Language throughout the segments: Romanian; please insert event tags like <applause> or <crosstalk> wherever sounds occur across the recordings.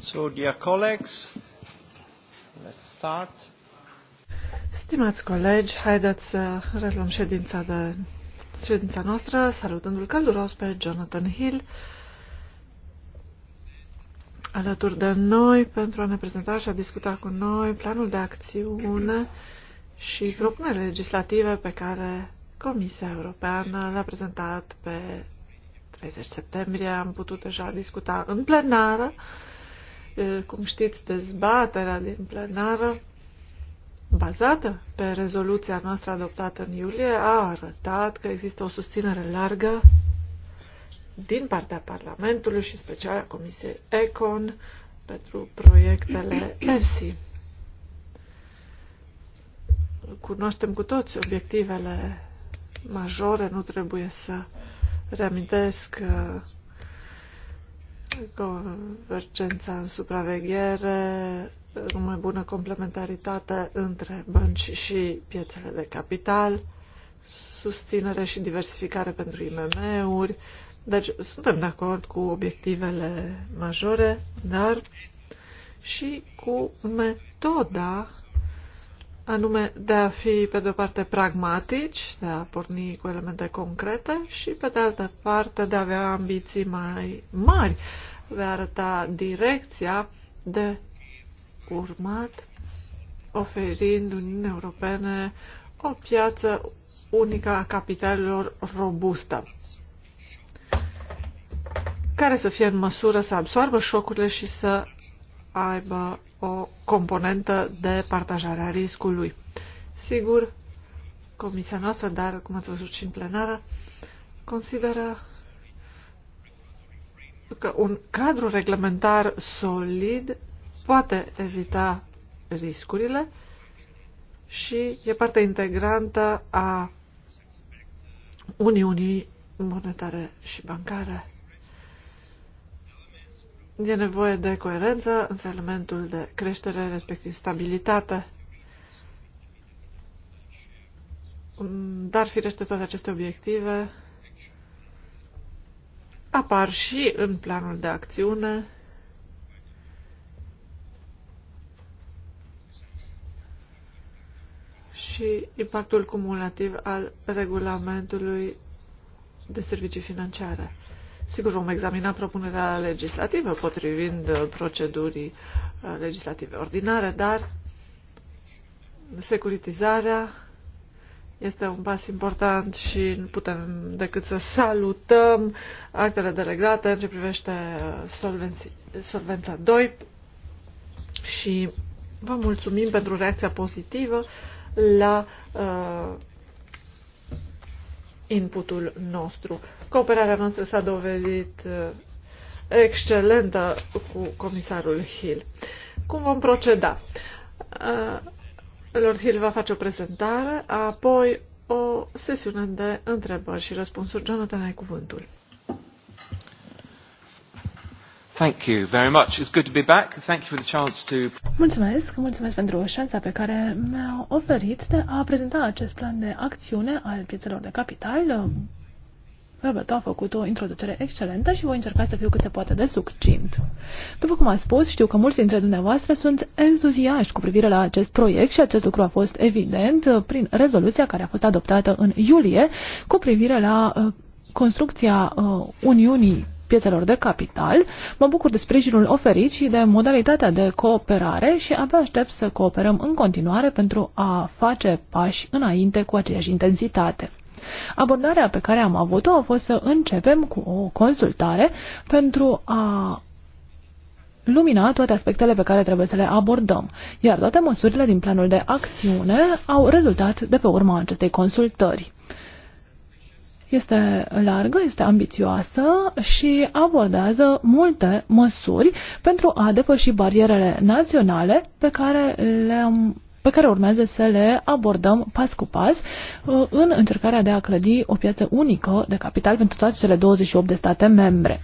So, dear colleagues, let's start. Stimați colegi, haideți să reluăm ședința, de, ședința noastră, salutându-l călduros pe Jonathan Hill, alături de noi pentru a ne prezenta și a discuta cu noi planul de acțiune și propunerile legislative pe care Comisia Europeană le-a prezentat pe 30 septembrie am putut deja discuta în plenară cum știți, dezbaterea din plenară, bazată pe rezoluția noastră adoptată în iulie, a arătat că există o susținere largă din partea Parlamentului și special a Comisiei ECON pentru proiectele EFSI. Cunoaștem cu toți obiectivele majore, nu trebuie să reamintesc uh, convergența în supraveghere, o mai bună complementaritate între bănci și piețele de capital, susținere și diversificare pentru IMM-uri. Deci suntem de acord cu obiectivele majore, dar și cu metoda anume de a fi, pe de o parte, pragmatici, de a porni cu elemente concrete și, pe de altă parte, de a avea ambiții mai mari, de a arăta direcția de urmat, oferind Uniunii Europene o piață unică a capitalelor robustă, care să fie în măsură să absorbă șocurile și să aibă o componentă de partajare a riscului. Sigur, comisia noastră, dar cum ați văzut și în plenară, consideră că un cadru reglementar solid poate evita riscurile și e parte integrantă a Uniunii Monetare și Bancare. E nevoie de coerență între elementul de creștere, respectiv stabilitate. Dar firește toate aceste obiective apar și în planul de acțiune și impactul cumulativ al regulamentului de servicii financiare. Sigur, vom examina propunerea legislativă potrivind uh, procedurii uh, legislative ordinare, dar securitizarea este un pas important și nu putem decât să salutăm actele delegate în ce privește uh, solvenții, solvența 2 și vă mulțumim pentru reacția pozitivă la uh, inputul nostru. Cooperarea noastră s-a dovedit uh, excelentă cu comisarul Hill. Cum vom proceda? Uh, Lord Hill va face o prezentare, apoi o sesiune de întrebări și răspunsuri. Jonathan, ai cuvântul. Thank you very much. It's good to be back. Thank you for the chance to... Mulțumesc, mulțumesc pentru șansa pe care mi-a oferit de a prezenta acest plan de acțiune al piețelor de capital. Robert a făcut o introducere excelentă și voi încerca să fiu cât se poate de succint. După cum a spus, știu că mulți dintre dumneavoastră sunt entuziaști cu privire la acest proiect și acest lucru a fost evident prin rezoluția care a fost adoptată în iulie cu privire la uh, construcția uh, Uniunii piețelor de capital. Mă bucur de sprijinul oferit și de modalitatea de cooperare și abia aștept să cooperăm în continuare pentru a face pași înainte cu aceeași intensitate. Abordarea pe care am avut-o a fost să începem cu o consultare pentru a lumina toate aspectele pe care trebuie să le abordăm, iar toate măsurile din planul de acțiune au rezultat de pe urma acestei consultări. Este largă, este ambițioasă și abordează multe măsuri pentru a depăși barierele naționale pe care le-am pe care urmează să le abordăm pas cu pas uh, în încercarea de a clădi o piață unică de capital pentru toate cele 28 de state membre.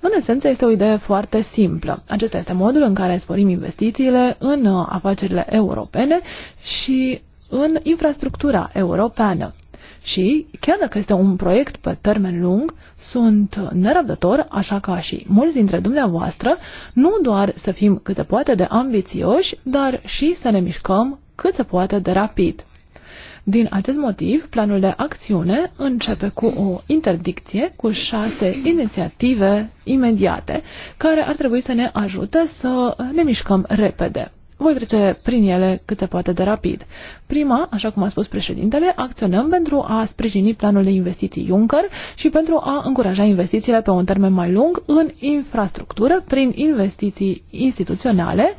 În esență, este o idee foarte simplă. Acesta este modul în care sporim investițiile în uh, afacerile europene și în infrastructura europeană și, chiar dacă este un proiect pe termen lung, sunt nerăbdător, așa ca și mulți dintre dumneavoastră, nu doar să fim cât se poate de ambițioși, dar și să ne mișcăm cât se poate de rapid. Din acest motiv, planul de acțiune începe cu o interdicție cu șase inițiative imediate, care ar trebui să ne ajute să ne mișcăm repede voi trece prin ele cât se poate de rapid. Prima, așa cum a spus președintele, acționăm pentru a sprijini planul de investiții Juncker și pentru a încuraja investițiile pe un termen mai lung în infrastructură prin investiții instituționale,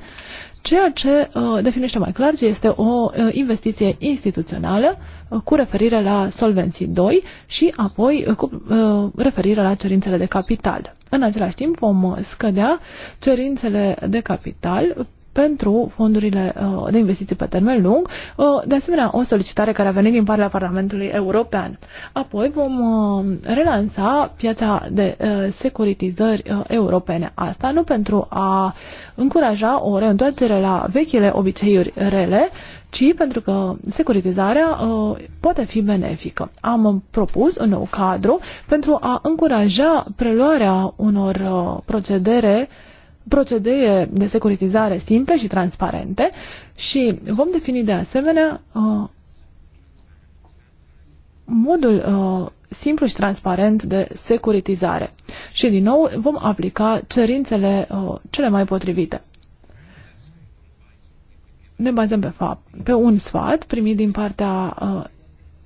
ceea ce uh, definește mai clar ce este o uh, investiție instituțională uh, cu referire la solvenții 2 și apoi uh, cu uh, referire la cerințele de capital. În același timp vom scădea cerințele de capital pentru fondurile uh, de investiții pe termen lung, uh, de asemenea o solicitare care a venit din partea Parlamentului European. Apoi vom uh, relansa piața de securitizări europene. Asta nu pentru a încuraja o reîntoarcere la vechile obiceiuri rele, ci pentru că securitizarea uh, poate fi benefică. Am propus un nou cadru pentru a încuraja preluarea unor uh, procedere uh, procedee de securitizare simple și transparente și vom defini de asemenea uh, modul uh, simplu și transparent de securitizare. Și din nou vom aplica cerințele uh, cele mai potrivite. Ne bazăm pe, fapt, pe un sfat primit din partea uh,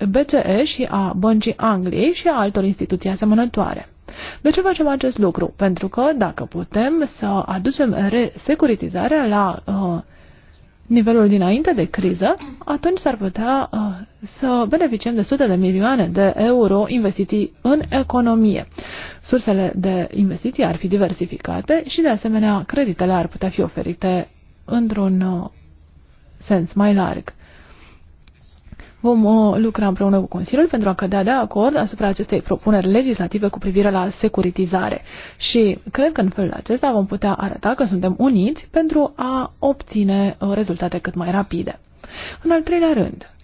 BCE și a Băncii Angliei și a altor instituții asemănătoare. De ce facem acest lucru? Pentru că dacă putem să aducem resecuritizarea la uh, nivelul dinainte de criză, atunci s-ar putea uh, să beneficiem de sute de milioane de euro investiții în economie. Sursele de investiții ar fi diversificate și, de asemenea, creditele ar putea fi oferite într-un uh, sens mai larg. Vom uh, lucra împreună cu Consiliul pentru a cădea de acord asupra acestei propuneri legislative cu privire la securitizare și cred că în felul acesta vom putea arăta că suntem uniți pentru a obține uh, rezultate cât mai rapide. În al treilea rând,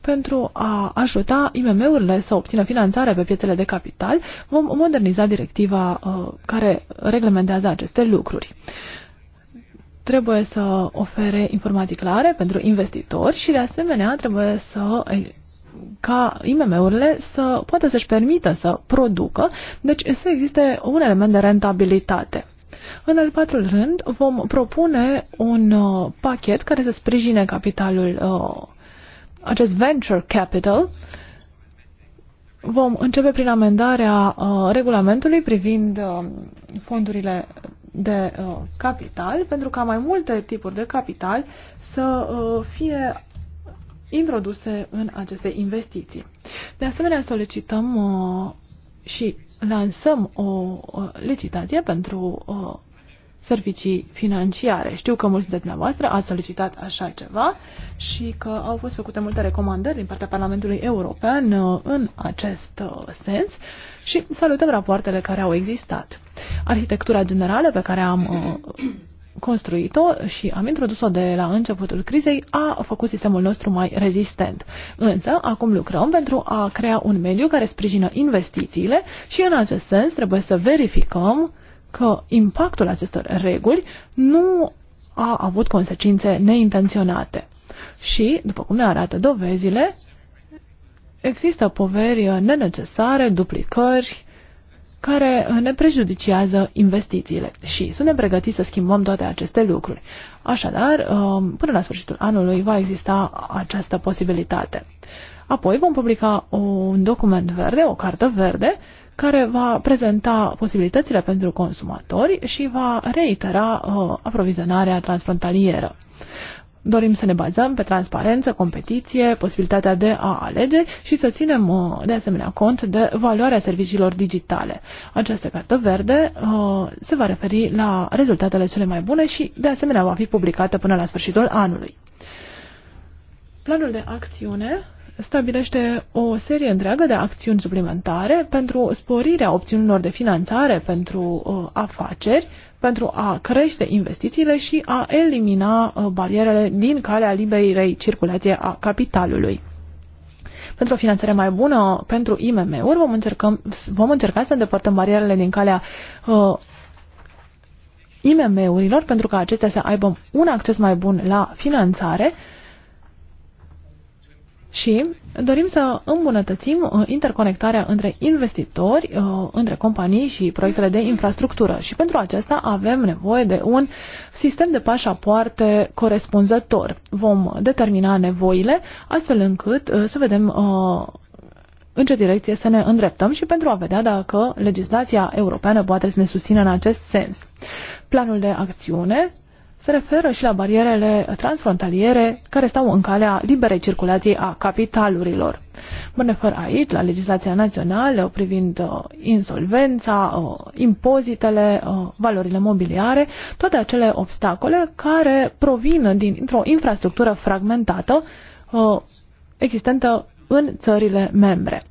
pentru a ajuta IMM-urile să obțină finanțare pe piețele de capital, vom moderniza directiva uh, care reglementează aceste lucruri trebuie să ofere informații clare pentru investitori și, de asemenea, trebuie să ca IMM-urile să poată să-și permită să producă, deci să existe un element de rentabilitate. În al patrul rând, vom propune un uh, pachet care să sprijine capitalul, uh, acest venture capital. Vom începe prin amendarea uh, regulamentului privind uh, fondurile de uh, capital, pentru ca mai multe tipuri de capital să uh, fie introduse în aceste investiții. De asemenea, solicităm uh, și lansăm o licitație pentru servicii financiare. Știu că mulți dintre dumneavoastră ați solicitat așa ceva și că au fost făcute multe recomandări din partea Parlamentului European în acest sens și salutăm rapoartele care au existat. Arhitectura generală pe care am uh, construit-o și am introdus-o de la începutul crizei a făcut sistemul nostru mai rezistent. Însă, acum lucrăm pentru a crea un mediu care sprijină investițiile și în acest sens trebuie să verificăm că impactul acestor reguli nu a avut consecințe neintenționate. Și, după cum ne arată dovezile, există poveri nenecesare, duplicări, care ne prejudiciază investițiile și suntem pregătiți să schimbăm toate aceste lucruri. Așadar, um, până la sfârșitul anului va exista această posibilitate. Apoi vom publica un document verde, o cartă verde, care va prezenta posibilitățile pentru consumatori și va reitera uh, aprovizionarea transfrontalieră dorim să ne bazăm pe transparență, competiție, posibilitatea de a alege și să ținem uh, de asemenea cont de valoarea serviciilor digitale. Această carte verde uh, se va referi la rezultatele cele mai bune și de asemenea va fi publicată până la sfârșitul anului. Planul de acțiune stabilește o serie întreagă de acțiuni suplimentare pentru sporirea opțiunilor de finanțare pentru uh, afaceri, pentru a crește investițiile și a elimina uh, barierele din calea liberei circulație a capitalului. Pentru o finanțare mai bună pentru IMM-uri vom, încercăm, vom încerca să îndepărtăm barierele din calea uh, IMM-urilor pentru ca acestea să aibă un acces mai bun la finanțare uh, și dorim să îmbunătățim uh, interconectarea între investitori, uh, între companii și proiectele de infrastructură. Și pentru aceasta avem nevoie de un sistem de pașapoarte corespunzător. Vom determina nevoile astfel încât uh, să vedem în ce direcție să ne îndreptăm și pentru a vedea dacă legislația europeană poate să ne susțină în acest sens. Planul de acțiune se referă și la barierele transfrontaliere care stau în calea liberei circulației a capitalurilor. Mă refer aici la legislația națională privind uh, insolvența, uh, impozitele, uh, valorile mobiliare, toate acele obstacole care provin dintr-o infrastructură fragmentată existentă în țările membre.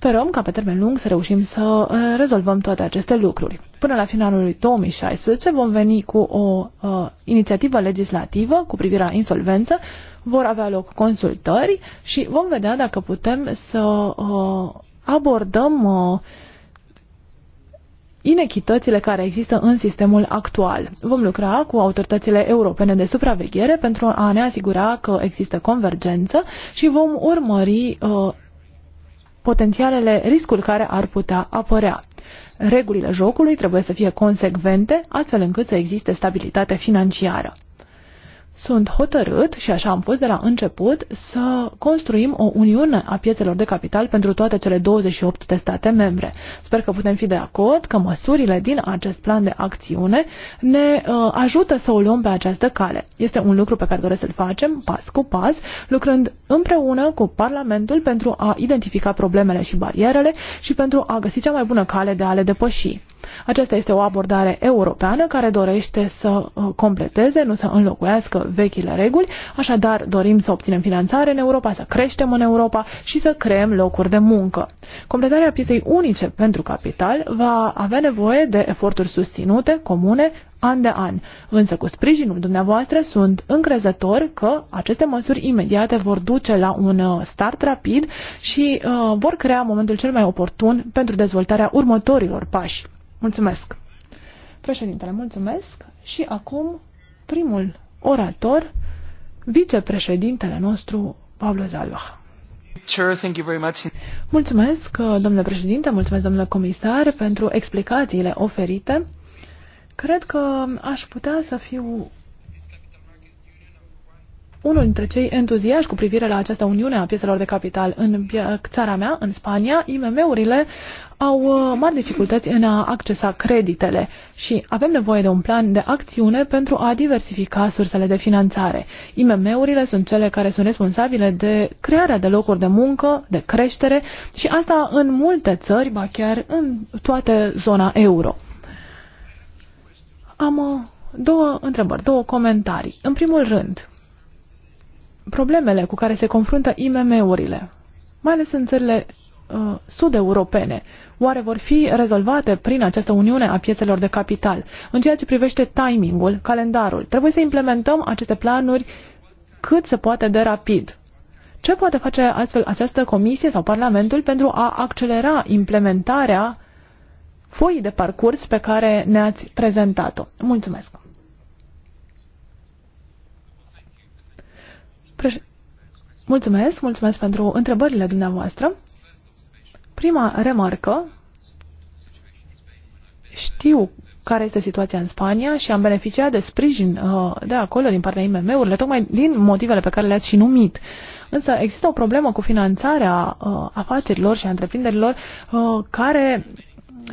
Sperăm ca pe termen lung să reușim să eh, rezolvăm toate aceste lucruri. Până la finalul lui 2016 vom veni cu o uh, inițiativă legislativă cu privire la insolvență, vor avea loc consultări și vom vedea dacă putem să uh, abordăm uh, inechitățile care există în sistemul actual. Vom lucra cu autoritățile europene de supraveghere pentru a ne asigura că există convergență și vom urmări uh, potențialele riscuri care ar putea apărea. Regulile jocului trebuie să fie consecvente, astfel încât să existe stabilitate financiară. Sunt hotărât, și așa am fost de la început, să construim o uniune a piețelor de capital pentru toate cele 28 de state membre. Sper că putem fi de acord că măsurile din acest plan de acțiune ne uh, ajută să o luăm pe această cale. Este un lucru pe care doresc să-l facem pas cu pas, lucrând împreună cu Parlamentul pentru a identifica problemele și barierele și pentru a găsi cea mai bună cale de a le depăși. Aceasta este o abordare europeană care dorește să uh, completeze, nu să înlocuiască vechile reguli, așadar dorim să obținem finanțare în Europa, să creștem în Europa și să creăm locuri de muncă. Completarea pieței unice pentru capital va avea nevoie de eforturi susținute, comune, an de an. Însă cu sprijinul dumneavoastră sunt încrezător că aceste măsuri imediate vor duce la un uh, start rapid și uh, vor crea momentul cel mai oportun pentru dezvoltarea următorilor pași. Mulțumesc! Președintele, mulțumesc și acum primul orator, vicepreședintele nostru, Pablo Zalbach. Mulțumesc, domnule președinte, mulțumesc, domnule comisar, pentru explicațiile oferite. Cred că aș putea să fiu unul dintre cei entuziaști cu privire la această uniune a pieselor de capital. În țara mea, în Spania, IMM-urile au uh, mari dificultăți în a accesa creditele și avem nevoie de un plan de acțiune pentru a diversifica sursele de finanțare. IMM-urile sunt cele care sunt responsabile de crearea de locuri de muncă, de creștere și asta în multe țări, ba chiar în toată zona euro. Am uh, două întrebări, două comentarii. În primul rând, problemele cu care se confruntă IMM-urile, mai ales în țările uh, sud-europene, oare vor fi rezolvate prin această uniune a piețelor de capital? În ceea ce privește timingul, calendarul, trebuie să implementăm aceste planuri cât se poate de rapid. Ce poate face astfel această comisie sau Parlamentul pentru a accelera implementarea foii de parcurs pe care ne-ați prezentat-o? Mulțumesc! Preș mulțumesc, mulțumesc pentru întrebările dumneavoastră. Prima remarcă, știu care este situația în Spania și am beneficiat de sprijin uh, de acolo din partea imm urilor tocmai din motivele pe care le-ați și numit. Însă există o problemă cu finanțarea uh, afacerilor și a întreprinderilor uh, care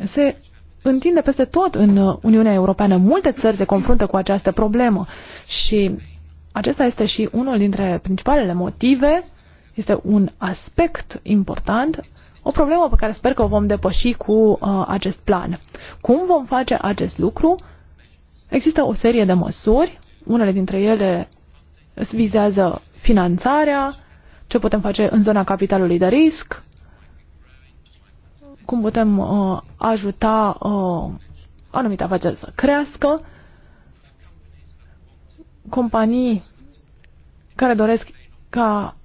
se întinde peste tot în Uniunea Europeană. Multe țări se confruntă cu această problemă și acesta este și unul dintre principalele motive, este un aspect important, o problemă pe care sper că o vom depăși cu uh, acest plan. Cum vom face acest lucru? Există o serie de măsuri, unele dintre ele vizează finanțarea, ce putem face în zona capitalului de risc, cum putem uh, ajuta uh, anumite afaceri să crească companii care doresc ca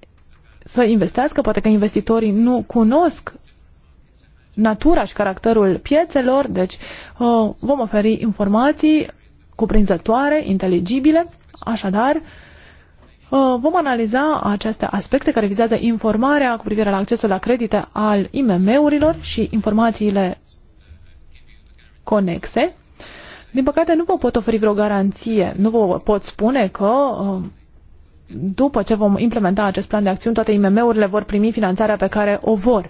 să investească, poate că investitorii nu cunosc natura și caracterul piețelor, deci uh, vom oferi informații cuprinzătoare, inteligibile, așadar uh, vom analiza aceste aspecte care vizează informarea cu privire la accesul la credite al IMM-urilor și informațiile conexe din păcate nu vă pot oferi vreo garanție, nu vă pot spune că um, după ce vom implementa acest plan de acțiuni, toate IMM-urile vor primi finanțarea pe care o vor.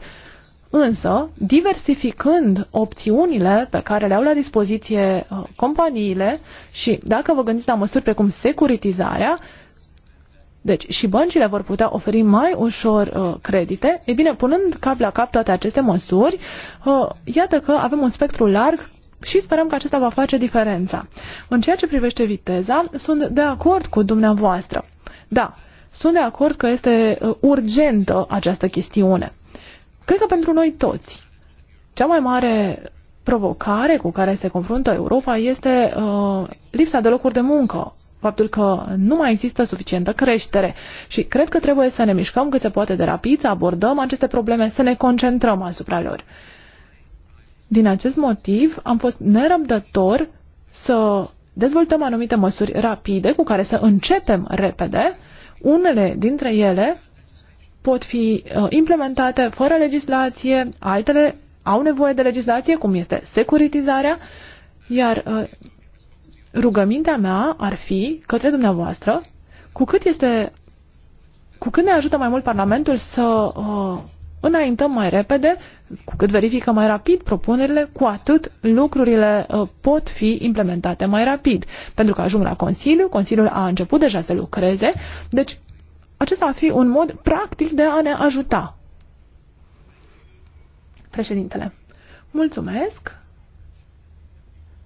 Însă, diversificând opțiunile pe care le au la dispoziție uh, companiile și dacă vă gândiți la măsuri precum securitizarea, deci și băncile vor putea oferi mai ușor uh, credite, e bine, punând cap la cap toate aceste măsuri, uh, iată că avem un spectru larg și sperăm că acesta va face diferența. În ceea ce privește viteza, sunt de acord cu dumneavoastră. Da, sunt de acord că este uh, urgentă această chestiune. Cred că pentru noi toți, cea mai mare provocare cu care se confruntă Europa este uh, lipsa de locuri de muncă, faptul că nu mai există suficientă creștere și cred că trebuie să ne mișcăm cât se poate de rapid, să abordăm aceste probleme, să ne concentrăm asupra lor. Din acest motiv am fost nerăbdător să dezvoltăm anumite măsuri rapide cu care să începem repede. Unele dintre ele pot fi uh, implementate fără legislație, altele au nevoie de legislație, cum este securitizarea, iar uh, rugămintea mea ar fi către dumneavoastră, cu cât este cu cât ne ajută mai mult Parlamentul să uh, înaintăm mai repede, cu cât verifică mai rapid propunerile, cu atât lucrurile uh, pot fi implementate mai rapid. Pentru că ajung la Consiliu, Consiliul a început deja să lucreze, deci acesta va fi un mod practic de a ne ajuta. Președintele, mulțumesc!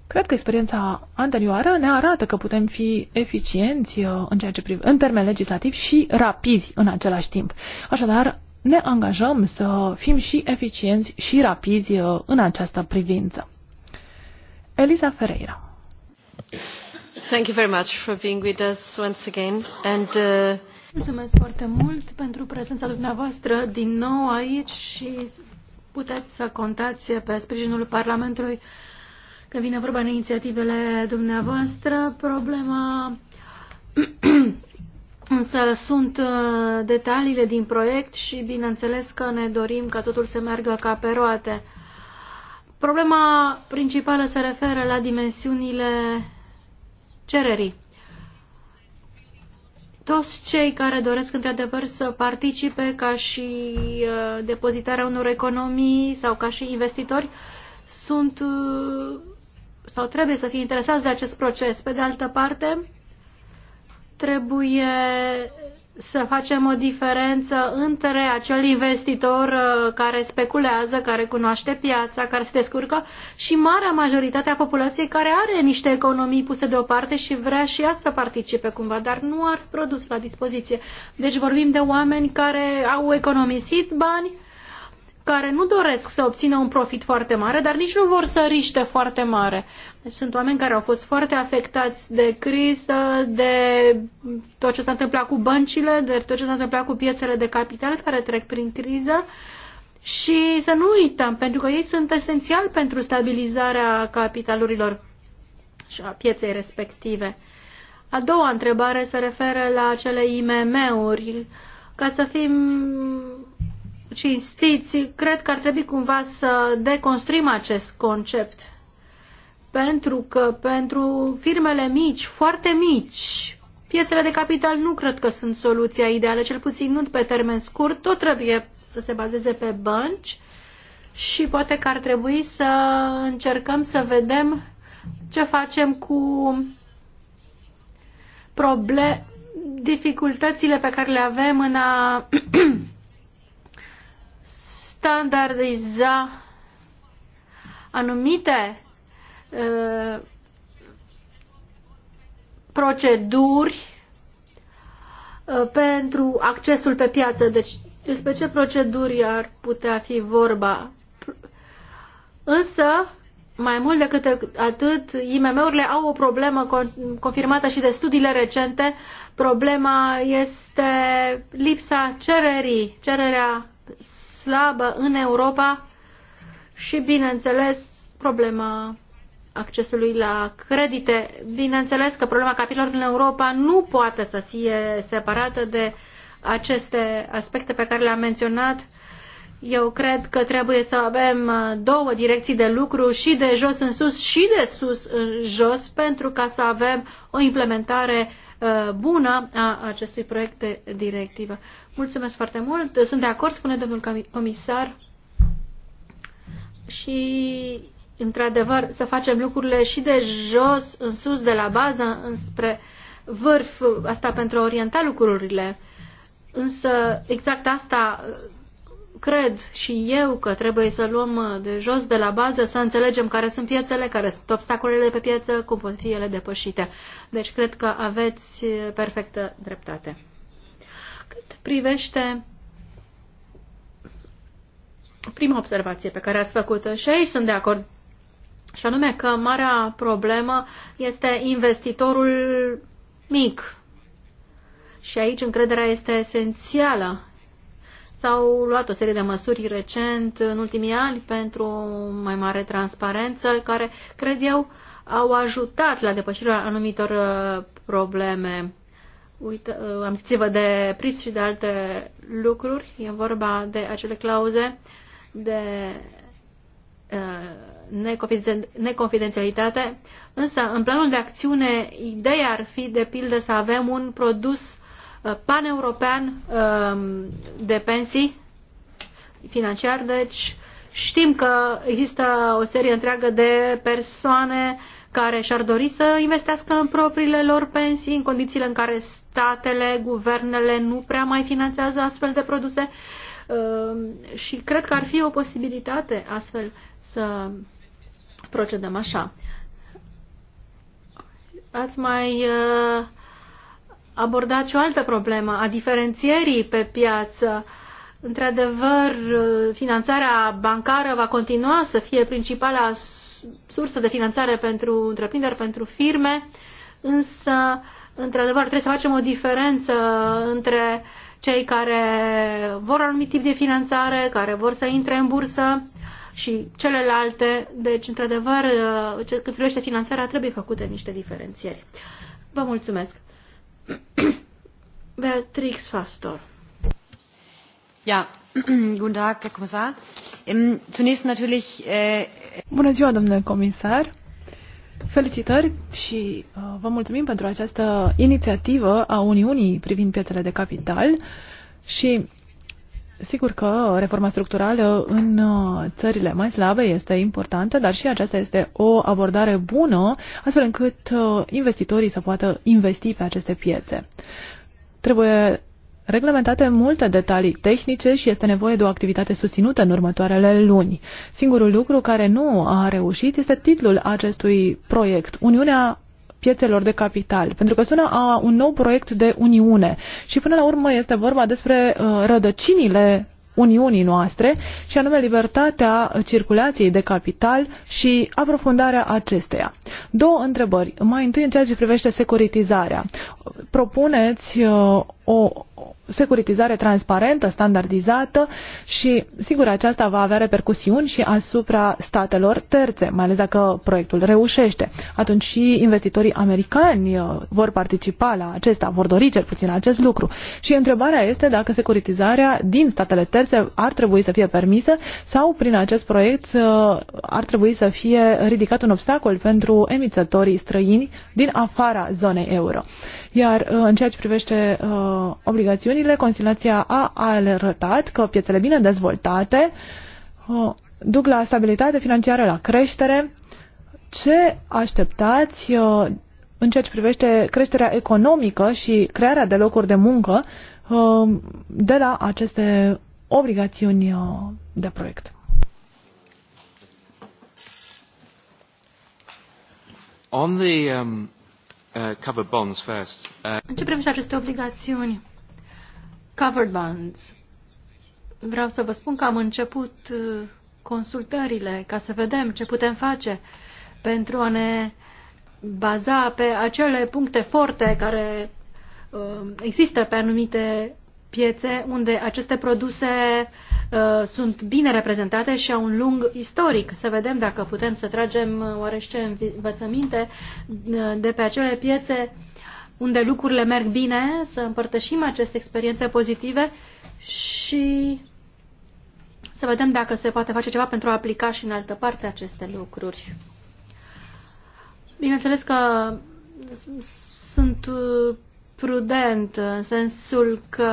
Cred că experiența anterioară ne arată că putem fi eficienți uh, în, ceea ce priv- în termen legislativ și rapizi în același timp. Așadar, ne angajăm să fim și eficienți și rapizi uh, în această privință. Elisa Ferreira. Thank you very much for being with us once again and uh... Mulțumesc foarte mult pentru prezența dumneavoastră din nou aici și puteți să contați pe sprijinul Parlamentului când vine vorba de inițiativele dumneavoastră. Problema Însă sunt uh, detaliile din proiect și bineînțeles că ne dorim ca totul să meargă ca pe roate. Problema principală se referă la dimensiunile cererii. Toți cei care doresc într-adevăr să participe ca și uh, depozitarea unor economii sau ca și investitori sunt uh, sau trebuie să fie interesați de acest proces. Pe de altă parte, Trebuie să facem o diferență între acel investitor uh, care speculează, care cunoaște piața, care se descurcă și marea majoritate a populației care are niște economii puse deoparte și vrea și ea să participe cumva, dar nu are produs la dispoziție. Deci vorbim de oameni care au economisit bani care nu doresc să obțină un profit foarte mare, dar nici nu vor să riște foarte mare. Deci sunt oameni care au fost foarte afectați de criză, de tot ce s-a întâmplat cu băncile, de tot ce s-a întâmplat cu piețele de capital care trec prin criză. Și să nu uităm, pentru că ei sunt esențiali pentru stabilizarea capitalurilor și a pieței respective. A doua întrebare se referă la acele IMM-uri. Ca să fim cinstiți, cred că ar trebui cumva să deconstruim acest concept. Pentru că pentru firmele mici, foarte mici, piețele de capital nu cred că sunt soluția ideală, cel puțin nu pe termen scurt, tot trebuie să se bazeze pe bănci și poate că ar trebui să încercăm să vedem ce facem cu probleme dificultățile pe care le avem în a <clears throat> standardiza anumite proceduri pentru accesul pe piață. Deci despre ce proceduri ar putea fi vorba. Însă, mai mult decât atât, IMM-urile au o problemă confirmată și de studiile recente. Problema este lipsa cererii, cererea slabă în Europa și, bineînțeles, problema accesului la credite. Bineînțeles că problema capitalului în Europa nu poate să fie separată de aceste aspecte pe care le-am menționat. Eu cred că trebuie să avem două direcții de lucru, și de jos în sus și de sus în jos, pentru ca să avem o implementare Uh, bună a acestui proiect de directivă. Mulțumesc foarte mult. Sunt de acord, spune domnul comisar, și într-adevăr să facem lucrurile și de jos în sus, de la bază, înspre vârf, asta pentru a orienta lucrurile. Însă exact asta cred și eu că trebuie să luăm uh, de jos, de la bază, să înțelegem care sunt piețele, care sunt obstacolele pe piață, cum pot fi ele depășite. Deci cred că aveți uh, perfectă dreptate. Cât privește prima observație pe care ați făcut-o și aici sunt de acord, și anume că marea problemă este investitorul mic. Și aici încrederea este esențială S-au luat o serie de măsuri recent, în ultimii ani, pentru o mai mare transparență, care, cred eu, au ajutat la depășirea anumitor uh, probleme. Uite, uh, amintiți-vă de priți și de alte lucruri. E vorba de acele clauze de uh, neconfidențialitate, însă în planul de acțiune ideea ar fi de pildă să avem un produs Uh, paneuropean um, de pensii financiar, deci știm că există o serie întreagă de persoane care și-ar dori să investească în propriile lor pensii, în condițiile în care statele, guvernele nu prea mai finanțează astfel de produse um, și cred că ar fi o posibilitate astfel să procedăm așa. Ați mai uh, abordat și o altă problemă a diferențierii pe piață. Într-adevăr, finanțarea bancară va continua să fie principala sursă de finanțare pentru întreprinderi, pentru firme, însă, într-adevăr, trebuie să facem o diferență între cei care vor anumit tip de finanțare, care vor să intre în bursă și celelalte. Deci, într-adevăr, cât privește finanțarea, trebuie făcute niște diferențieri. Vă mulțumesc! <clears throat> Beatrix Fastor. Ja, <clears throat> guten Tag, Herr Kommissar. Ähm, zunächst natürlich... Äh, Bună ziua, domnule comisar. Felicitări și uh, vă mulțumim pentru această inițiativă a Uniunii privind piețele de capital și Sigur că reforma structurală în uh, țările mai slabe este importantă, dar și aceasta este o abordare bună, astfel încât uh, investitorii să poată investi pe aceste piețe. Trebuie reglementate multe detalii tehnice și este nevoie de o activitate susținută în următoarele luni. Singurul lucru care nu a reușit este titlul acestui proiect, Uniunea piețelor de capital, pentru că sună a un nou proiect de Uniune și până la urmă este vorba despre uh, rădăcinile Uniunii noastre, și anume libertatea circulației de capital și aprofundarea acesteia. Două întrebări. Mai întâi în ceea ce privește securitizarea. Propuneți uh, o securitizare transparentă, standardizată și, sigur, aceasta va avea repercusiuni și asupra statelor terțe, mai ales dacă proiectul reușește. Atunci și investitorii americani uh, vor participa la acesta, vor dori cel puțin acest lucru. Și întrebarea este dacă securitizarea din statele terțe diverse ar trebui să fie permise sau prin acest proiect ar trebui să fie ridicat un obstacol pentru emițătorii străini din afara zonei euro. Iar uh, în ceea ce privește uh, obligațiunile, Consiliația a alertat că piețele bine dezvoltate uh, duc la stabilitate financiară, la creștere. Ce așteptați în ceea ce privește creșterea economică și crearea de locuri de muncă de la aceste obligațiuni uh, de proiect. On the um, uh, covered bonds first. Uh... În ce privește aceste obligațiuni? Covered bonds. Vreau să vă spun că am început uh, consultările ca să vedem ce putem face pentru a ne baza pe acele puncte forte care uh, există pe anumite piețe unde aceste produse uh, sunt bine reprezentate și au un lung istoric. Să vedem dacă putem să tragem uh, oarește învățăminte uh, de pe acele piețe unde lucrurile merg bine, să împărtășim aceste experiențe pozitive și să vedem dacă se poate face ceva pentru a aplica și în altă parte aceste lucruri. Bineînțeles că sunt uh, prudent, în sensul că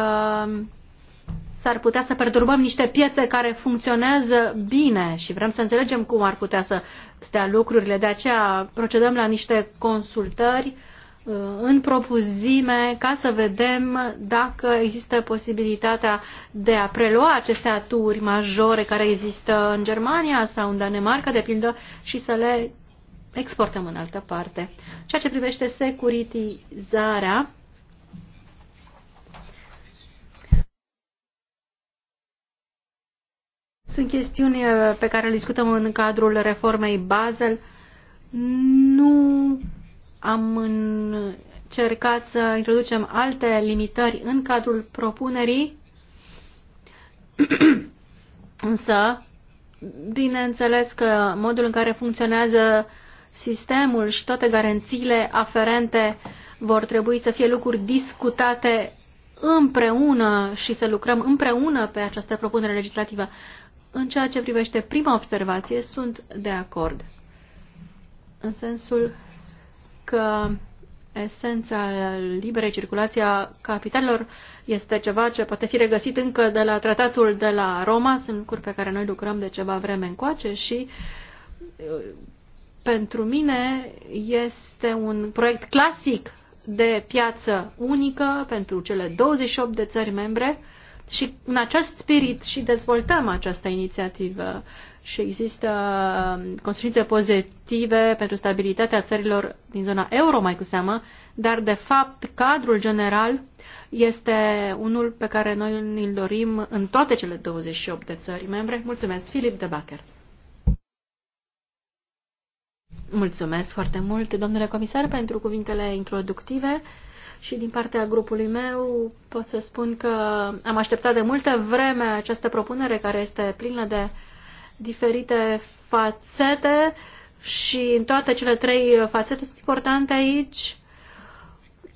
s-ar putea să perturbăm niște piețe care funcționează bine și vrem să înțelegem cum ar putea să stea lucrurile. De aceea procedăm la niște consultări uh, în profuzime ca să vedem dacă există posibilitatea de a prelua aceste aturi majore care există în Germania sau în Danemarca, de pildă, și să le exportăm în altă parte. Ceea ce privește securitizarea, Sunt chestiuni uh, pe care le discutăm în cadrul reformei Basel. Nu am încercat să introducem alte limitări în cadrul propunerii, <clears throat> însă, bineînțeles că modul în care funcționează sistemul și toate garanțiile aferente vor trebui să fie lucruri discutate împreună și să lucrăm împreună pe această propunere legislativă. În ceea ce privește prima observație, sunt de acord. În sensul că esența liberei circulații a capitalelor este ceva ce poate fi regăsit încă de la tratatul de la Roma, sunt lucruri pe care noi lucrăm de ceva vreme încoace și uh, pentru mine este un proiect clasic de piață unică pentru cele 28 de țări membre și în acest spirit și dezvoltăm această inițiativă și există um, consecințe pozitive pentru stabilitatea țărilor din zona euro, mai cu seamă, dar, de fapt, cadrul general este unul pe care noi îl dorim în toate cele 28 de țări membre. Mulțumesc, Filip de Bacher. Mulțumesc foarte mult, domnule comisar, pentru cuvintele introductive și din partea grupului meu pot să spun că am așteptat de multă vreme această propunere care este plină de diferite fațete și în toate cele trei fațete sunt importante aici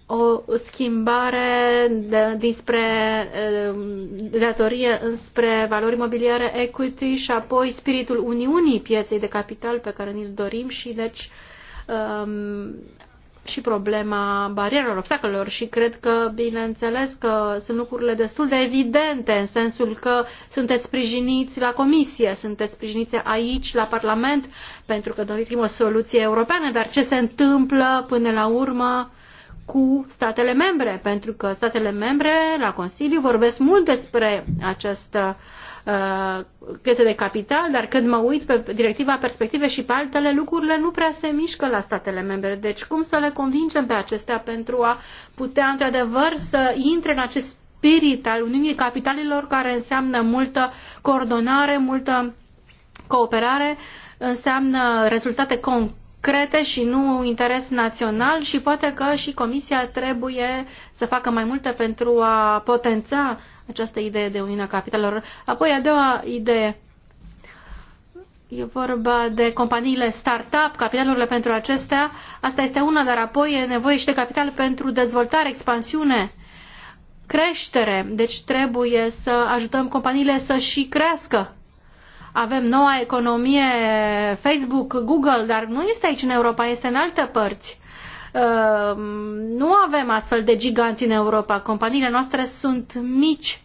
o schimbare de, dinspre um, datorie înspre valori imobiliare equity și apoi spiritul Uniunii pieței de capital pe care ni-l dorim și deci um, și problema barierelor, obstacolelor și cred că, bineînțeles, că sunt lucrurile destul de evidente în sensul că sunteți sprijiniți la comisie, sunteți sprijiniți aici, la Parlament, pentru că dorim o soluție europeană, dar ce se întâmplă până la urmă cu statele membre? Pentru că statele membre la Consiliu vorbesc mult despre această uh, Uh, piețe de capital, dar când mă uit pe directiva perspective și pe altele, lucrurile nu prea se mișcă la statele membre. Deci cum să le convingem pe acestea pentru a putea într-adevăr să intre în acest spirit al Uniunii Capitalilor care înseamnă multă coordonare, multă cooperare, înseamnă rezultate concrete crete și nu interes național și poate că și Comisia trebuie să facă mai multe pentru a potența această idee de Uniunea Capitalelor. Apoi, a doua idee, e vorba de companiile start-up, capitalurile pentru acestea. Asta este una, dar apoi e nevoie și de capital pentru dezvoltare, expansiune, creștere. Deci trebuie să ajutăm companiile să și crească avem noua economie, Facebook, Google, dar nu este aici în Europa, este în alte părți. Ehm, nu avem astfel de giganți în Europa. Companiile noastre sunt mici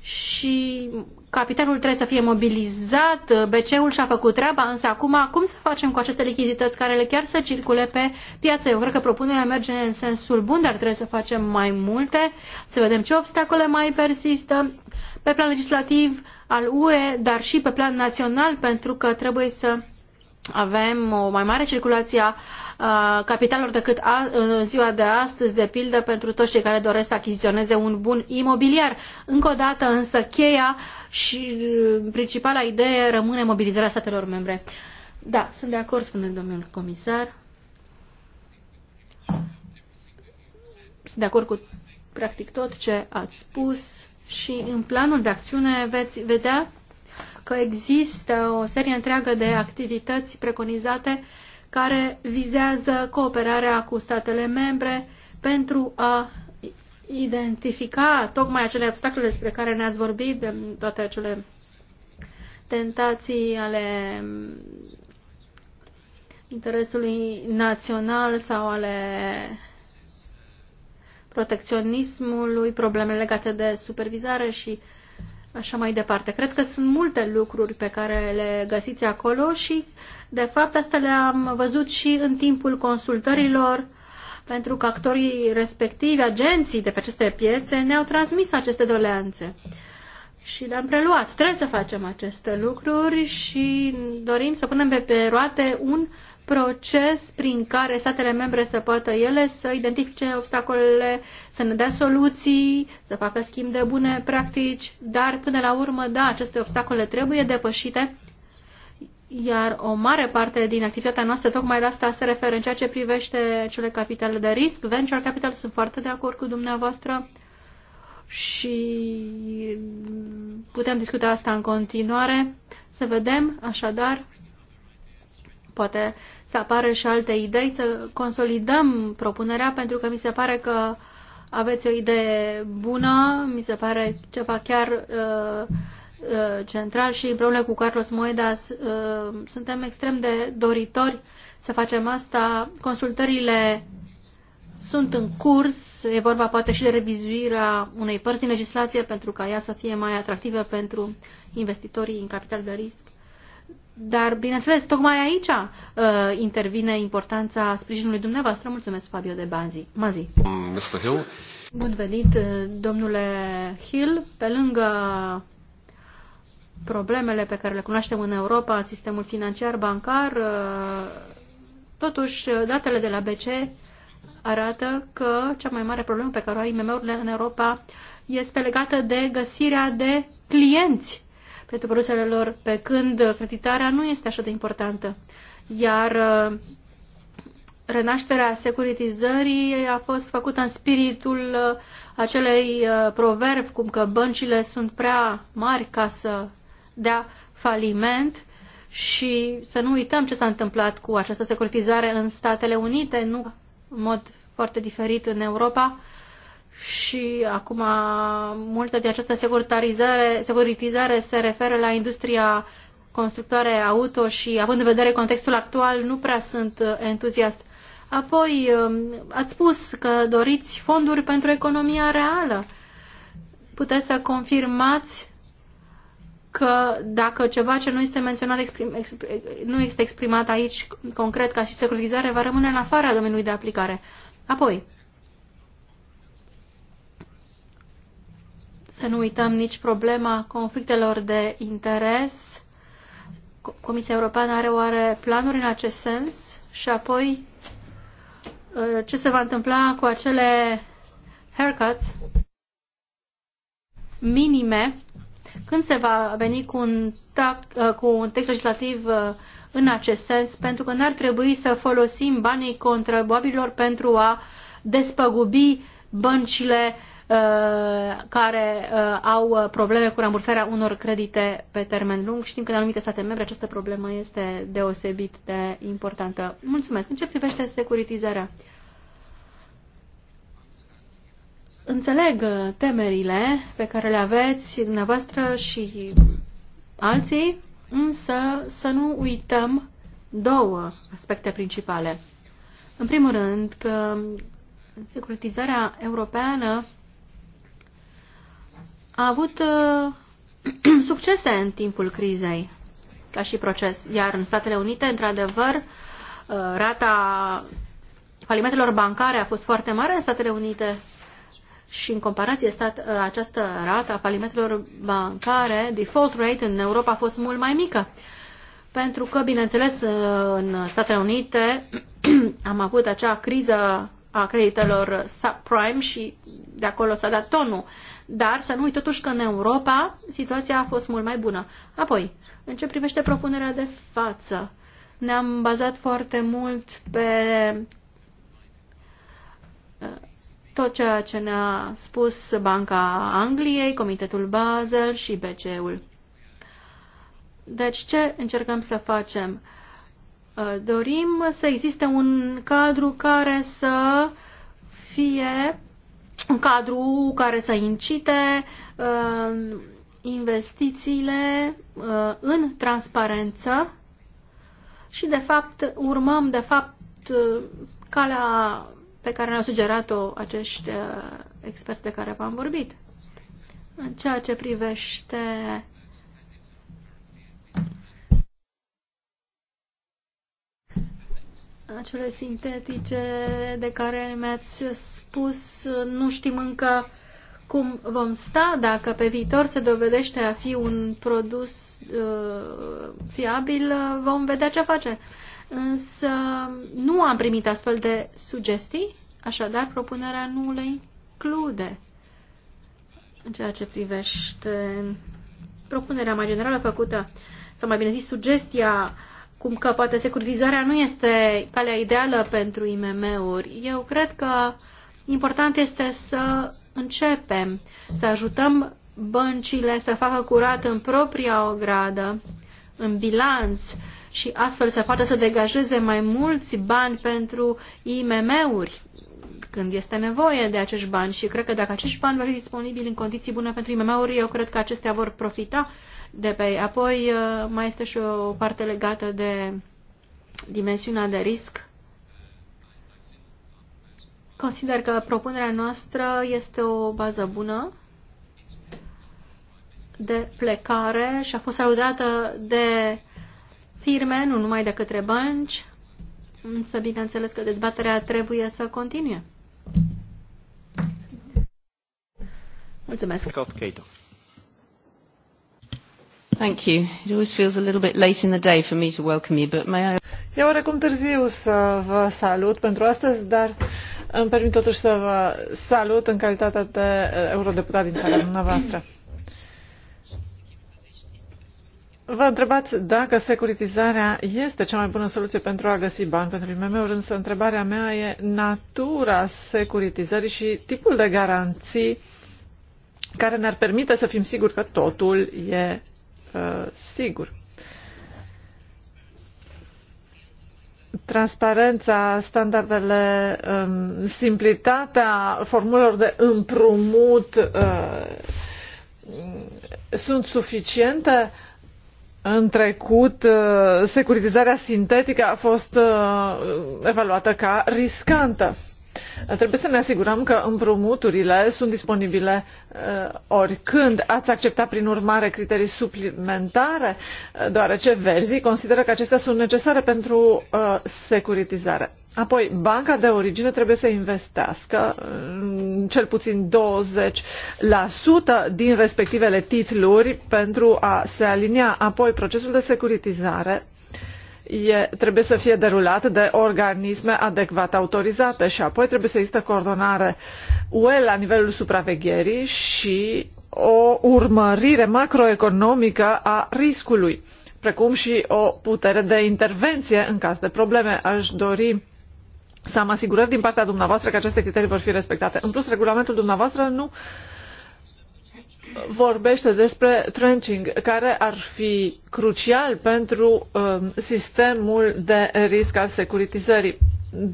și capitalul trebuie să fie mobilizat, BC-ul și-a făcut treaba, însă acum cum să facem cu aceste lichidități care le chiar să circule pe piață? Eu cred că propunerea merge în sensul bun, dar trebuie să facem mai multe, să vedem ce obstacole mai persistă pe plan legislativ al UE, dar și pe plan național, pentru că trebuie să avem o mai mare circulație a capitalelor decât a, în ziua de astăzi, de pildă pentru toți cei care doresc să achiziționeze un bun imobiliar. Încă o dată însă cheia și uh, principala idee rămâne mobilizarea statelor membre. Da, sunt de acord, spune domnul comisar. Sunt de acord cu practic tot ce ați spus și în planul de acțiune veți vedea că există o serie întreagă de activități preconizate care vizează cooperarea cu statele membre pentru a identifica tocmai acele obstacole despre care ne-ați vorbit, de toate acele tentații ale interesului național sau ale protecționismului, probleme legate de supervizare și uh, așa mai departe. Cred că sunt multe lucruri pe care le găsiți acolo și, de fapt, asta le-am văzut și în timpul consultărilor, pentru că actorii respectivi, agenții de pe aceste piețe, ne-au transmis aceste doleanțe și le-am preluat. Trebuie să facem aceste lucruri și dorim să punem pe, roate un uh, proces prin care statele membre să poată ele să identifice obstacolele, să ne dea soluții, să facă schimb de bune practici, dar până la urmă, da, aceste obstacole trebuie depășite, iar o mare parte din activitatea noastră tocmai la asta se referă în ceea ce privește cele capitale de risc. Venture capital sunt foarte de acord cu dumneavoastră și putem discuta asta în continuare. Să vedem așadar poate să apară și alte idei, să consolidăm propunerea, pentru că mi se pare că aveți o idee bună, mi se pare ceva chiar uh, uh, central și împreună cu Carlos Moedas uh, suntem extrem de doritori să facem asta. Consultările sunt în curs, e vorba poate și de revizuirea unei părți din legislație pentru ca ea să fie mai atractivă pentru investitorii în capital de risc. Dar, bineînțeles, tocmai aici uh, intervine importanța sprijinului dumneavoastră. Mulțumesc, Fabio de Banzi. Mazi. Mr. Hill. Bun venit, uh, domnule Hill. Pe lângă problemele pe care le cunoaștem în Europa, în sistemul financiar bancar, uh, totuși uh, datele de la BC arată că cea mai mare problemă pe care o au IMM-urile în Europa este legată de găsirea de clienți pentru produsele lor, pe când creditarea nu este așa de importantă. Iar uh, renașterea securitizării a fost făcută în spiritul uh, acelei uh, proverb, cum că băncile sunt prea mari ca să dea faliment și să nu uităm ce s-a întâmplat cu această securitizare în Statele Unite, nu în mod foarte diferit în Europa și acum multă din această securitarizare, securitizare se referă la industria constructoare auto și având în vedere contextul actual nu prea sunt uh, entuziast. Apoi um, ați spus că doriți fonduri pentru economia reală. Puteți să confirmați că dacă ceva ce nu este menționat, exprim, exp, nu este exprimat aici concret ca și securitizare va rămâne în afara domeniului de aplicare. Apoi, Să nu uităm nici problema conflictelor de interes. Comisia Europeană are oare planuri în acest sens? Și apoi, uh, ce se va întâmpla cu acele haircuts minime? Când se va veni cu un, tact, uh, cu un text legislativ uh, în acest sens? Pentru că n-ar trebui să folosim banii contribuabililor pentru a despăgubi băncile uh, Uh, care uh, au uh, probleme cu rambursarea unor credite pe termen lung. Știm că în anumite state membre această problemă este deosebit de importantă. Mulțumesc. În ce privește securitizarea? Înțeleg temerile pe care le aveți dumneavoastră și alții, însă să nu uităm două aspecte principale. În primul rând că securitizarea europeană a avut uh, <clears throat> succese în timpul crizei ca și proces, iar în Statele Unite, într-adevăr, uh, rata falimentelor bancare a fost foarte mare în Statele Unite și în comparație stat, uh, această rată a falimentelor bancare, default rate în Europa a fost mult mai mică. Pentru că, bineînțeles, uh, în Statele Unite <clears throat> am avut acea criză a creditelor subprime și de acolo s-a dat tonul dar să nu uit totuși că în Europa situația a fost mult mai bună. Apoi, în ce privește propunerea de față, ne-am bazat foarte mult pe uh, tot ceea ce ne-a spus Banca Angliei, Comitetul Basel și BCE-ul. Deci ce încercăm să facem? Uh, dorim să existe un cadru care să fie un cadru care să incite uh, investițiile uh, în transparență și de fapt urmăm de fapt uh, calea pe care ne-au sugerat-o acești uh, experți de care v-am vorbit. În ceea ce privește acele sintetice de care mi-ați spus, nu știm încă cum vom sta, dacă pe viitor se dovedește a fi un produs uh, fiabil, vom vedea ce face. Însă nu am primit astfel de sugestii, așadar propunerea nu le include în ceea ce privește propunerea mai generală făcută, sau mai bine zis sugestia uh, cum că poate securizarea nu este calea ideală pentru IMM-uri. Eu cred că important este să începem, să ajutăm băncile să facă curat în propria ogradă, în bilanț și astfel să poată să degajeze mai mulți bani pentru IMM-uri când este nevoie de acești bani și cred că dacă acești bani vor fi disponibili în condiții bune pentru IMM-uri, eu cred că acestea vor profita de pe ei. Apoi uh, mai este și o parte legată de dimensiunea de risc. Consider că propunerea noastră este o bază bună de plecare și a fost saludată de firme, nu numai de către bănci, însă bineînțeles că dezbaterea trebuie să continue. Mulțumesc. Scott Thank you. It always feels a little bit late in the day for me to welcome you, but may I... E oarecum târziu să vă salut pentru astăzi, dar îmi permit totuși să vă salut în calitatea de uh, eurodeputat din țara dumneavoastră. Vă întrebați dacă securitizarea este cea mai bună soluție pentru a găsi bani pentru IMM-uri, însă întrebarea mea e natura securitizării și tipul de garanții care ne-ar permite să fim siguri că totul e Uh, sigur. transparența, standardele, um, simplitatea formulelor de împrumut uh, sunt suficiente? În trecut, uh, securitizarea sintetică a fost evaluată ca riscantă. Trebuie să ne asigurăm că împrumuturile sunt disponibile uh, oricând. Ați acceptat prin urmare criterii suplimentare, uh, deoarece verzii consideră că acestea sunt necesare pentru uh, securitizare. Apoi, banca de origine trebuie să investească cel puțin 20% din respectivele titluri pentru a se alinia. Apoi, procesul de securitizare trebuie să fie derulat de organisme adecvat autorizate și apoi trebuie să există coordonare UE la nivelul supravegherii și o urmărire macroeconomică a riscului, precum și o putere de intervenție în caz de probleme. Aș dori să am asigurări din partea dumneavoastră că aceste criterii vor fi respectate. În plus, regulamentul dumneavoastră nu uh, vorbește despre trenching, care ar fi crucial pentru um, sistemul de risc al securitizării.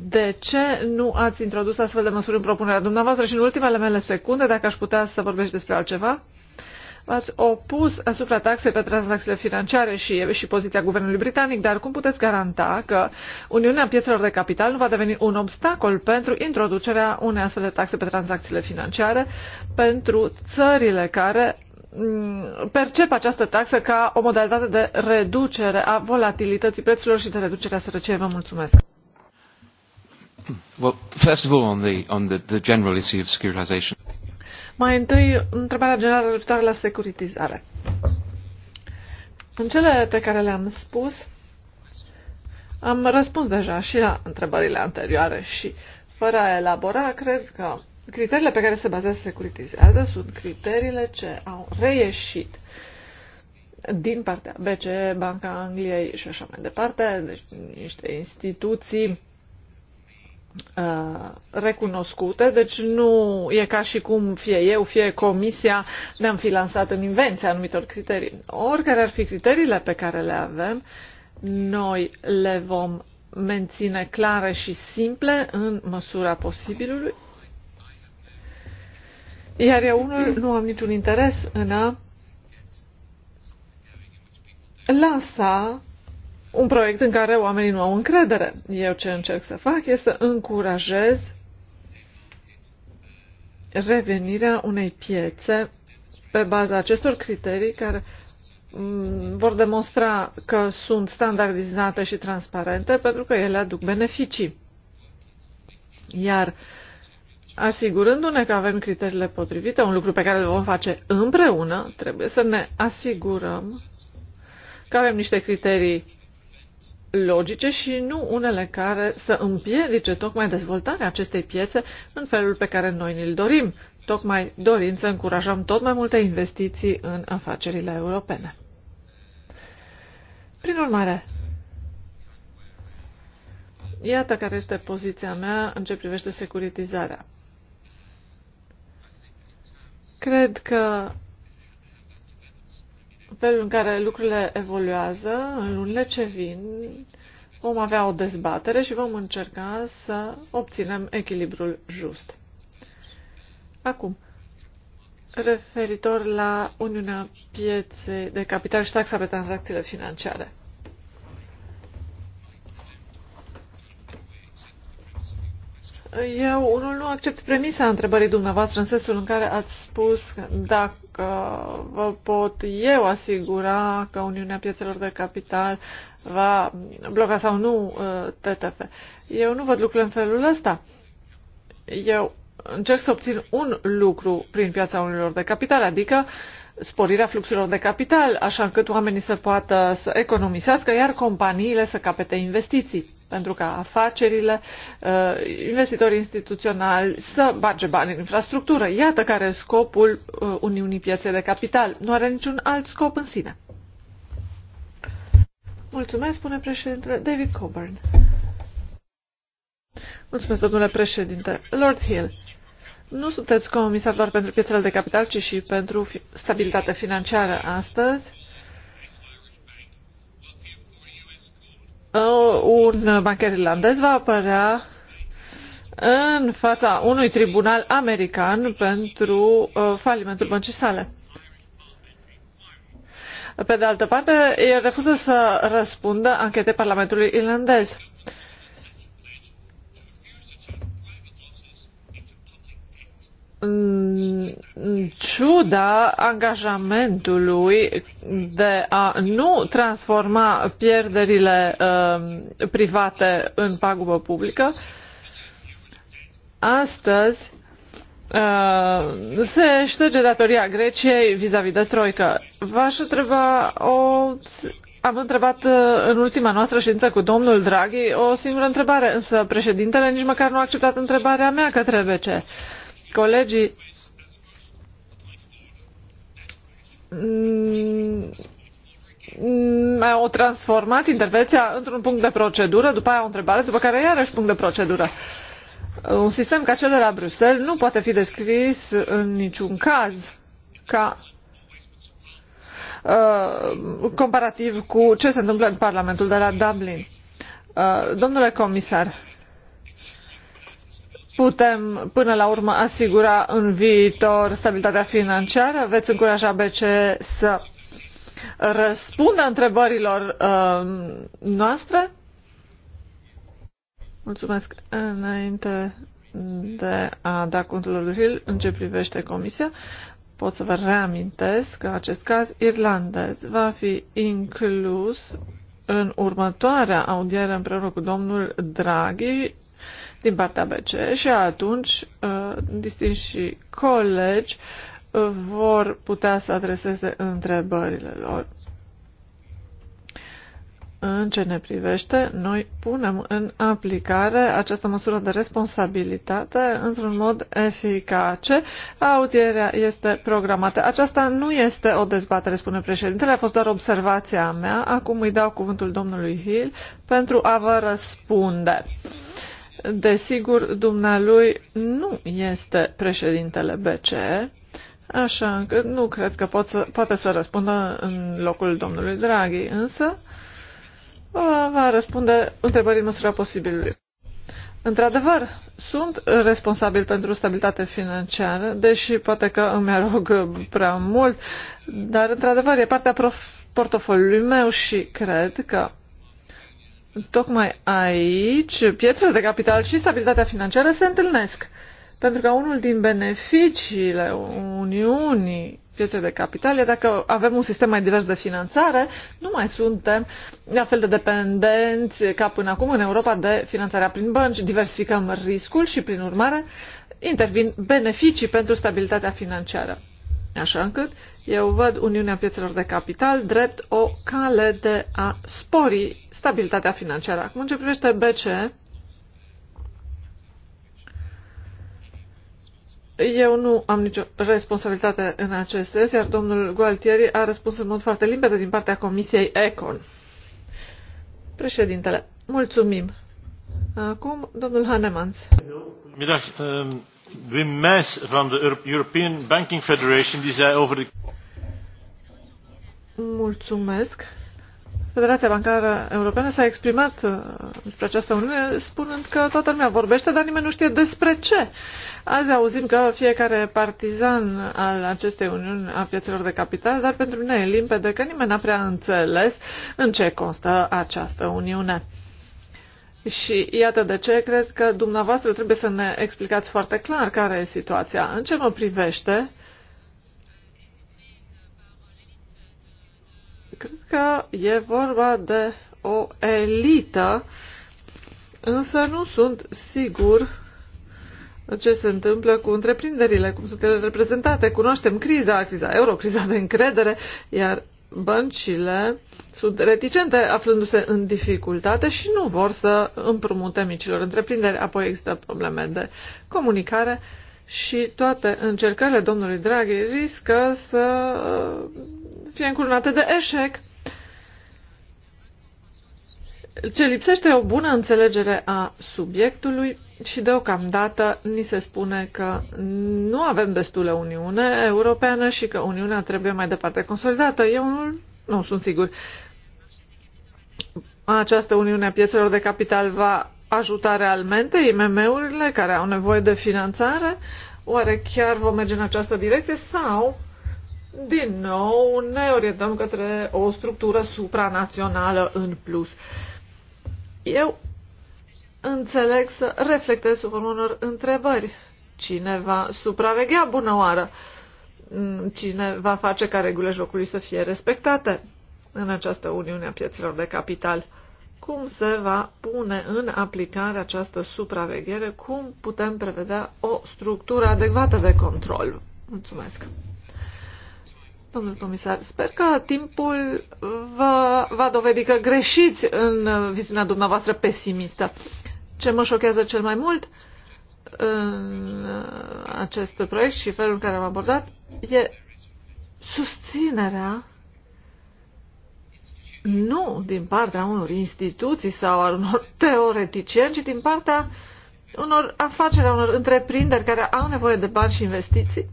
De ce nu ați introdus astfel de măsuri în propunerea dumneavoastră? Și în ultimele mele secunde, dacă aș putea să vorbești despre altceva? v-ați opus asupra taxei pe tranzacțiile financiare și e și poziția guvernului britanic, dar cum puteți garanta că Uniunea Piețelor de Capital nu va deveni un obstacol pentru introducerea unei astfel de taxe pe tranzacțiile financiare pentru țările care mm, percep această taxă ca o modalitate de reducere a volatilității prețurilor și de reducere a sărăciei. Vă mulțumesc. Well, first of all, on the, on the, the general issue of securitization. Mai întâi, întrebarea generală referitoare la securitizare. În cele pe care le-am spus, am răspuns deja și la întrebările anterioare și fără a elabora, cred că criteriile pe care se bazează securitizează sunt criteriile ce au reieșit din partea BCE, Banca Angliei și așa mai departe, deci niște instituții Uh, recunoscute, deci nu e ca și cum fie eu, fie comisia ne-am fi lansat în invenția anumitor criterii. Oricare ar fi criteriile pe care le avem, noi le vom menține clare și simple în măsura posibilului. Iar eu unul nu am niciun interes în a lansa un proiect în care oamenii nu au încredere. Eu ce încerc să fac este să încurajez revenirea unei piețe pe baza acestor criterii care mm, vor demonstra că sunt standardizate și transparente pentru că ele aduc beneficii. Iar asigurându-ne că avem criteriile potrivite, un lucru pe care îl vom face împreună, trebuie să ne asigurăm că avem niște criterii logice și nu unele care să împiedice tocmai dezvoltarea acestei piețe în felul pe care noi ne-l dorim, tocmai dorind să încurajăm tot mai multe investiții în afacerile europene. Prin urmare, iată care este poziția mea în ce privește securitizarea. Cred că felul în care lucrurile evoluează, în lunile ce vin, vom avea o dezbatere și vom încerca să obținem echilibrul just. Acum, referitor la Uniunea Pieței de Capital și taxa pe tranzacțiile financiare. Eu unul nu accept premisa întrebării dumneavoastră în sensul în care ați spus dacă vă pot eu asigura că Uniunea Piețelor de Capital va bloca sau nu uh, TTF. Eu nu văd lucrurile în felul ăsta. Eu încerc să obțin un lucru prin piața Uniunilor de Capital, adică uh, sporirea fluxurilor de capital, așa încât oamenii să poată să economisească, iar companiile să capete investiții, pentru ca afacerile, uh, investitorii instituționali să bage bani în infrastructură. Iată care e scopul uh, Uniunii Pieței de Capital. Nu are niciun alt scop în sine. Mulțumesc, spune președintele David Coburn. Mulțumesc, domnule președinte. Lord Hill. Nu sunteți comisar doar pentru piețele de capital, ci și pentru stabilitatea financiară astăzi. Uh, un bancher irlandez va apărea în fața unui tribunal american pentru uh, falimentul băncii sale. Pe de altă parte, el refuză să răspundă anchetei Parlamentului irlandez în ciuda angajamentului de a nu transforma pierderile uh, private în pagubă publică, astăzi uh, se șterge datoria Greciei vis-a-vis -vis de Troică. V-aș întreba o... Am întrebat uh, în ultima noastră ședință cu domnul Draghi o singură întrebare, însă președintele nici măcar nu a acceptat întrebarea mea către BCE. Colegii mm, au transformat intervenția într-un punct de procedură, după aia o întrebare, după care iarăși punct de procedură. Un sistem ca cel de la Bruxelles nu poate fi descris în niciun caz ca uh, comparativ cu ce se întâmplă în Parlamentul de la Dublin. Uh, domnule comisar, putem până la urmă asigura în viitor stabilitatea financiară? Veți încuraja BCE să răspundă întrebărilor uh, noastre? Mulțumesc. Înainte de a da contul lui Hill în ce privește comisia, pot să vă reamintesc că acest caz irlandez va fi inclus în următoarea audiere împreună cu domnul Draghi din partea BCE și atunci uh, distinși colegi uh, vor putea să adreseze întrebările lor. În ce ne privește, noi punem în aplicare această măsură de responsabilitate într-un mod eficace. Audierea este programată. Aceasta nu este o dezbatere, spune președintele, a fost doar observația mea. Acum îi dau cuvântul domnului Hill pentru a vă răspunde. Desigur, dumnealui nu este președintele BCE, așa încât nu cred că pot să, poate să răspundă în locul domnului Draghi, însă va răspunde întrebării în măsura posibilului. Într-adevăr, sunt responsabil pentru stabilitate financiară, deși poate că îmi arog prea mult, dar într-adevăr e partea portofoliului meu și cred că Tocmai aici, pietrele de capital și stabilitatea financiară se întâlnesc. Pentru că unul din beneficiile Uniunii piețe de capital e dacă avem un sistem mai divers de finanțare, nu mai suntem la fel de dependenți ca până acum în Europa de finanțarea prin bănci, diversificăm riscul și prin urmare intervin beneficii pentru stabilitatea financiară. Așa încât eu văd Uniunea Piețelor de Capital drept o cale de a spori stabilitatea financiară. Acum, în ce privește BCE, Eu nu am nicio responsabilitate în acest sens, iar domnul Gualtieri a răspuns în mod foarte limpede din partea Comisiei Econ. Președintele, mulțumim. Acum, domnul Hanemans. Um, Wim Meis van de European Banking Federation, die zei over de... Mulțumesc. Federația Bancară Europeană s-a exprimat uh, despre această uniune spunând că toată lumea vorbește, dar nimeni nu știe despre ce. Azi auzim că fiecare partizan al acestei uniuni a piețelor de capital, dar pentru noi e limpede că nimeni n-a prea înțeles în ce constă această uniune. Și iată de ce cred că dumneavoastră trebuie să ne explicați foarte clar care e situația. În ce mă privește, cred că e vorba de o elită, însă nu sunt sigur ce se întâmplă cu întreprinderile, cum sunt ele reprezentate. Cunoaștem criza, criza euro, criza de încredere, iar băncile sunt reticente aflându-se în dificultate și nu vor să împrumute micilor întreprinderi. Apoi există probleme de comunicare și toate încercările domnului Draghi riscă să uh, fie încurunate de eșec. Ce lipsește o bună înțelegere a subiectului și deocamdată ni se spune că nu avem destulă Uniune Europeană și că Uniunea trebuie mai departe consolidată. Eu nu, nu sunt sigur. Această Uniune a piețelor de capital va ajuta realmente IMM-urile care au nevoie de finanțare? Oare chiar vom merge în această direcție sau din nou ne orientăm către o structură supranațională în plus? Eu înțeleg să reflectez sub unor întrebări. Cine va supraveghea bună oară? Mm, Cine va face ca regulile jocului să fie respectate în această Uniune a Pieților de Capital? Cum se va pune în aplicare această supraveghere? Cum putem prevedea o structură adecvată de control? Mulțumesc! Domnul comisar, sper că timpul va, va dovedi că greșiți în viziunea dumneavoastră pesimistă. Ce mă șochează cel mai mult în acest proiect și felul în care am abordat e susținerea nu din partea unor instituții sau al unor <laughs> teoreticieni, ci din partea unor afaceri, unor întreprinderi care au nevoie de bani și investiții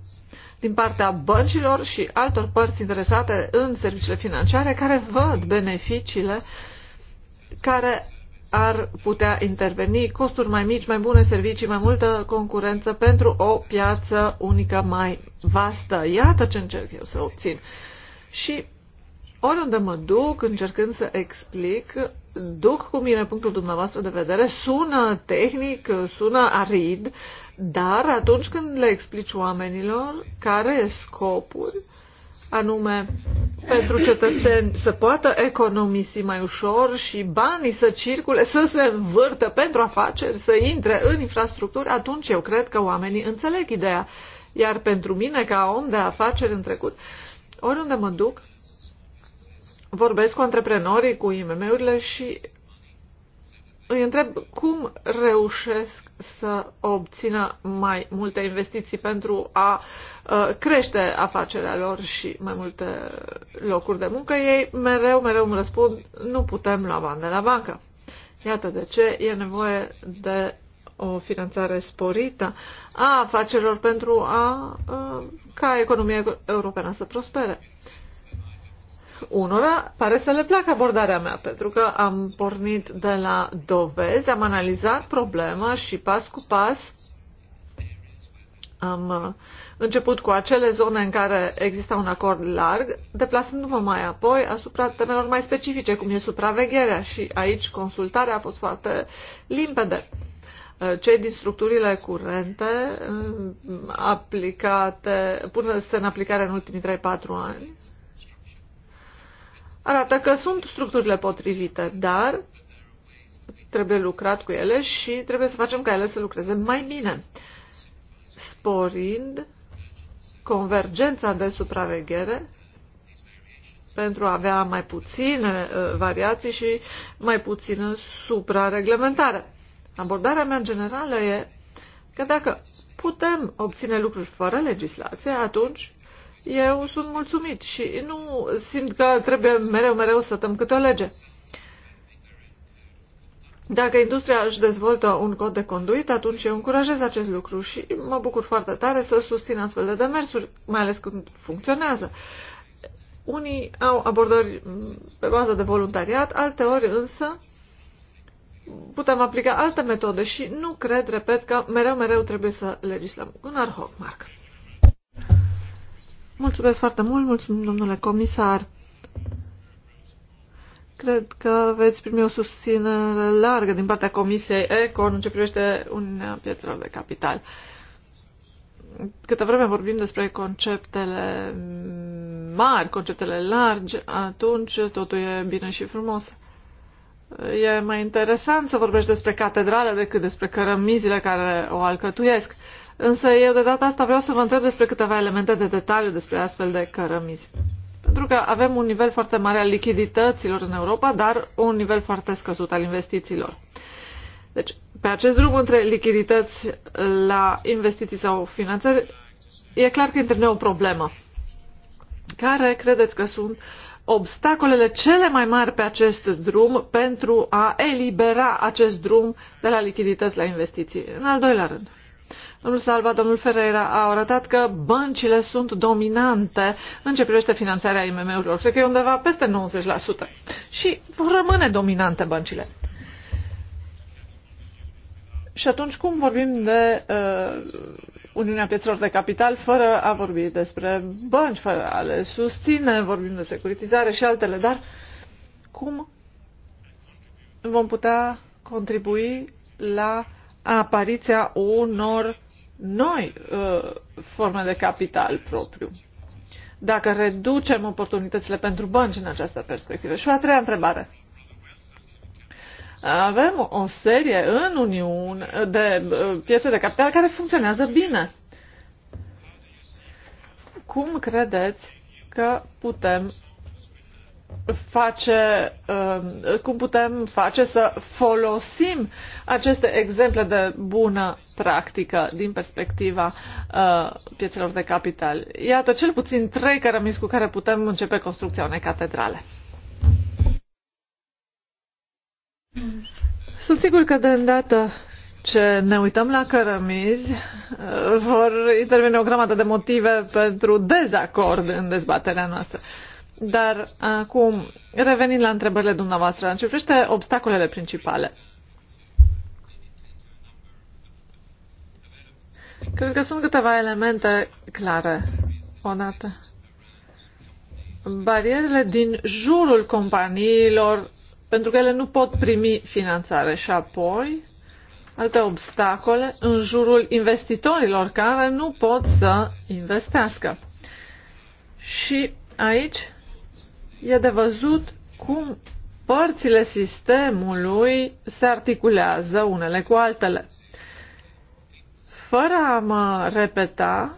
din partea băncilor și altor părți interesate în serviciile financiare care văd beneficiile care ar putea interveni, costuri mai mici, mai bune servicii, mai multă concurență pentru o piață unică mai vastă. Iată ce încerc eu să obțin. Și oriunde mă duc încercând să explic, duc cu mine punctul dumneavoastră de vedere, sună tehnic, sună arid, dar atunci când le explici oamenilor care e scopul, anume pentru cetățeni să poată economisi mai ușor și banii să circule, să se învârtă pentru afaceri, să intre în infrastructură, atunci eu cred că oamenii înțeleg ideea. Iar pentru mine, ca om de afaceri în trecut, oriunde mă duc, vorbesc cu antreprenorii, cu IMM-urile și îi întreb cum reușesc să obțină mai multe investiții pentru a uh, crește afacerea lor și mai multe locuri de muncă. Ei mereu, mereu îmi răspund, nu putem lua bani de la bancă. Iată de ce e nevoie de o finanțare sporită a afacerilor pentru a, uh, ca economia europeană să prospere. Unora pare să le placă abordarea mea, pentru că am pornit de la dovezi, am analizat problema și pas cu pas am uh, început cu acele zone în care exista un acord larg, deplasându-mă mai apoi asupra temelor mai specifice, cum e supravegherea și aici consultarea a fost foarte limpede. Uh, cei din structurile curente uh, aplicate, se în aplicare în ultimii 3-4 ani, arată că sunt structurile potrivite, dar trebuie lucrat cu ele și trebuie să facem ca ele să lucreze mai bine, sporind convergența de supraveghere pentru a avea mai puține uh, variații și mai puțină suprareglementare. Abordarea mea generală e că dacă putem obține lucruri fără legislație, atunci eu sunt mulțumit și nu simt că trebuie mereu, mereu să tăm câte o lege. Dacă industria își dezvoltă un cod de conduit, atunci eu încurajez acest lucru și mă bucur foarte tare să susțin astfel de demersuri, mai ales când funcționează. Unii au abordări pe bază de voluntariat, alteori însă putem aplica alte metode și nu cred, repet, că mereu, mereu trebuie să legislăm. Gunnar Hockmark. Mulțumesc foarte mult, mulțumim domnule comisar. Cred că veți primi o susținere largă din partea Comisiei Eco, în ce privește Uniunea Pietrelor de Capital. Câte vreme vorbim despre conceptele mari, conceptele largi, atunci totul e bine și frumos. E mai interesant să vorbești despre catedrale decât despre cărămizile care o alcătuiesc. Însă eu de data asta vreau să vă întreb despre câteva elemente de detaliu despre astfel de cărămizi. Pentru că avem un nivel foarte mare al lichidităților în Europa, dar un nivel foarte scăzut al investițiilor. Deci, pe acest drum între lichidități la investiții sau finanțări, e clar că intervine o problemă. Care credeți că sunt obstacolele cele mai mari pe acest drum pentru a elibera acest drum de la lichidități la investiții? În al doilea rând, Domnul Salva, domnul Ferreira au arătat că băncile sunt dominante în ce privește finanțarea IMM-urilor. Cred că e undeva peste 90%. Și vor rămâne dominante băncile. Și atunci cum vorbim de uh, Uniunea Pieților de Capital fără a vorbi despre bănci, fără a le susține, vorbim de securitizare și altele, dar cum vom putea contribui la apariția unor noi uh, forme de capital propriu. Dacă reducem oportunitățile pentru bănci în această perspectivă. Și o a treia întrebare. Avem o serie în Uniune de uh, piețe de capital care funcționează bine. Cum credeți că putem face, um, cum putem face să folosim aceste exemple de bună practică din perspectiva uh, piețelor de capital. Iată cel puțin trei cărămizi cu care putem începe construcția unei catedrale. Sunt sigur că de îndată ce ne uităm la cărămizi, uh, vor interveni o grămadă de motive pentru dezacord în dezbaterea noastră. Dar acum, revenind la întrebările dumneavoastră, în ce privește obstacolele principale. Cred că sunt câteva elemente clare. dată. Barierele din jurul companiilor, pentru că ele nu pot primi finanțare. Și apoi, alte obstacole în jurul investitorilor care nu pot să investească. Și aici e de văzut cum părțile sistemului se articulează unele cu altele. Fără a mă repeta,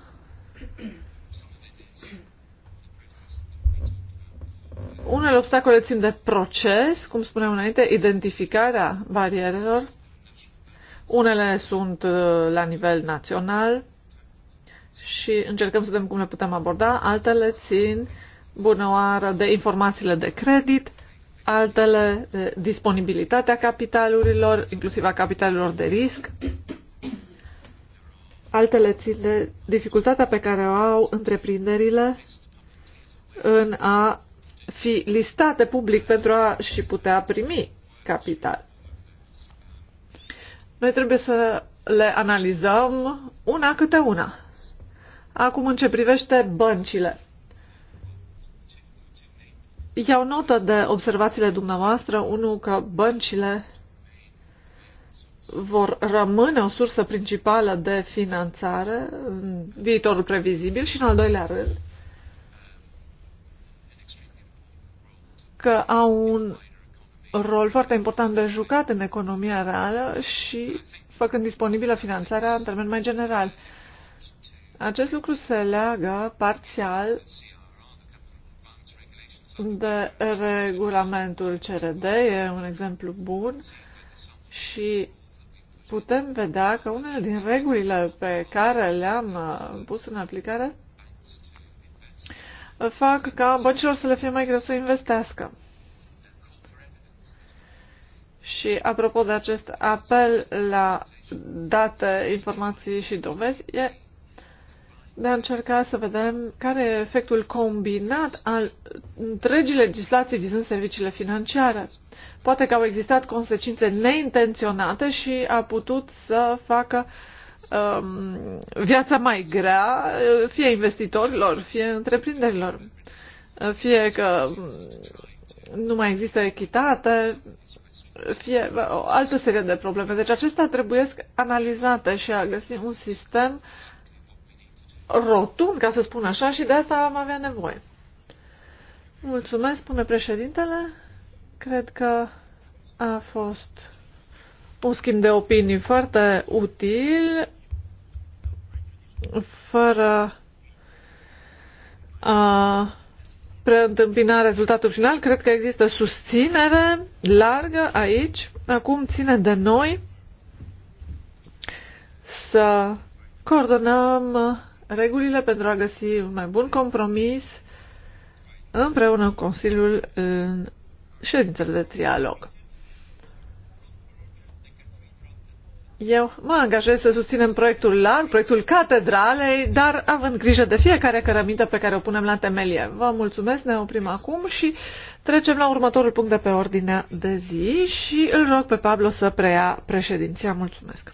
unele obstacole țin de proces, cum spuneam înainte, identificarea barierelor. Unele sunt uh, la nivel național și încercăm să vedem cum le putem aborda, altele țin bună oară de informațiile de credit, altele de disponibilitatea capitalurilor, inclusiv a capitalurilor de risc, altele țin de dificultatea pe care o au întreprinderile în a fi listate public pentru a și putea primi capital. Noi trebuie să le analizăm una câte una. Acum, în ce privește băncile. Iau notă de observațiile dumneavoastră, unul că băncile vor rămâne o sursă principală de finanțare în viitorul previzibil și, în al doilea rând, că au un rol foarte important de jucat în economia reală și făcând disponibilă finanțarea în termen mai general. Acest lucru se leagă parțial de regulamentul CRD, e un exemplu bun și putem vedea că unele din regulile pe care le-am uh, pus în aplicare fac ca băncilor să le fie mai greu să investească. Și apropo de acest apel la date, informații și dovezi, e de a încerca să vedem care e efectul combinat al întregii legislații vizând serviciile financiare. Poate că au existat consecințe neintenționate și a putut să facă um, viața mai grea fie investitorilor, fie întreprinderilor, fie că um, nu mai există echitate, fie o altă serie de probleme. Deci acestea trebuie analizate și a găsi un sistem uh, rotund, ca să spun așa, și de asta am avea nevoie. Mulțumesc, spune președintele. Cred că a fost un schimb de opinii foarte util, fără a preîntâmpina rezultatul final. Cred că există susținere largă aici. Acum ține de noi să coordonăm regulile pentru a găsi un mai bun compromis împreună cu Consiliul în ședințele de trialog. Eu mă angajez să susținem proiectul larg, proiectul catedralei, dar având grijă de fiecare cărămintă pe care o punem la temelie. Vă mulțumesc, ne oprim acum și trecem la următorul punct de pe ordinea de zi și îl rog pe Pablo să preia președinția. Mulțumesc!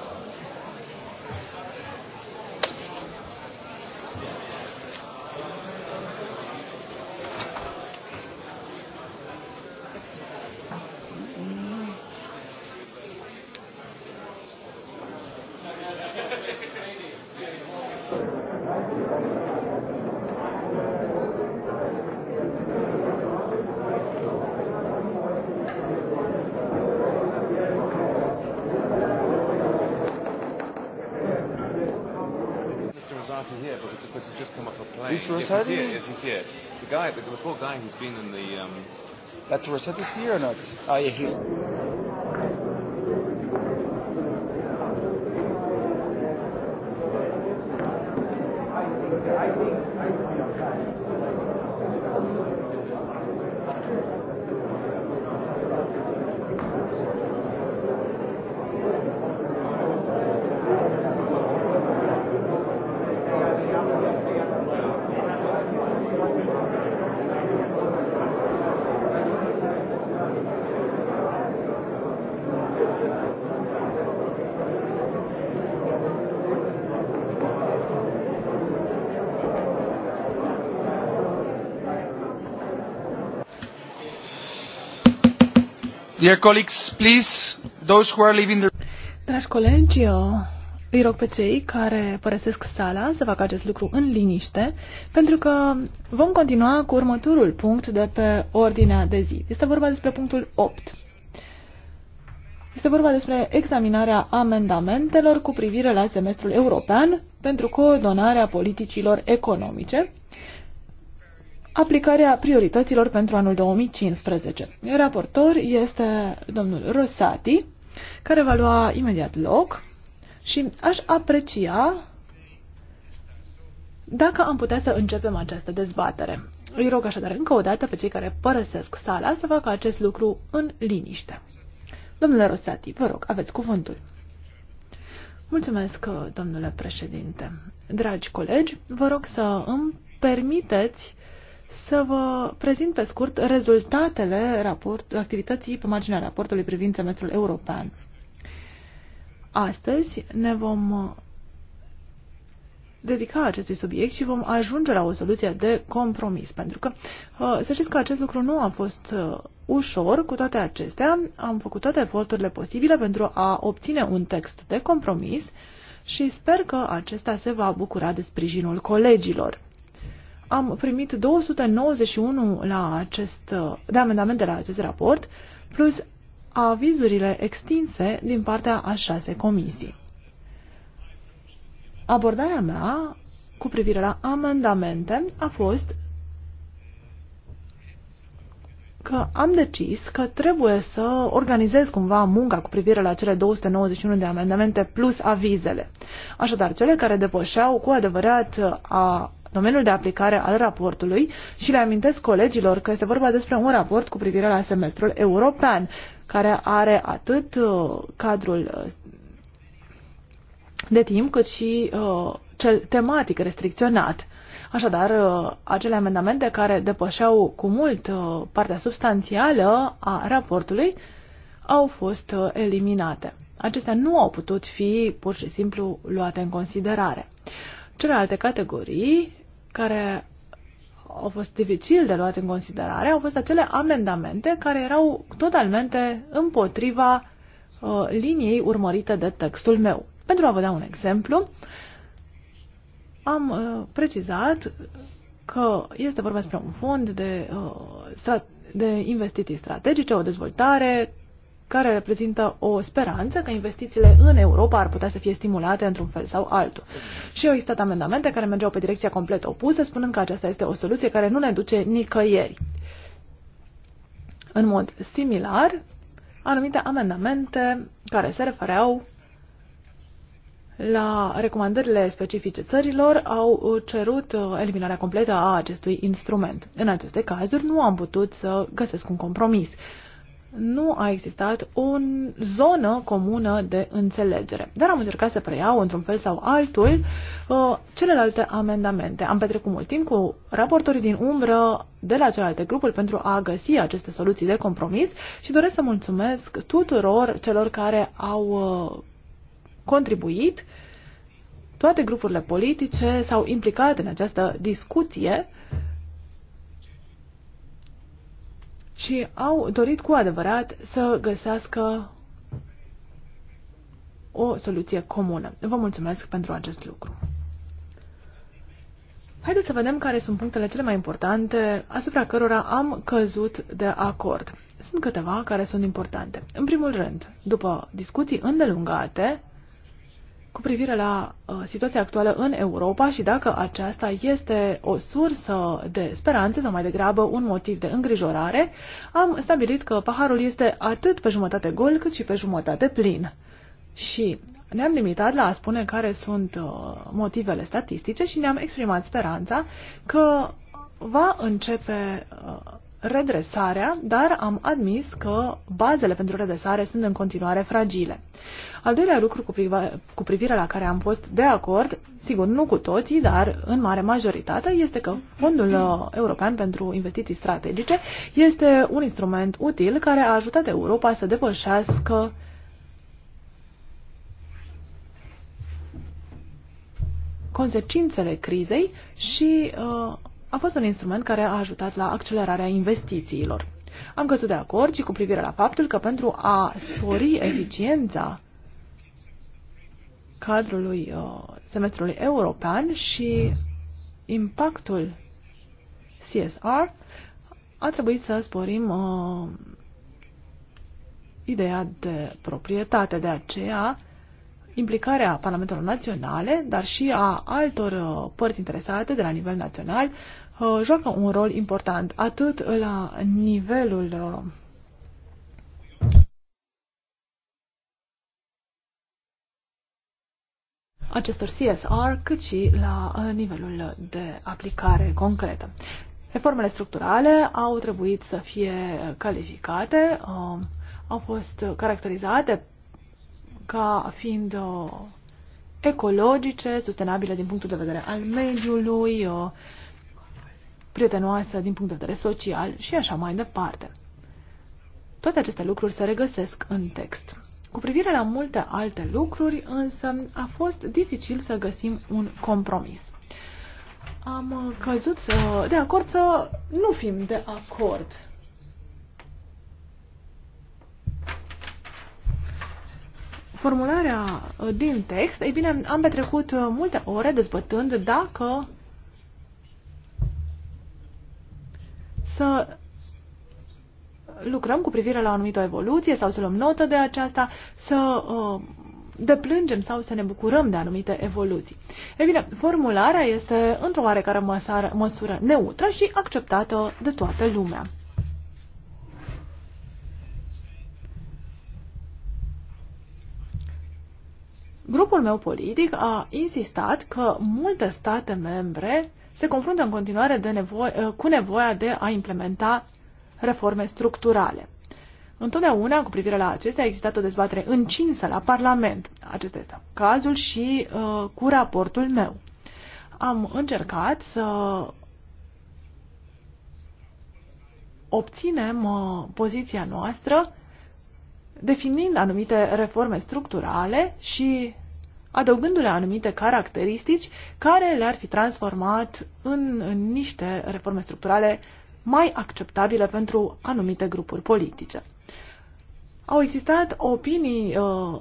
because he's just come off a plane. Is Rossetti? Yes, he's here. Yes, he's here. The guy, the, the poor guy who's been in the... Um... That Rossetti's here or not? oh, yeah, he's... Dragi colegi, uh, îi rog pe cei care părăsesc sala să facă acest lucru în liniște, pentru că vom continua cu următorul punct de pe ordinea de zi. Este vorba despre punctul 8. Este vorba despre examinarea amendamentelor cu privire la semestrul european pentru coordonarea politicilor economice, aplicarea priorităților pentru anul 2015. Raportor este domnul Rosati, care va lua imediat loc și aș aprecia dacă am putea să începem această dezbatere. Îi rog așadar încă o dată pe cei care părăsesc sala să facă acest lucru în liniște. Domnule Rosati, vă rog, aveți cuvântul. Mulțumesc, domnule președinte. Dragi colegi, vă rog să îmi permiteți să vă prezint pe scurt rezultatele raport, activității pe marginea raportului privind semestrul european. Astăzi ne vom uh, dedica acestui subiect și vom ajunge la o soluție de compromis, pentru că uh, să știți că acest lucru nu a fost uh, ușor, cu toate acestea am făcut toate eforturile posibile pentru a obține un text de compromis și sper că acesta se va bucura de sprijinul colegilor am primit 291 la acest, de amendamente la acest raport, plus avizurile extinse din partea a șase comisii. Abordarea mea cu privire la amendamente a fost că am decis că trebuie să organizez cumva munca cu privire la cele 291 de amendamente plus avizele. Așadar, cele care depășeau cu adevărat a domeniul de aplicare al raportului și le amintesc colegilor că este vorba despre un raport cu privire la semestrul european, care are atât uh, cadrul uh, de timp cât și uh, cel tematic restricționat. Așadar, acele amendamente care depășeau cu mult partea substanțială a raportului au fost eliminate. Acestea nu au putut fi pur și simplu luate în considerare. Celelalte categorii care au fost dificil de luat în considerare au fost acele amendamente care erau totalmente împotriva uh, liniei urmărite de textul meu. Pentru a vă da un exemplu, am uh, precizat că este vorba despre un fond de, uh, de investiții strategice, o dezvoltare care reprezintă o speranță că investițiile în Europa ar putea să fie stimulate într-un fel sau altul. Și au existat amendamente care mergeau pe direcția complet opusă, spunând că aceasta este o soluție care nu ne duce nicăieri. În mod similar, anumite amendamente care se refereau la recomandările specifice țărilor au cerut uh, eliminarea completă a acestui instrument. În aceste cazuri nu am putut să găsesc un compromis nu a existat o zonă comună de înțelegere. Dar am încercat să preiau, într-un fel sau altul, uh, celelalte amendamente. Am petrecut mult timp cu raportorii din umbră de la celelalte grupuri pentru a găsi aceste soluții de compromis și doresc să mulțumesc tuturor celor care au uh, contribuit. Toate grupurile politice s-au implicat în această discuție și au dorit cu adevărat să găsească o soluție comună. Vă mulțumesc pentru acest lucru. Haideți să vedem care sunt punctele cele mai importante asupra cărora am căzut de acord. Sunt câteva care sunt importante. În primul rând, după discuții îndelungate, cu privire la uh, situația actuală în Europa și dacă aceasta este o sursă de speranță sau mai degrabă un motiv de îngrijorare, am stabilit că paharul este atât pe jumătate gol cât și pe jumătate plin. Și ne-am limitat la a spune care sunt uh, motivele statistice și ne-am exprimat speranța că va începe uh, redresarea, dar am admis că bazele pentru redresare sunt în continuare fragile. Al doilea lucru cu, priva, cu privire la care am fost de acord, sigur nu cu toții, dar în mare majoritate, este că Fondul uh, European pentru Investiții Strategice este un instrument util care a ajutat Europa să depășească consecințele crizei și uh, a fost un instrument care a ajutat la accelerarea investițiilor. Am căzut de acord și cu privire la faptul că pentru a spori eficiența cadrului uh, semestrului european și impactul CSR, a trebuit să sporim uh, ideea de proprietate. De aceea, implicarea Parlamentelor Naționale, dar și a altor uh, părți interesate de la nivel național, Uh, joacă un rol important, atât la nivelul uh, acestor CSR, cât și la uh, nivelul de aplicare concretă. Reformele structurale au trebuit să fie calificate, au fost caracterizate ca fiind ecologice, sustenabile din punctul de vedere al mediului, prietenoasă din punct de vedere social și așa mai departe. Toate aceste lucruri se regăsesc în text. Cu privire la multe alte lucruri, însă, a fost dificil să găsim un compromis. Am căzut să, de acord să nu fim de acord. Formularea din text, ei bine, am petrecut multe ore dezbătând dacă să lucrăm cu privire la anumită evoluție sau să luăm notă de aceasta, să uh, deplângem sau să ne bucurăm de anumite evoluții. Ei bine, formularea este într-o oarecare măsară, măsură neutră și acceptată de toată lumea. Grupul meu politic a insistat că multe state membre se confruntă în continuare de nevo- eh, cu nevoia de a implementa reforme structurale. Întotdeauna, cu privire la acestea, a existat o dezbatere încinsă la Parlament. Acesta este cazul și uh, cu raportul meu. Am încercat să obținem uh, poziția noastră definind anumite reforme structurale și adăugându-le anumite caracteristici care le-ar fi transformat în, în niște reforme structurale mai acceptabile pentru anumite grupuri politice. Au existat opinii uh,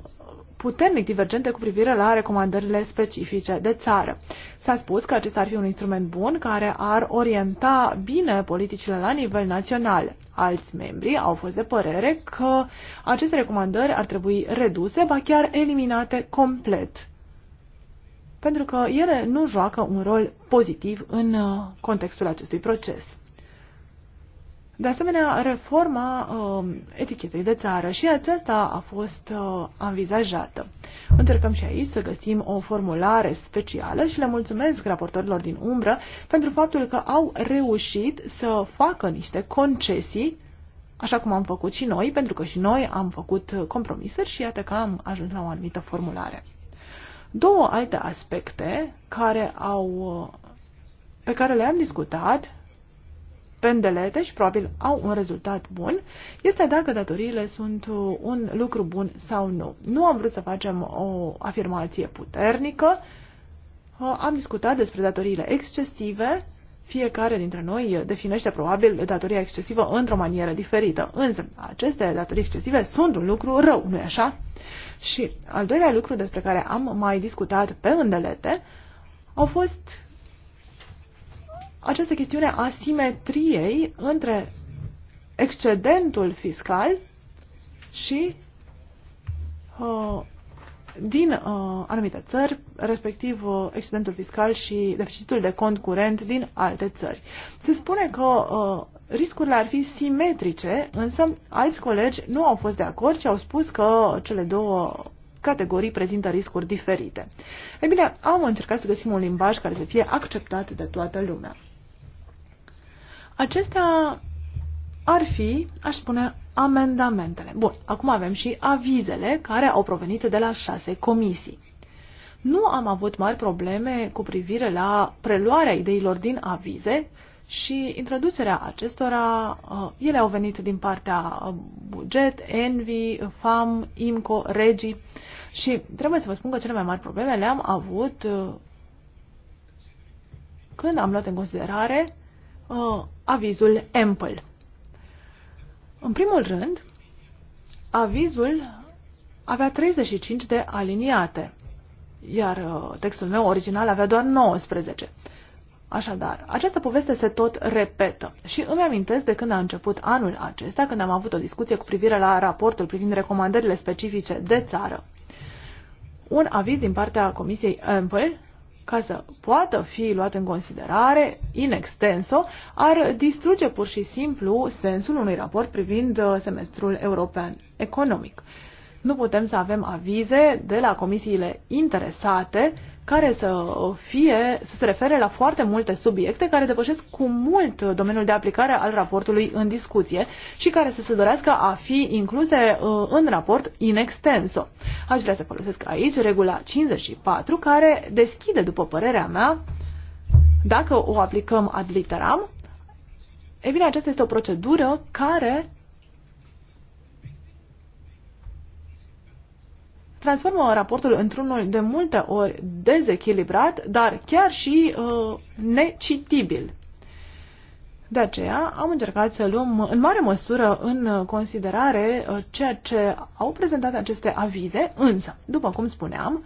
puternic divergente cu privire la recomandările specifice de țară. S-a spus că acesta ar fi un instrument bun care ar orienta bine politicile la nivel național. Alți membri au fost de părere că aceste recomandări ar trebui reduse, ba chiar eliminate complet pentru că ele nu joacă un rol pozitiv în uh, contextul acestui proces. De asemenea, reforma uh, etichetei de țară și aceasta a fost uh, anvizajată. Încercăm și aici să găsim o formulare specială și le mulțumesc raportorilor din umbră pentru faptul că au reușit să facă niște concesii, așa cum am făcut și noi, pentru că și noi am făcut compromisuri și iată că am ajuns la o anumită formulare. Două alte aspecte care au, uh, pe care le-am discutat pendelete și probabil au un rezultat bun, este dacă datoriile sunt un lucru bun sau nu. Nu am vrut să facem o afirmație puternică, uh, am discutat despre datoriile excesive, fiecare dintre noi definește probabil datoria excesivă într-o manieră diferită. Însă, aceste datorii excesive sunt un lucru rău, nu-i așa? Și al doilea lucru despre care am mai discutat pe îndelete au fost această chestiune a simetriei între excedentul fiscal și uh, din uh, anumite țări, respectiv uh, excedentul fiscal și deficitul de cont curent din alte țări. Se spune că uh, riscurile ar fi simetrice, însă alți colegi nu au fost de acord și au spus că cele două categorii prezintă riscuri diferite. Ei bine, am încercat să găsim un limbaj care să fie acceptat de toată lumea. Acestea ar fi, aș spune, amendamentele. Bun, acum avem și avizele care au provenit de la șase comisii. Nu am avut mari probleme cu privire la preluarea ideilor din avize și introducerea acestora. Uh, ele au venit din partea uh, buget, Envi, FAM, IMCO, Regi și trebuie să vă spun că cele mai mari probleme le-am avut uh, când am luat în considerare uh, avizul Ample. În primul rând, avizul avea 35 de aliniate, iar uh, textul meu original avea doar 19. Așadar, această poveste se tot repetă și îmi amintesc de când a început anul acesta, când am avut o discuție cu privire la raportul privind recomandările specifice de țară. Un aviz din partea Comisiei Ample ca să poată fi luat în considerare, in extenso, ar distruge pur și simplu sensul unui raport privind uh, semestrul european economic. Nu putem să avem avize de la comisiile interesate care să fie, să se refere la foarte multe subiecte care depășesc cu mult domeniul de aplicare al raportului în discuție și care să se dorească a fi incluse uh, în raport in extenso. Aș vrea să folosesc aici regula 54 care deschide, după părerea mea, dacă o aplicăm ad literam, e bine, aceasta este o procedură care transformă raportul într-unul de multe ori dezechilibrat, dar chiar și uh, necitibil. De aceea am încercat să luăm în mare măsură în considerare uh, ceea ce au prezentat aceste avize, însă, după cum spuneam,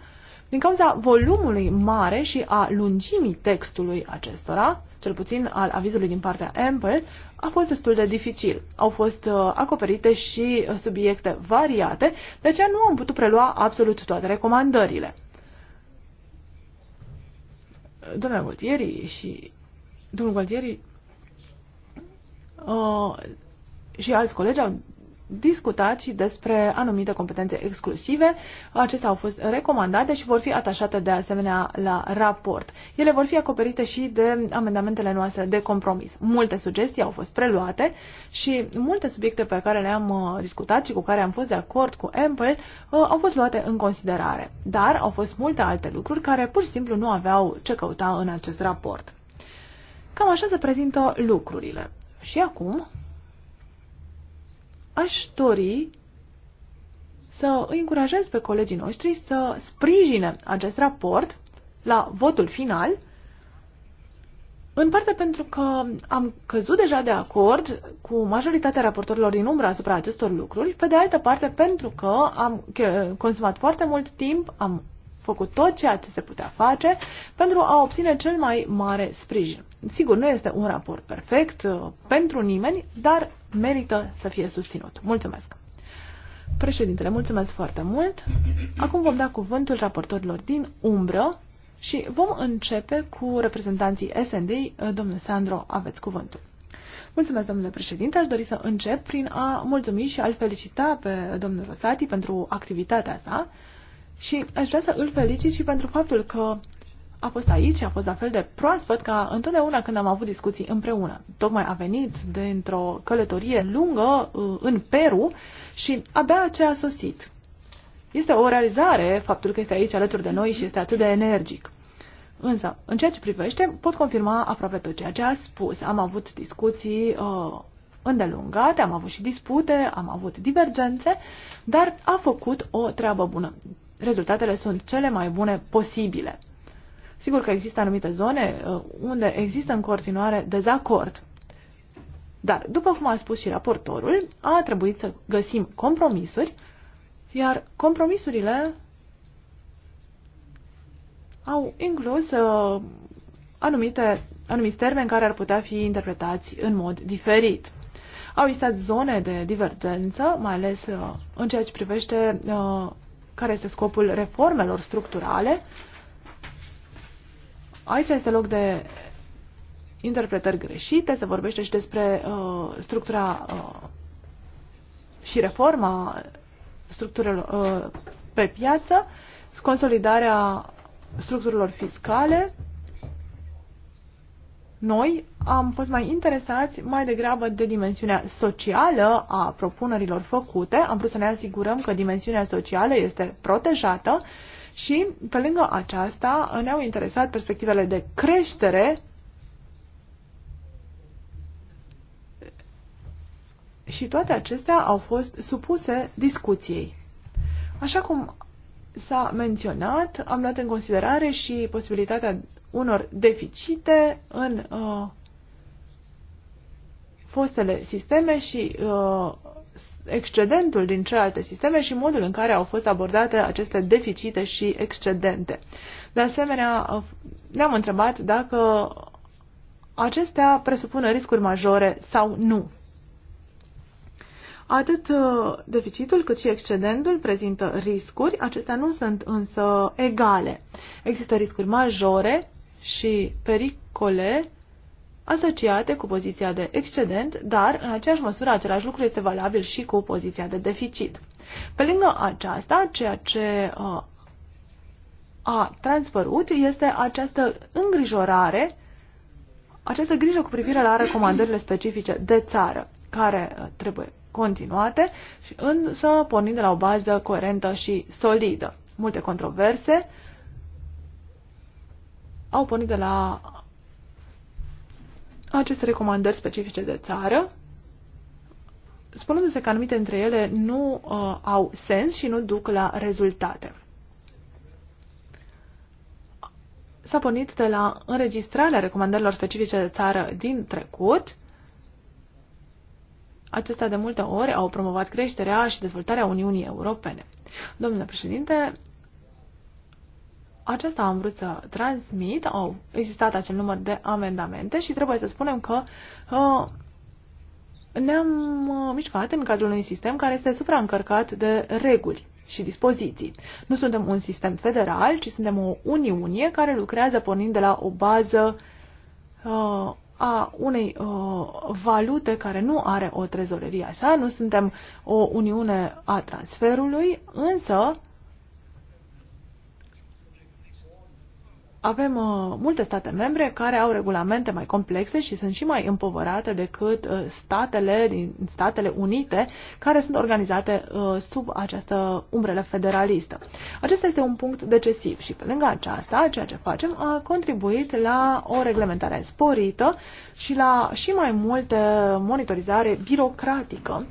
din cauza volumului mare și a lungimii textului acestora, cel puțin al avizului din partea Ample, a fost destul de dificil. Au fost uh, acoperite și uh, subiecte variate, de aceea nu am putut prelua absolut toate recomandările. Domnul Gualtieri și domnul Gualtieri uh, și alți colegi au discutat și despre anumite competențe exclusive. Acestea au fost recomandate și vor fi atașate de asemenea la raport. Ele vor fi acoperite și de amendamentele noastre de compromis. Multe sugestii au fost preluate și multe subiecte pe care le-am uh, discutat și cu care am fost de acord cu Ample uh, au fost luate în considerare. Dar au fost multe alte lucruri care pur și simplu nu aveau ce căuta în acest raport. Cam așa se prezintă lucrurile. Și acum aș dori să îi încurajez pe colegii noștri să sprijine acest raport la votul final, în parte pentru că am căzut deja de acord cu majoritatea raportorilor din umbră asupra acestor lucruri, pe de altă parte pentru că am consumat foarte mult timp, am făcut tot ceea ce se putea face pentru a obține cel mai mare sprijin. Sigur, nu este un raport perfect uh, pentru nimeni, dar merită să fie susținut. Mulțumesc! Președintele, mulțumesc foarte mult! Acum vom da cuvântul raportorilor din umbră și vom începe cu reprezentanții SND. Uh, domnul Sandro, aveți cuvântul. Mulțumesc, domnule președinte. Aș dori să încep prin a mulțumi și a-l felicita pe domnul Rosati pentru activitatea sa și aș vrea să îl felicit și pentru faptul că a fost aici și a fost la fel de proaspăt ca întotdeauna când am avut discuții împreună. Tocmai a venit dintr-o călătorie lungă uh, în Peru și abia ce a sosit. Este o realizare faptul că este aici alături de noi și este atât de energic. Însă, în ceea ce privește, pot confirma aproape tot ceea ce a spus. Am avut discuții uh, îndelungate, am avut și dispute, am avut divergențe, dar a făcut o treabă bună. Rezultatele sunt cele mai bune posibile. Sigur că există anumite zone uh, unde există în continuare dezacord. Dar, după cum a spus și raportorul, a trebuit să găsim compromisuri, iar compromisurile au inclus uh, anumite, termeni care ar putea fi interpretați în mod diferit. Au existat zone de divergență, mai ales uh, în ceea ce privește uh, care este scopul reformelor structurale, uh, Aici este loc de interpretări greșite, se vorbește și despre uh, structura uh, și reforma structurilor uh, pe piață, consolidarea structurilor fiscale. Noi am fost mai interesați mai degrabă de dimensiunea socială a propunerilor făcute. Am vrut să ne asigurăm că dimensiunea socială este protejată uh, și, pe lângă aceasta, ne-au interesat perspectivele de creștere și toate acestea au fost supuse discuției. Așa cum s-a menționat, am luat în considerare și posibilitatea unor deficite în uh, fostele sisteme și uh, excedentul din celelalte sisteme și modul în care au fost abordate aceste deficite și excedente. De asemenea, uh, ne-am întrebat dacă acestea presupun riscuri majore sau nu. Atât uh, deficitul cât și excedentul prezintă riscuri, acestea nu sunt însă egale. Există riscuri majore și pericole asociate cu poziția de excedent, dar în aceeași măsură același lucru este valabil și cu poziția de deficit. Pe lângă aceasta, ceea ce uh, a transpărut este această îngrijorare, această grijă cu privire la recomandările specifice de țară, care uh, trebuie continuate, însă pornind de la o bază coerentă și solidă. Multe controverse au pornit de la aceste recomandări specifice de țară, spunându-se că anumite dintre ele nu uh, au sens și nu duc la rezultate. S-a pornit de la înregistrarea recomandărilor specifice de țară din trecut. Acestea de multe ori au promovat creșterea și dezvoltarea Uniunii Europene. Domnule președinte, aceasta am vrut să transmit, au existat acel număr de amendamente și trebuie să spunem că uh, ne-am uh, mișcat în cadrul unui sistem care este supraîncărcat de reguli și dispoziții. Nu suntem un sistem federal, ci suntem o uniune care lucrează pornind de la o bază uh, a unei uh, valute care nu are o trezorerie a sa, nu suntem o uniune a transferului, însă avem uh, multe state membre care au regulamente mai complexe și sunt și mai împovărate decât uh, statele din Statele Unite care sunt organizate uh, sub această umbrelă federalistă. Acesta este un punct decisiv și pe lângă aceasta, ceea ce facem a contribuit la o reglementare sporită și la și mai multe monitorizare birocratică,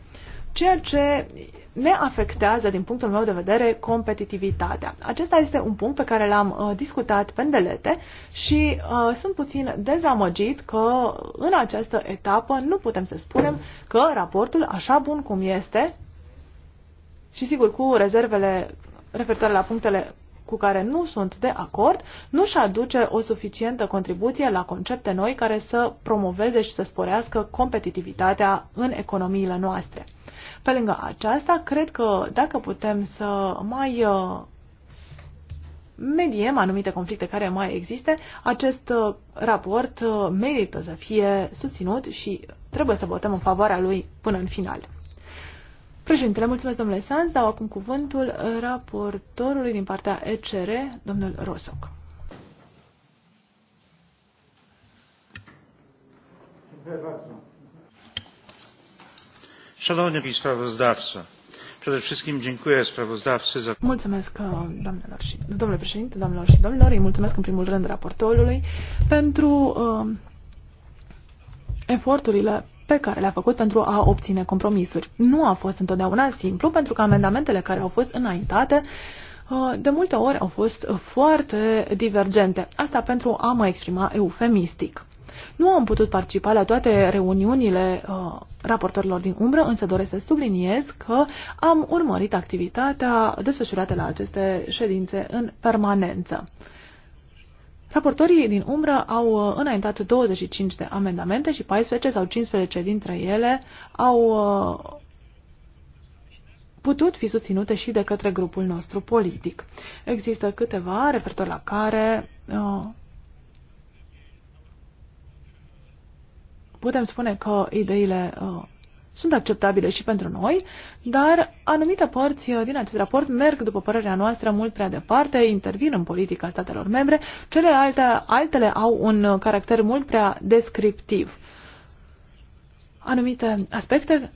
ceea ce ne afectează, din punctul meu de vedere, competitivitatea. Acesta este un punct pe care l-am uh, discutat pendelete și uh, sunt puțin dezamăgit că în această etapă nu putem să spunem că raportul, așa bun cum este, și sigur cu rezervele referitoare la punctele cu care nu sunt de acord nu-și aduce o suficientă contribuție la concepte noi care să promoveze și să sporească competitivitatea în economiile noastre. Pe lângă aceasta, cred că dacă putem să mai uh, mediem anumite conflicte care mai există, acest uh, raport uh, merită să fie susținut și trebuie să votăm în favoarea lui până în final. Președintele, mulțumesc domnule Sanz, dau acum cuvântul raportorului din partea ECR, domnul Rosoc. Szanowny pani Sprawozdawco, przede wszystkim dziękuję sprawozdawcy za... Mulțumesc, doamnelor și, domnule președinte, domnilor și domnilor, îi mulțumesc în primul rând raportorului pentru uh, eforturile pe care le-a făcut pentru a obține compromisuri. Nu a fost întotdeauna simplu, pentru că amendamentele care au fost înaintate uh, de multe ori au fost foarte divergente. Asta pentru a mă exprima eufemistic. Nu am putut participa la toate reuniunile uh, raportorilor din umbră, însă doresc să subliniez că am urmărit activitatea desfășurată la aceste ședințe în permanență. Raportorii din umbră au uh, înaintat 25 de amendamente și 14 sau 15 dintre ele au uh, putut fi susținute și de către grupul nostru politic. Există câteva referitor la care uh, putem spune că ideile uh, sunt acceptabile și pentru noi, dar anumite părți din acest raport merg, după părerea noastră, mult prea departe, intervin în politica statelor membre, celelalte altele au un caracter mult prea descriptiv. Anumite aspecte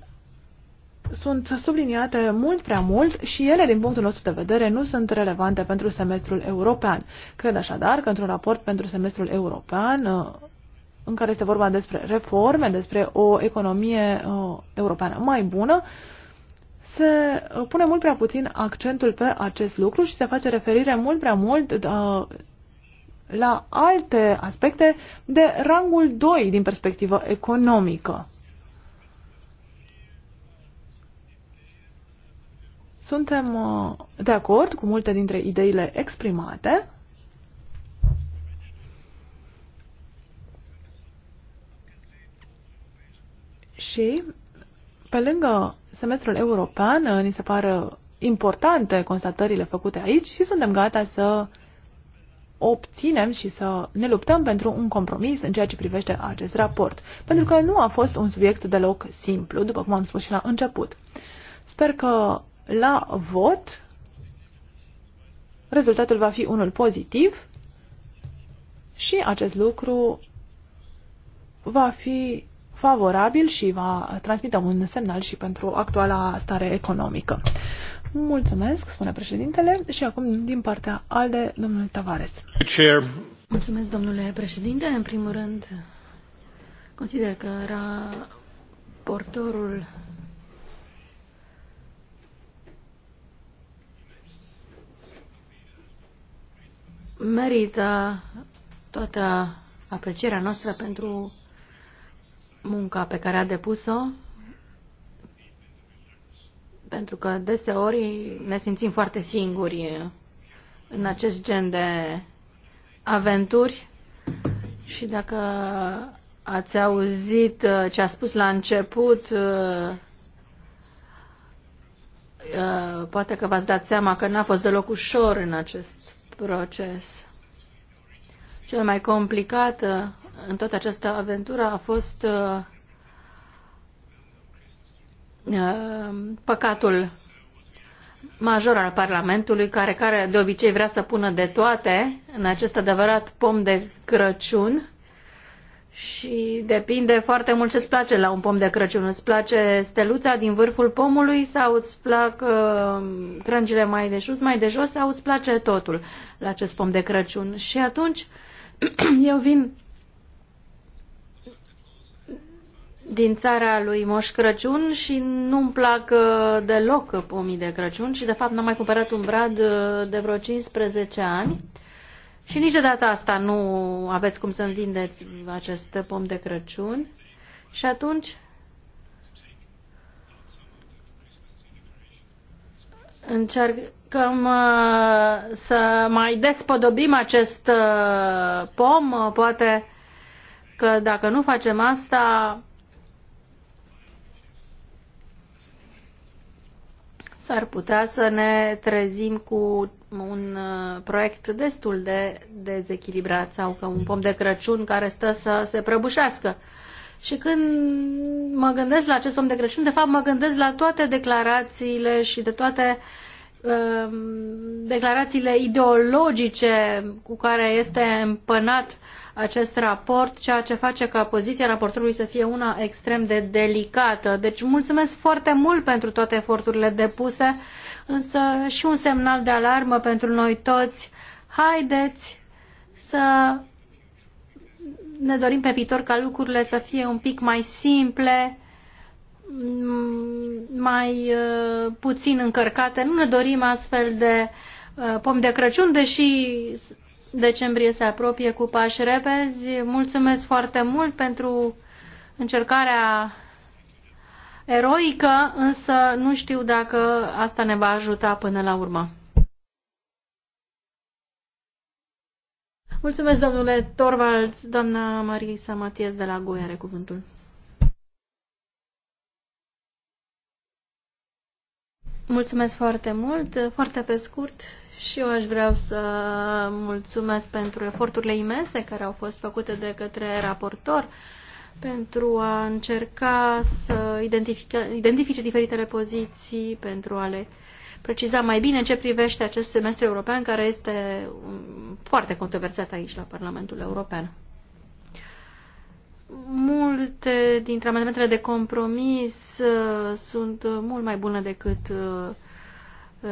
sunt subliniate mult prea mult și ele, din punctul nostru de vedere, nu sunt relevante pentru semestrul european. Cred așadar că într-un raport pentru semestrul european în care este vorba despre reforme, despre o economie uh, europeană mai bună, se uh, pune mult prea puțin accentul pe acest lucru și se face referire mult prea mult uh, la alte aspecte de rangul 2 din perspectivă economică. Suntem uh, de acord cu multe dintre ideile exprimate. Și, pe lângă semestrul european, eh, ni se pară importante constatările făcute aici și suntem gata să obținem și să ne luptăm pentru un compromis în ceea ce privește acest raport, pentru că nu a fost un subiect deloc simplu, după cum am spus și la început. Sper că la vot rezultatul va fi unul pozitiv și acest lucru va fi favorabil și va transmite un semnal și pentru actuala stare economică. Mulțumesc, spune președintele, și acum din partea ALDE, domnul Tavares. Mulțumesc, domnule președinte. În primul rând, consider că raportorul merită toată aprecierea noastră pentru munca pe care a depus-o, pentru că deseori ne simțim foarte singuri în acest gen de aventuri și dacă ați auzit uh, ce a spus la început, uh, uh, poate că v-ați dat seama că n-a fost deloc ușor în acest proces. Cel mai complicat în toată această aventură a fost uh, uh, păcatul major al Parlamentului, care, care de obicei vrea să pună de toate în acest adevărat pom de Crăciun și depinde foarte mult ce îți place la un pom de Crăciun. Îți place steluța din vârful pomului sau îți plac uh, crângile mai de sus, mai de jos sau îți place totul la acest pom de Crăciun. Și atunci <clears throat> eu vin din țara lui Moș Crăciun și nu-mi plac uh, deloc pomii de Crăciun și de fapt n-am mai cumpărat un brad uh, de vreo 15 ani și nici de data asta nu aveți cum să-mi vindeți acest pom de Crăciun și atunci încercăm uh, să mai despodobim acest pom, poate că dacă nu facem asta s-ar putea să ne trezim cu un uh, proiect destul de dezechilibrat sau ca un pom de Crăciun care stă să se prăbușească. Și când mă gândesc la acest pom de Crăciun, de fapt mă gândesc la toate declarațiile și de toate um, declarațiile ideologice cu care este împănat acest raport, ceea ce face ca poziția raportorului să fie una extrem de delicată. Deci mulțumesc foarte mult pentru toate eforturile depuse, însă și un semnal de alarmă pentru noi toți. Haideți să ne dorim pe viitor ca lucrurile să fie un pic mai simple, mai uh, puțin încărcate. Nu ne dorim astfel de uh, pom de Crăciun, deși decembrie se apropie cu pași repezi. Mulțumesc foarte mult pentru încercarea eroică, însă nu știu dacă asta ne va ajuta până la urmă. Mulțumesc, domnule Torvalds. Doamna Marisa Matias de la Goi are cuvântul. Mulțumesc foarte mult, foarte pe scurt. Și eu aș vrea să mulțumesc pentru eforturile imense care au fost făcute de către raportor pentru a încerca să identifice diferitele poziții, pentru a le preciza mai bine în ce privește acest semestru european care este foarte controversat aici la Parlamentul European. Multe dintre amendamentele de compromis uh, sunt mult mai bune decât uh, Uh,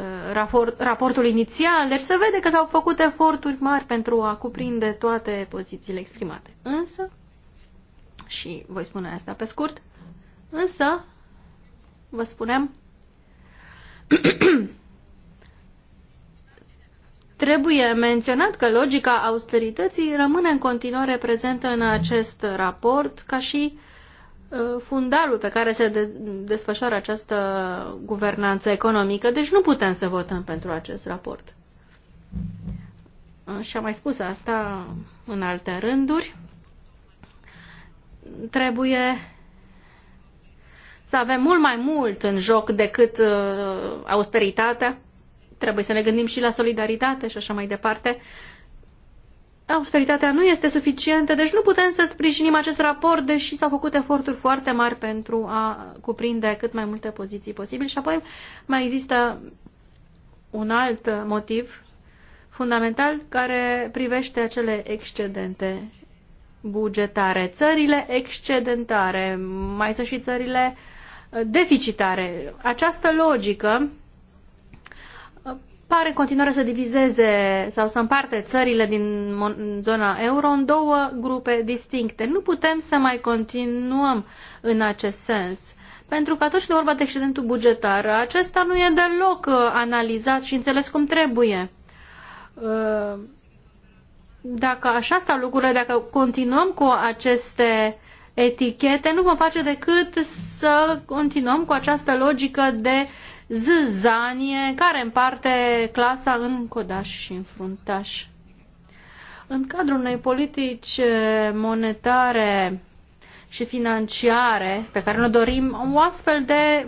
raportul inițial, deci se vede că s-au făcut eforturi mari pentru a cuprinde toate pozițiile exprimate. Însă, și voi spune asta pe scurt, însă, vă spunem, <clears throat> Trebuie menționat că logica austerității rămâne în continuare prezentă în acest raport ca și fundalul pe care se de desfășoară această guvernanță economică, deci nu putem să votăm pentru acest raport. Și am mai spus asta în alte rânduri. Trebuie să avem mult mai mult în joc decât uh, austeritatea. Trebuie să ne gândim și la solidaritate și așa mai departe austeritatea nu este suficientă, deci nu putem să sprijinim acest raport, deși s-au făcut eforturi foarte mari pentru a cuprinde cât mai multe poziții posibil. Și apoi mai există un alt motiv fundamental care privește acele excedente bugetare. Țările excedentare, mai sunt și țările deficitare. Această logică pare în continuare să divizeze sau să împarte țările din zona euro în două grupe distincte. Nu putem să mai continuăm în acest sens. Pentru că atunci când vorba de excedentul bugetar, acesta nu e deloc uh, analizat și înțeles cum trebuie. Uh, dacă așa stau lucrurile, dacă continuăm cu aceste etichete, nu vom face decât să continuăm cu această logică de uh, zâzanie care împarte clasa în codaș și în fruntaș. În cadrul unei politici monetare și financiare pe care ne dorim, o astfel de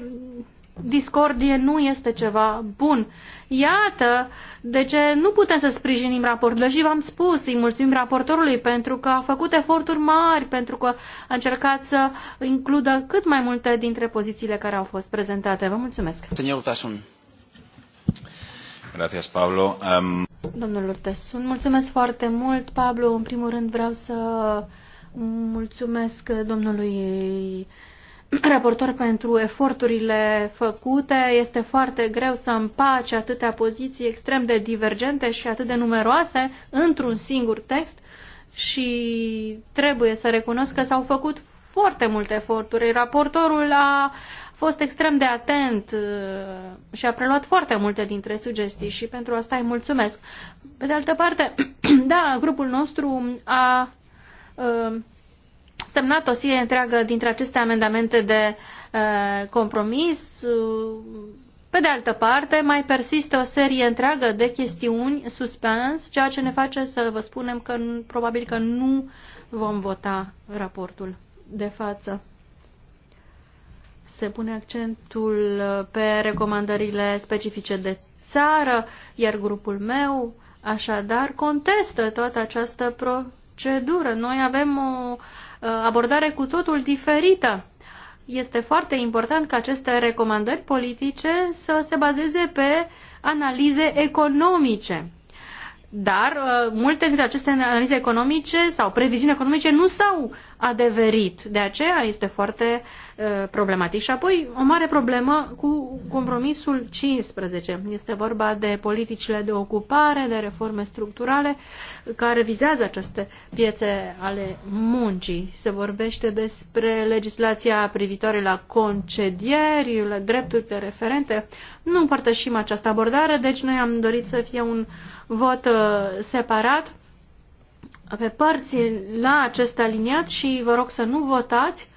discordie nu este ceva bun. Iată de ce nu putem să sprijinim raportul și v-am spus, îi mulțumim raportorului pentru că a făcut eforturi mari, pentru că a încercat să includă cât mai multe dintre pozițiile care au fost prezentate. Vă mulțumesc. Gracias, Pablo. Um... Domnul Urtesun, mulțumesc foarte mult, Pablo. În primul rând vreau să mulțumesc domnului raportor pentru eforturile făcute. Este foarte greu să împaci atâtea poziții extrem de divergente și atât de numeroase într-un singur text și trebuie să recunosc că s-au făcut foarte multe eforturi. Raportorul a fost extrem de atent uh, și a preluat foarte multe dintre sugestii și pentru asta îi mulțumesc. Pe de altă parte, <clears throat> da, grupul nostru a uh, semnat o serie întreagă dintre aceste amendamente de uh, compromis. Uh, pe de altă parte, mai persistă o serie întreagă de chestiuni suspens, ceea ce ne face să vă spunem că probabil că nu vom vota raportul de față. Se pune accentul pe recomandările specifice de țară, iar grupul meu așadar contestă toată această procedură. Noi avem o uh, Uh, abordare cu totul diferită. Este foarte important ca aceste recomandări politice să se bazeze pe analize economice. Dar uh, multe dintre aceste analize economice sau previziuni economice nu s-au adeverit. De aceea este foarte uh, Uh, problematic. Și apoi o mare problemă cu compromisul 15. Este vorba de politicile de ocupare, de reforme structurale care vizează aceste piețe ale muncii. Se vorbește despre legislația privitoare la concedieri, la drepturi de referente. Nu împărtășim această abordare, deci noi am dorit să fie un vot uh, separat pe părți la acest aliniat și vă rog să nu votați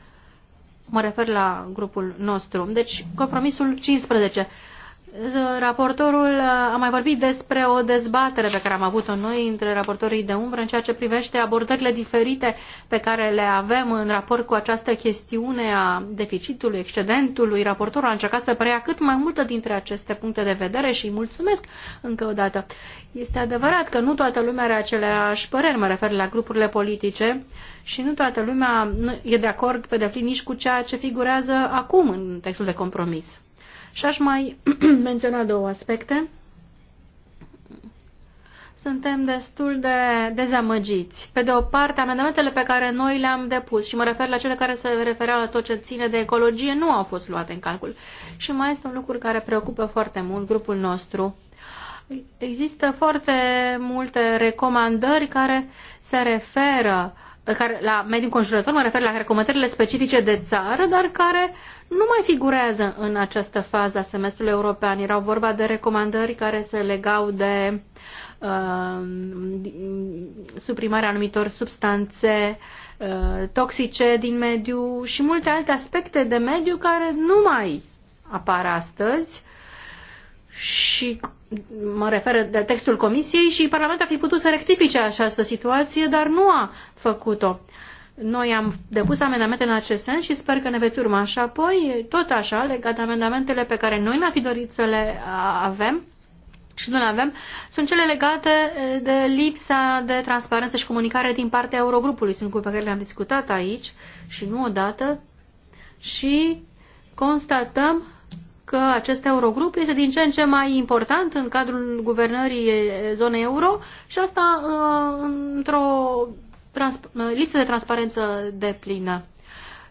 mă refer la grupul nostru. Deci, compromisul cincisprezece. Raportorul uh, a mai vorbit despre o dezbatere pe care am avut-o noi între raportorii de umbră în ceea ce privește abordările diferite pe care le avem în raport cu această chestiune a deficitului, excedentului. Raportorul a încercat să preia cât mai multe dintre aceste puncte de vedere și îi mulțumesc încă o dată. Este adevărat că nu toată lumea are aceleași păreri, mă refer la grupurile politice, și nu toată lumea e de acord pe deplin nici cu ceea ce figurează acum în textul de compromis. Și aș mai <clears throat> menționa două aspecte. Suntem destul de dezamăgiți. Pe de o parte, amendamentele pe care noi le-am depus, și mă refer la cele care se refereau la tot ce ține de ecologie, nu au fost luate în calcul. Și mai este un lucru care preocupă foarte mult grupul nostru. Există foarte multe recomandări care se referă uh, care, la mediul înconjurător, mă refer la recomandările specifice de țară, dar care nu mai figurează în această fază a semestrului european. Erau vorba de recomandări care se legau de uh, suprimarea anumitor substanțe uh, toxice din mediu și multe alte aspecte de mediu care nu mai apar astăzi și mă refer de textul Comisiei și Parlamentul ar fi putut să rectifice această situație, dar nu a făcut-o. Noi am depus amendamente în acest sens și sper că ne veți urma. Și apoi, tot așa, legat de amendamentele pe care noi ne am fi dorit să le avem și nu le avem, sunt cele legate de lipsa de transparență și comunicare din partea Eurogrupului. Sunt cu pe care le-am discutat aici și nu odată și constatăm că acest Eurogrup este din ce în ce mai important în cadrul guvernării zonei euro și asta într-o Uh, lipsă de transparență deplină.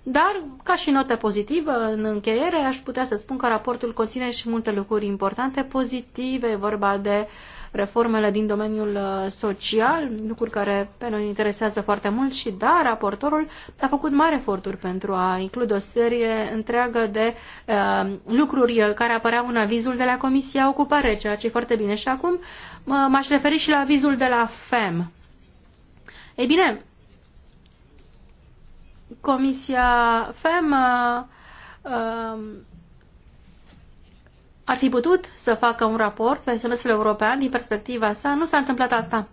Dar, ca și notă pozitivă, în încheiere, aș putea să spun că raportul conține și multe lucruri importante pozitive, e vorba de reformele din domeniul uh, social, lucruri care pe noi interesează foarte mult și da, raportorul a făcut mari eforturi pentru a include o serie întreagă de uh, lucruri care apăreau în avizul de la Comisia Ocupare, ceea ce e foarte bine. Și acum m-aș referi și la avizul de la FEM ei bine, Comisia FEM uh, ar fi putut să facă un raport pe semestrul european din perspectiva sa. Nu s-a întâmplat asta,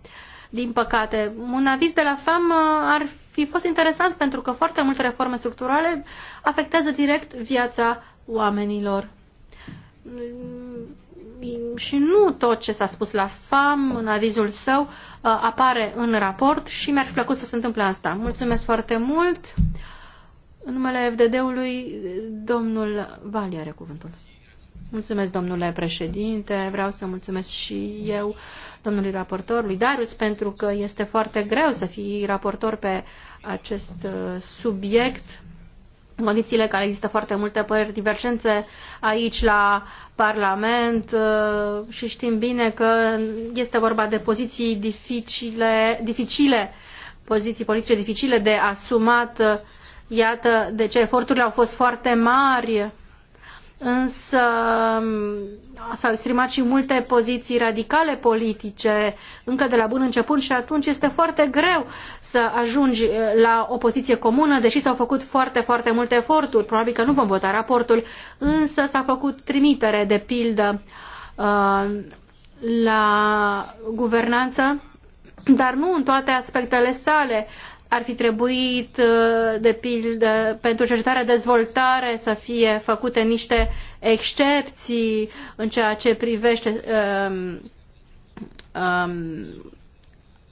din păcate. Un aviz de la Fem uh, ar fi fost interesant pentru că foarte multe reforme structurale afectează direct viața oamenilor și nu tot ce s-a spus la FAM în avizul său uh, apare în raport și mi-ar fi plăcut să se întâmple asta. Mulțumesc foarte mult. În numele FDD-ului, domnul Vali are cuvântul. Mulțumesc, domnule președinte. Vreau să mulțumesc și eu domnului raportor, lui Darius, pentru că este foarte greu să fii raportor pe acest uh, subiect în condițiile care există foarte multe păreri divergențe aici la Parlament uh, și știm bine că este vorba de poziții dificile, dificile poziții politice dificile de asumat. Iată de ce eforturile au fost foarte mari însă mm, s-au exprimat și multe poziții radicale politice încă de la bun început și atunci este foarte greu să ajungi eh, la o poziție comună, deși s-au făcut foarte, foarte multe eforturi. Probabil că nu vom vota raportul, însă s-a făcut trimitere, de pildă, eh, la guvernanță, dar nu în toate aspectele sale ar fi trebuit, uh, de pildă, pentru cercetare dezvoltare să fie făcute niște excepții în ceea ce privește um, um,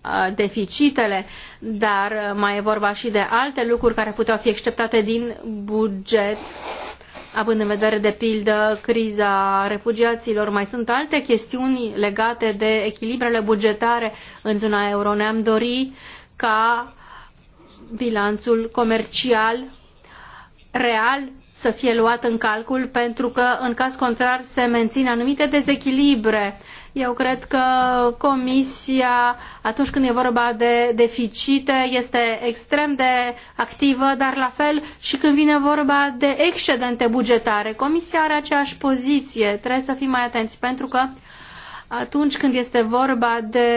uh, deficitele, dar mai e vorba și de alte lucruri care puteau fi exceptate din buget, având în vedere, de pildă, criza refugiaților. Mai sunt alte chestiuni legate de echilibrele bugetare în zona euro. Ne-am dori ca bilanțul comercial real să fie luat în calcul, pentru că, în caz contrar, se mențin anumite dezechilibre. Eu cred că Comisia, atunci când e vorba de deficite, este extrem de activă, dar la fel și când vine vorba de excedente bugetare. Comisia are aceeași poziție, trebuie să fim mai atenți, pentru că atunci când este vorba de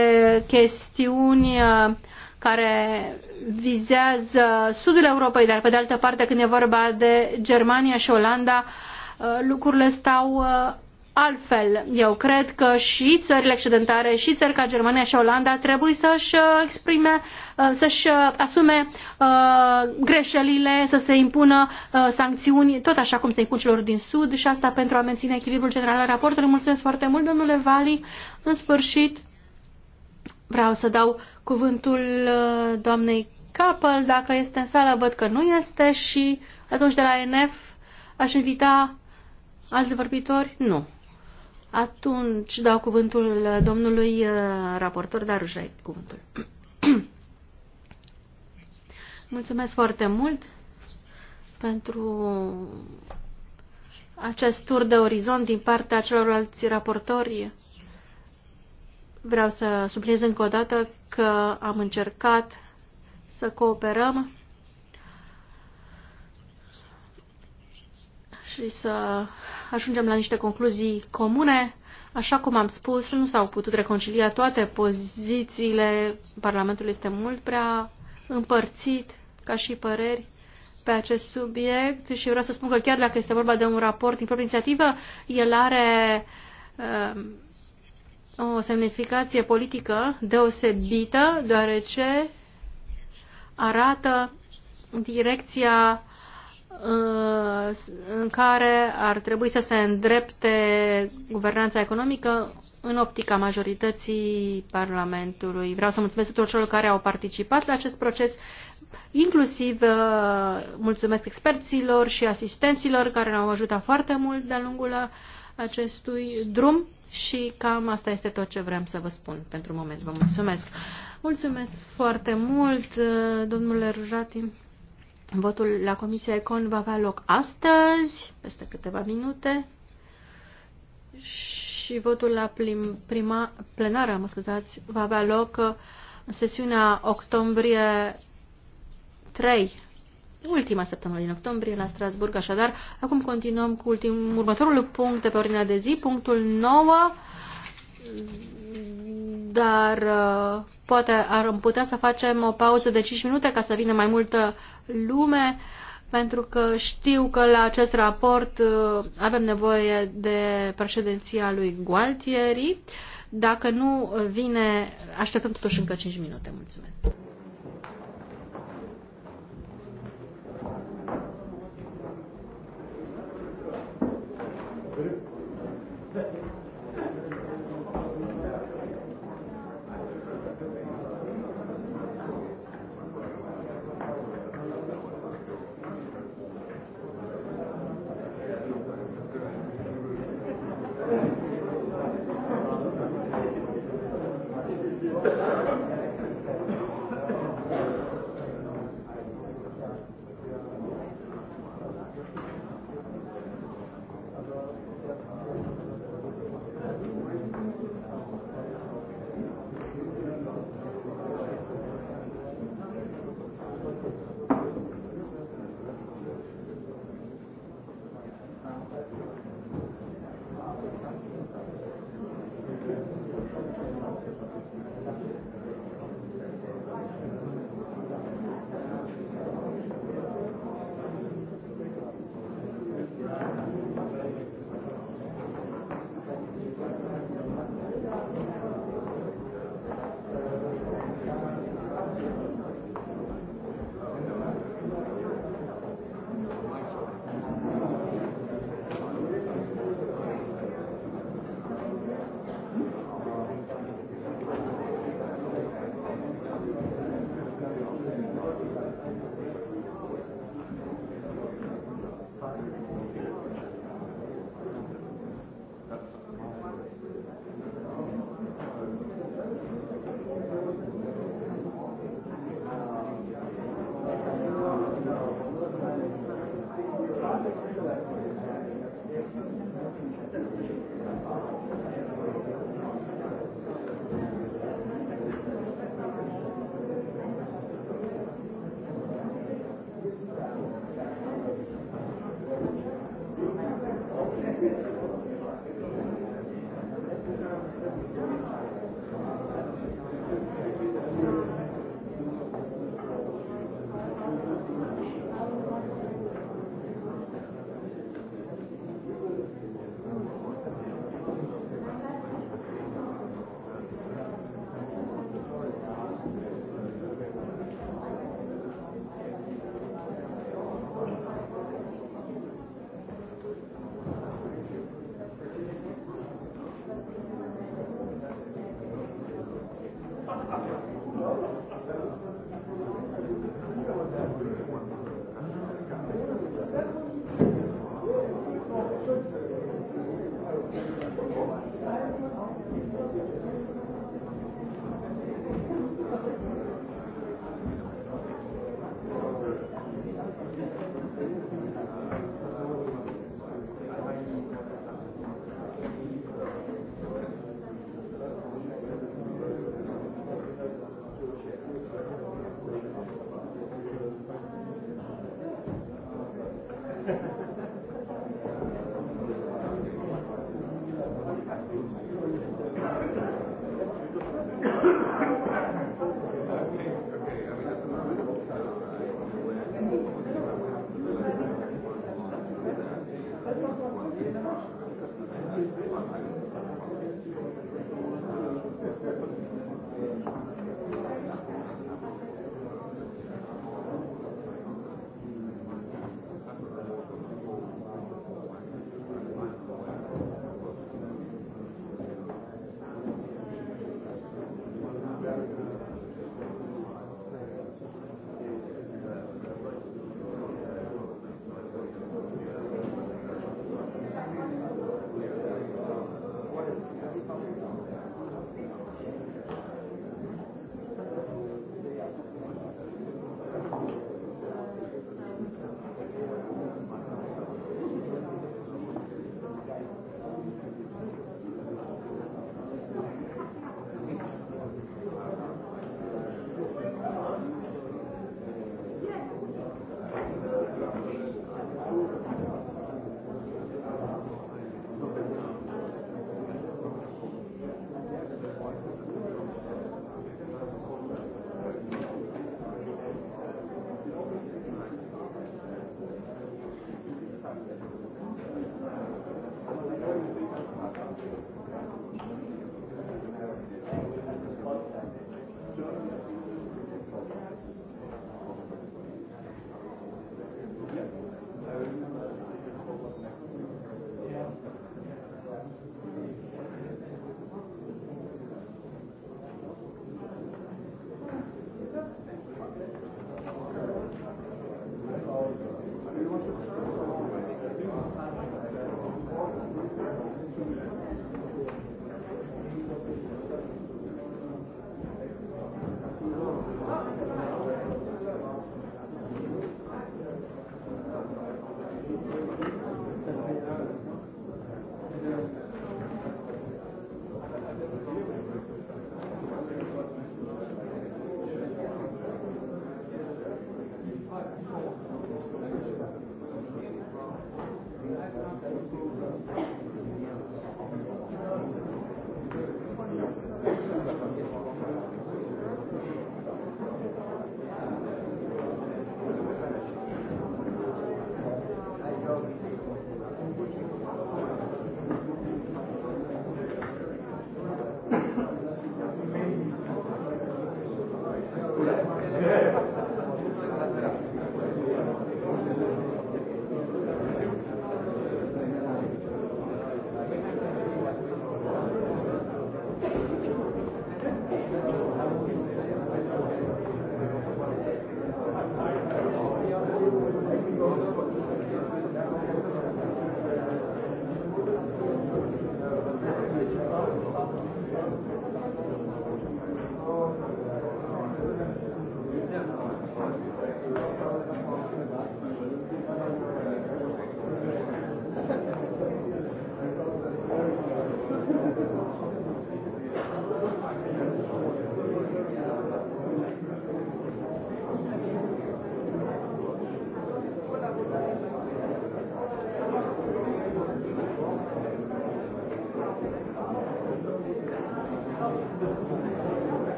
chestiuni uh, care vizează sudul Europei, dar pe de altă parte când e vorba de Germania și Olanda, uh, lucrurile stau uh, altfel. Eu cred că și țările excedentare, și țări ca Germania și Olanda trebuie să-și uh, exprime, să-și asume greșelile, să se impună sancțiuni, tot așa cum se impun celor din Sud și asta pentru a menține echilibrul general al raportului. Mulțumesc foarte mult, domnule Vali. În sfârșit, Vreau să dau cuvântul uh, doamnei Capel, dacă este în sală, văd că nu este și atunci de la NF aș invita alți vorbitori? Nu. Atunci dau cuvântul uh, domnului uh, raportor, dar își ai cuvântul. <clears throat> Mulțumesc foarte mult pentru acest tur de orizont din partea celorlalți raportori Vreau să subliniez încă o dată că am încercat să cooperăm și să ajungem la niște concluzii comune. Așa cum am spus, nu s-au putut reconcilia toate pozițiile. Parlamentul este mult prea împărțit ca și păreri pe acest subiect și vreau să spun că chiar dacă este vorba de un raport din propria inițiativă, el are uh, o semnificație politică deosebită, deoarece arată direcția uh, în care ar trebui să se îndrepte guvernanța economică în optica majorității Parlamentului. Vreau să mulțumesc tuturor celor care au participat la acest proces, inclusiv uh, mulțumesc experților și asistenților care ne-au ajutat foarte mult de-a lungul uh, acestui drum și cam asta este tot ce vreau să vă spun pentru moment. Vă mulțumesc. Mulțumesc foarte mult, domnule Rujati. Votul la Comisia Econ va avea loc astăzi, peste câteva minute. Și votul la plim, prima, plenară, mă scuzați, va avea loc uh, în sesiunea octombrie 3 ultima săptămână din octombrie la Strasburg. Așadar, acum continuăm cu ultim, următorul punct de pe ordinea de zi, punctul 9, dar uh, poate ar putea să facem o pauză de 5 minute ca să vină mai multă lume, pentru că știu că la acest raport uh, avem nevoie de președinția lui Gualtieri. Dacă nu vine, așteptăm totuși încă 5 minute. Mulțumesc!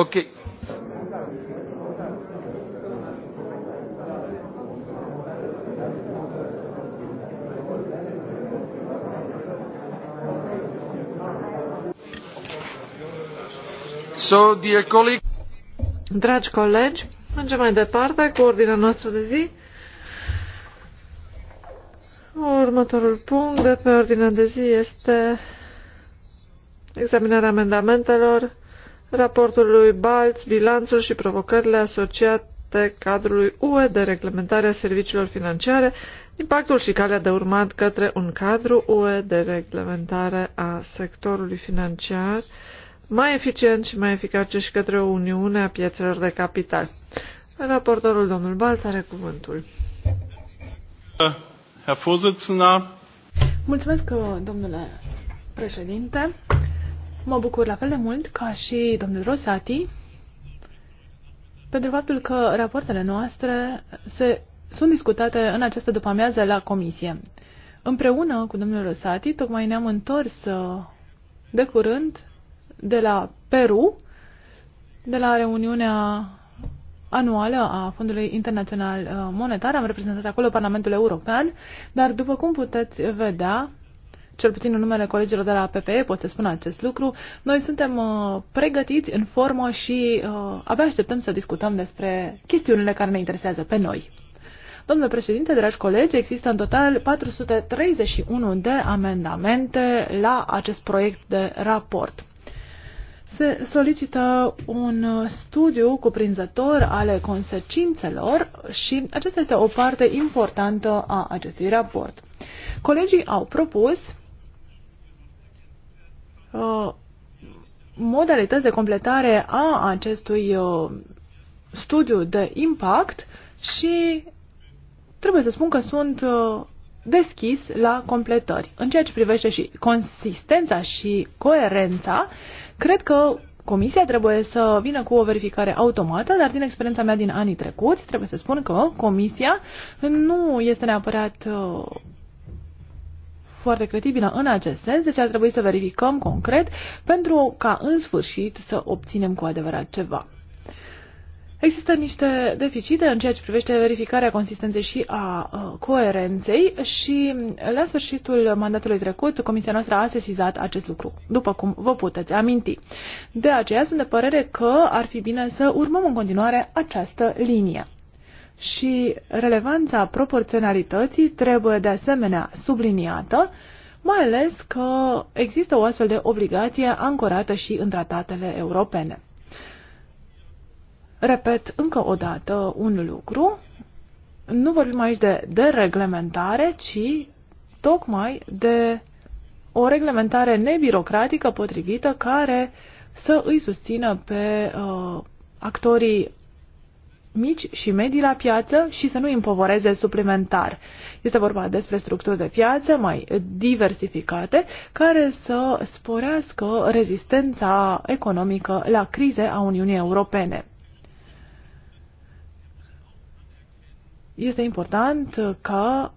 Ok. So, dear colleagues... Dragi colegi, mergem mai departe cu ordinea noastră de zi. Următorul punct de pe ordinea de zi este examinarea amendamentelor raportul lui Balț, bilanțul și provocările asociate cadrului UE de reglementare a serviciilor financiare, impactul și calea de urmat către un cadru UE de reglementare a sectorului financiar mai eficient și mai eficace și către o uniune a piețelor de capital. Raportorul domnul Balț are cuvântul. Mulțumesc, domnule președinte. Mă bucur la fel de mult ca și domnul Rosati pentru faptul că rapoartele noastre se, sunt discutate în această după-amiază la comisie. Împreună cu domnul Rosati, tocmai ne-am întors uh, de curând de la Peru, de la reuniunea anuală a Fondului Internațional uh, Monetar. Am reprezentat acolo Parlamentul European, dar după cum puteți vedea, cel puțin în numele colegilor de la PPE pot să spun acest lucru, noi suntem uh, pregătiți în formă și uh, abia așteptăm să discutăm despre chestiunile care ne interesează pe noi. Domnule președinte, dragi colegi, există în total 431 de amendamente la acest proiect de raport. Se solicită un studiu cuprinzător ale consecințelor și aceasta este o parte importantă a acestui raport. Colegii au propus Uh, modalități de completare a acestui uh, studiu de impact și trebuie să spun că sunt uh, deschis la completări. În ceea ce privește și consistența și coerența, cred că Comisia trebuie să vină cu o verificare automată, dar din experiența mea din anii trecuți, trebuie să spun că Comisia nu este neapărat foarte credibilă în acest sens, deci ar trebui să verificăm concret pentru ca în sfârșit să obținem cu adevărat ceva. Există niște deficite în ceea ce privește verificarea consistenței și a uh, coerenței și uh, la sfârșitul mandatului trecut comisia noastră a sesizat acest lucru, după cum vă puteți aminti. De aceea sunt de părere că ar fi bine să urmăm în continuare această linie și relevanța proporționalității trebuie de asemenea subliniată, mai ales că există o astfel de obligație ancorată și în tratatele europene. Repet încă o dată un lucru. Nu vorbim aici de dereglementare, ci tocmai de o reglementare nebirocratică potrivită care să îi susțină pe uh, actorii mici și medii la piață și să nu împovoreze suplimentar. Este vorba despre structuri de piață mai diversificate care să sporească rezistența economică la crize a Uniunii Europene. Este important ca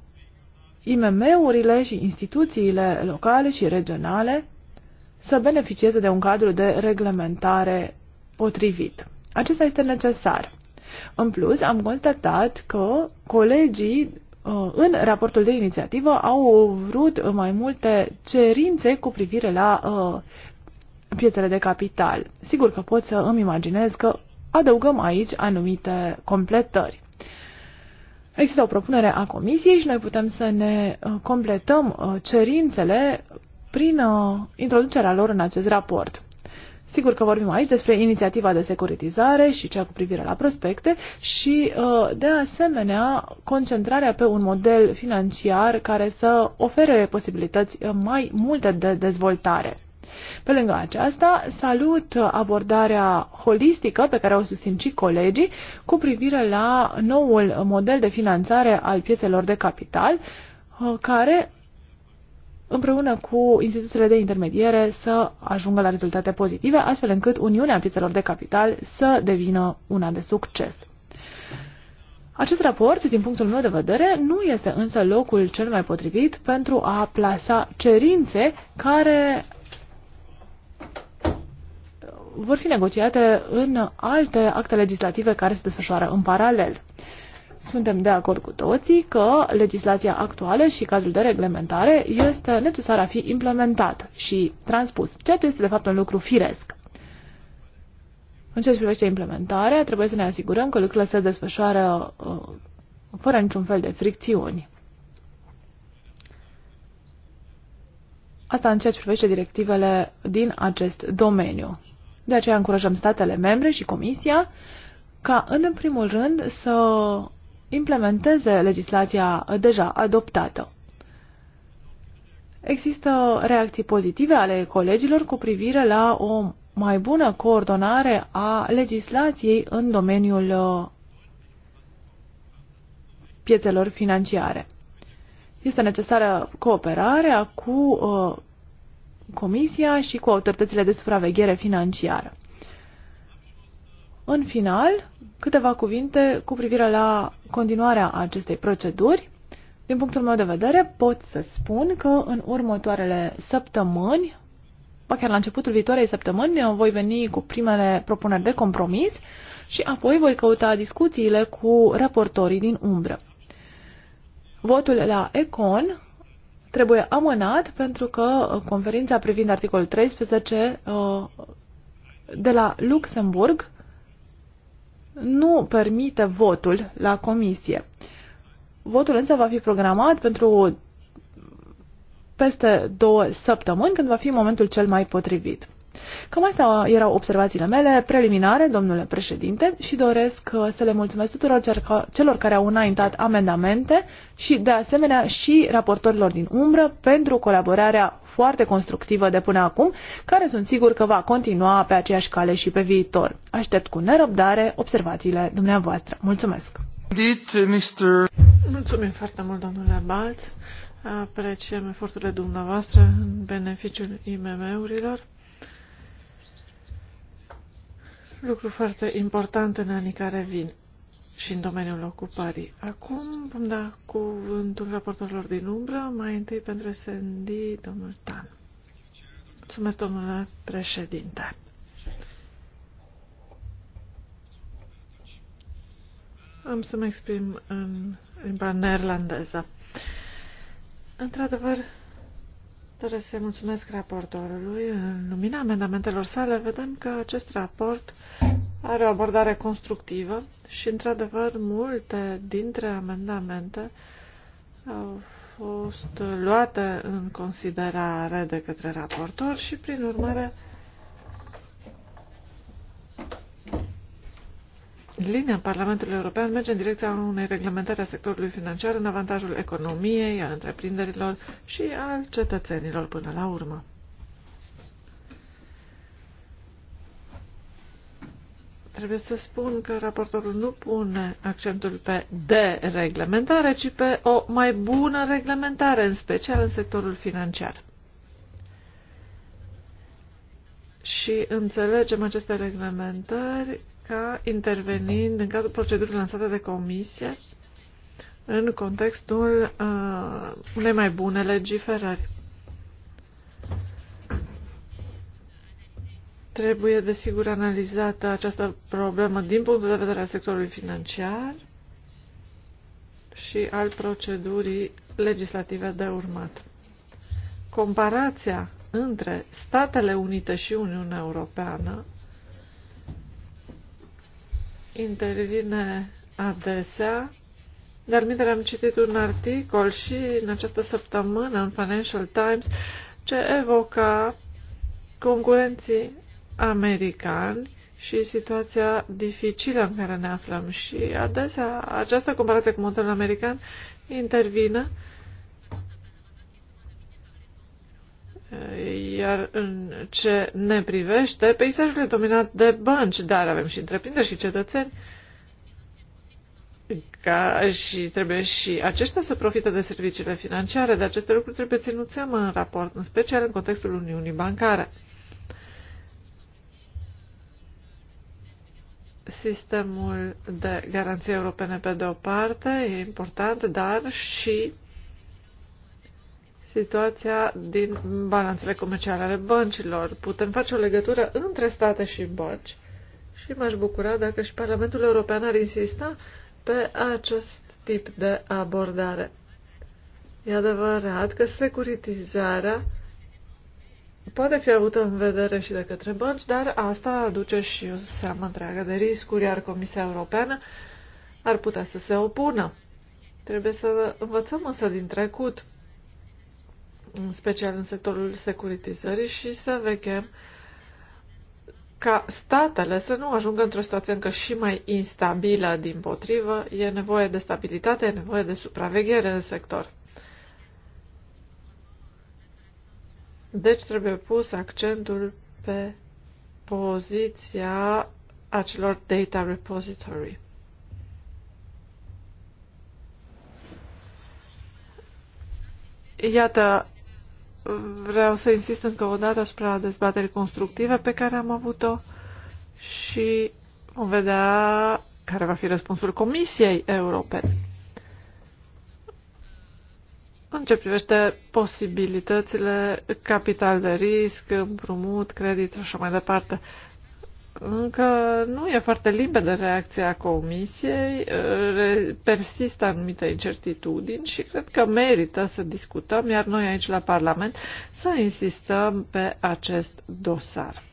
IMM-urile și instituțiile locale și regionale să beneficieze de un cadru de reglementare potrivit. Acesta este necesar. În plus, am constatat că colegii uh, în raportul de inițiativă au vrut mai multe cerințe cu privire la uh, piețele de capital. Sigur că pot să îmi imaginez că adăugăm aici anumite completări. Există o propunere a comisiei și noi putem să ne uh, completăm cerințele prin introducerea lor în acest raport. Sigur că vorbim aici despre inițiativa de securitizare și cea cu privire la prospecte și, uh, de asemenea, concentrarea pe un model financiar care să ofere posibilități uh, mai multe de dezvoltare. Pe lângă aceasta, salut uh, abordarea holistică pe care o susțin și colegii cu privire la noul model de finanțare al piețelor de capital, care împreună cu instituțiile de intermediere să ajungă la rezultate pozitive, astfel încât Uniunea Piețelor de Capital să devină una de succes. Acest raport, din punctul meu de vedere, nu este însă locul cel mai potrivit pentru a plasa cerințe care vor fi negociate în alte acte legislative care se desfășoară în paralel. Suntem de acord cu toții că legislația actuală și cadrul de reglementare este necesar a fi implementat și transpus, ceea ce este de fapt un lucru firesc. În ceea ce privește implementarea, trebuie să ne asigurăm că lucrurile se desfășoară uh, fără niciun fel de fricțiuni. Asta în ceea ce privește directivele din acest domeniu. De aceea încurajăm statele membre și Comisia ca în primul rând să implementeze legislația deja adoptată. Există reacții pozitive ale colegilor cu privire la o mai bună coordonare a legislației în domeniul uh, piețelor financiare. Este necesară cooperarea cu uh, Comisia și cu autoritățile de supraveghere financiară. În final, câteva cuvinte cu privire la continuarea acestei proceduri. Din punctul meu de vedere, pot să spun că în următoarele săptămâni, ba chiar la începutul viitoarei săptămâni, voi veni cu primele propuneri de compromis și apoi voi căuta discuțiile cu raportorii din umbră. Votul la Econ trebuie amânat pentru că uh, conferința privind articolul 13 uh, de la Luxemburg nu permite votul la comisie. Votul însă va fi programat pentru peste două săptămâni, când va fi momentul cel mai potrivit. Cam astea erau observațiile mele preliminare, domnule președinte, și doresc uh, să le mulțumesc tuturor celor care au înaintat amendamente și, de asemenea, și raportorilor din umbră pentru colaborarea foarte constructivă de până acum, care sunt sigur că va continua pe aceeași cale și pe viitor. Aștept cu nerăbdare observațiile dumneavoastră. Mulțumesc! Mulțumim foarte mult, domnule Balț. Apreciem eforturile dumneavoastră în beneficiul IMM-urilor Lucru foarte important în anii care vin și în domeniul ocupării. Acum vom da cuvântul raportorilor din umbră, mai întâi pentru SND, domnul Tan. Mulțumesc, domnule președinte. Am să mă exprim în limba neerlandeză. Într-adevăr, Doresc să mulțumesc raportorului. În lumina amendamentelor sale vedem că acest raport are o abordare constructivă și, într-adevăr, multe dintre amendamente au fost luate în considerare de către raportor și, prin urmare, Linia Parlamentului European merge în direcția unei reglementări a sectorului financiar în avantajul economiei, al întreprinderilor și al cetățenilor până la urmă. Trebuie să spun că raportorul nu pune accentul pe dereglementare, ci pe o mai bună reglementare, în special în sectorul financiar. Și înțelegem aceste reglementări ca intervenind în cadrul procedurii lansate de comisie în contextul uh, unei mai bune legiferări. Trebuie, desigur, analizată această problemă din punctul de vedere al sectorului financiar și al procedurii legislative de urmat. Comparația între Statele Unite și Uniunea Europeană intervine adesea. Dar mi am citit un articol și în această săptămână în Financial Times ce evoca concurenții americani și situația dificilă în care ne aflăm. Și adesea această comparație cu modelul american intervine uh, Iar în ce ne privește, peisajul e dominat de bănci, dar avem și întreprinderi și cetățeni ca și trebuie și aceștia să profite de serviciile financiare, de aceste lucruri trebuie ținut seama în raport, în special în contextul Uniunii Bancare. Sistemul de garanție europene pe de o parte e important, dar și situația din balanțele comerciale ale băncilor. Putem face o legătură între state și bănci și m-aș bucura dacă și Parlamentul European ar insista pe acest tip de abordare. E adevărat că securitizarea poate fi avută în vedere și de către bănci, dar asta aduce și o seamă întreagă de riscuri, iar Comisia Europeană ar putea să se opună. Trebuie să învățăm însă din trecut în special în sectorul securitizării, și să vechem ca statele să nu ajungă într-o situație încă și mai instabilă din potrivă. E nevoie de stabilitate, e nevoie de supraveghere în sector. Deci trebuie pus accentul pe poziția acelor data repository. Iată vreau să insist încă o dată asupra dezbaterii constructive pe care am avut-o și vom vedea care va fi răspunsul Comisiei Europene. În ce privește posibilitățile, capital de risc, împrumut, credit și așa mai departe încă nu e foarte limpede reacția Comisiei, persistă anumite incertitudini și cred că merită să discutăm, iar noi aici la Parlament să insistăm pe acest dosar.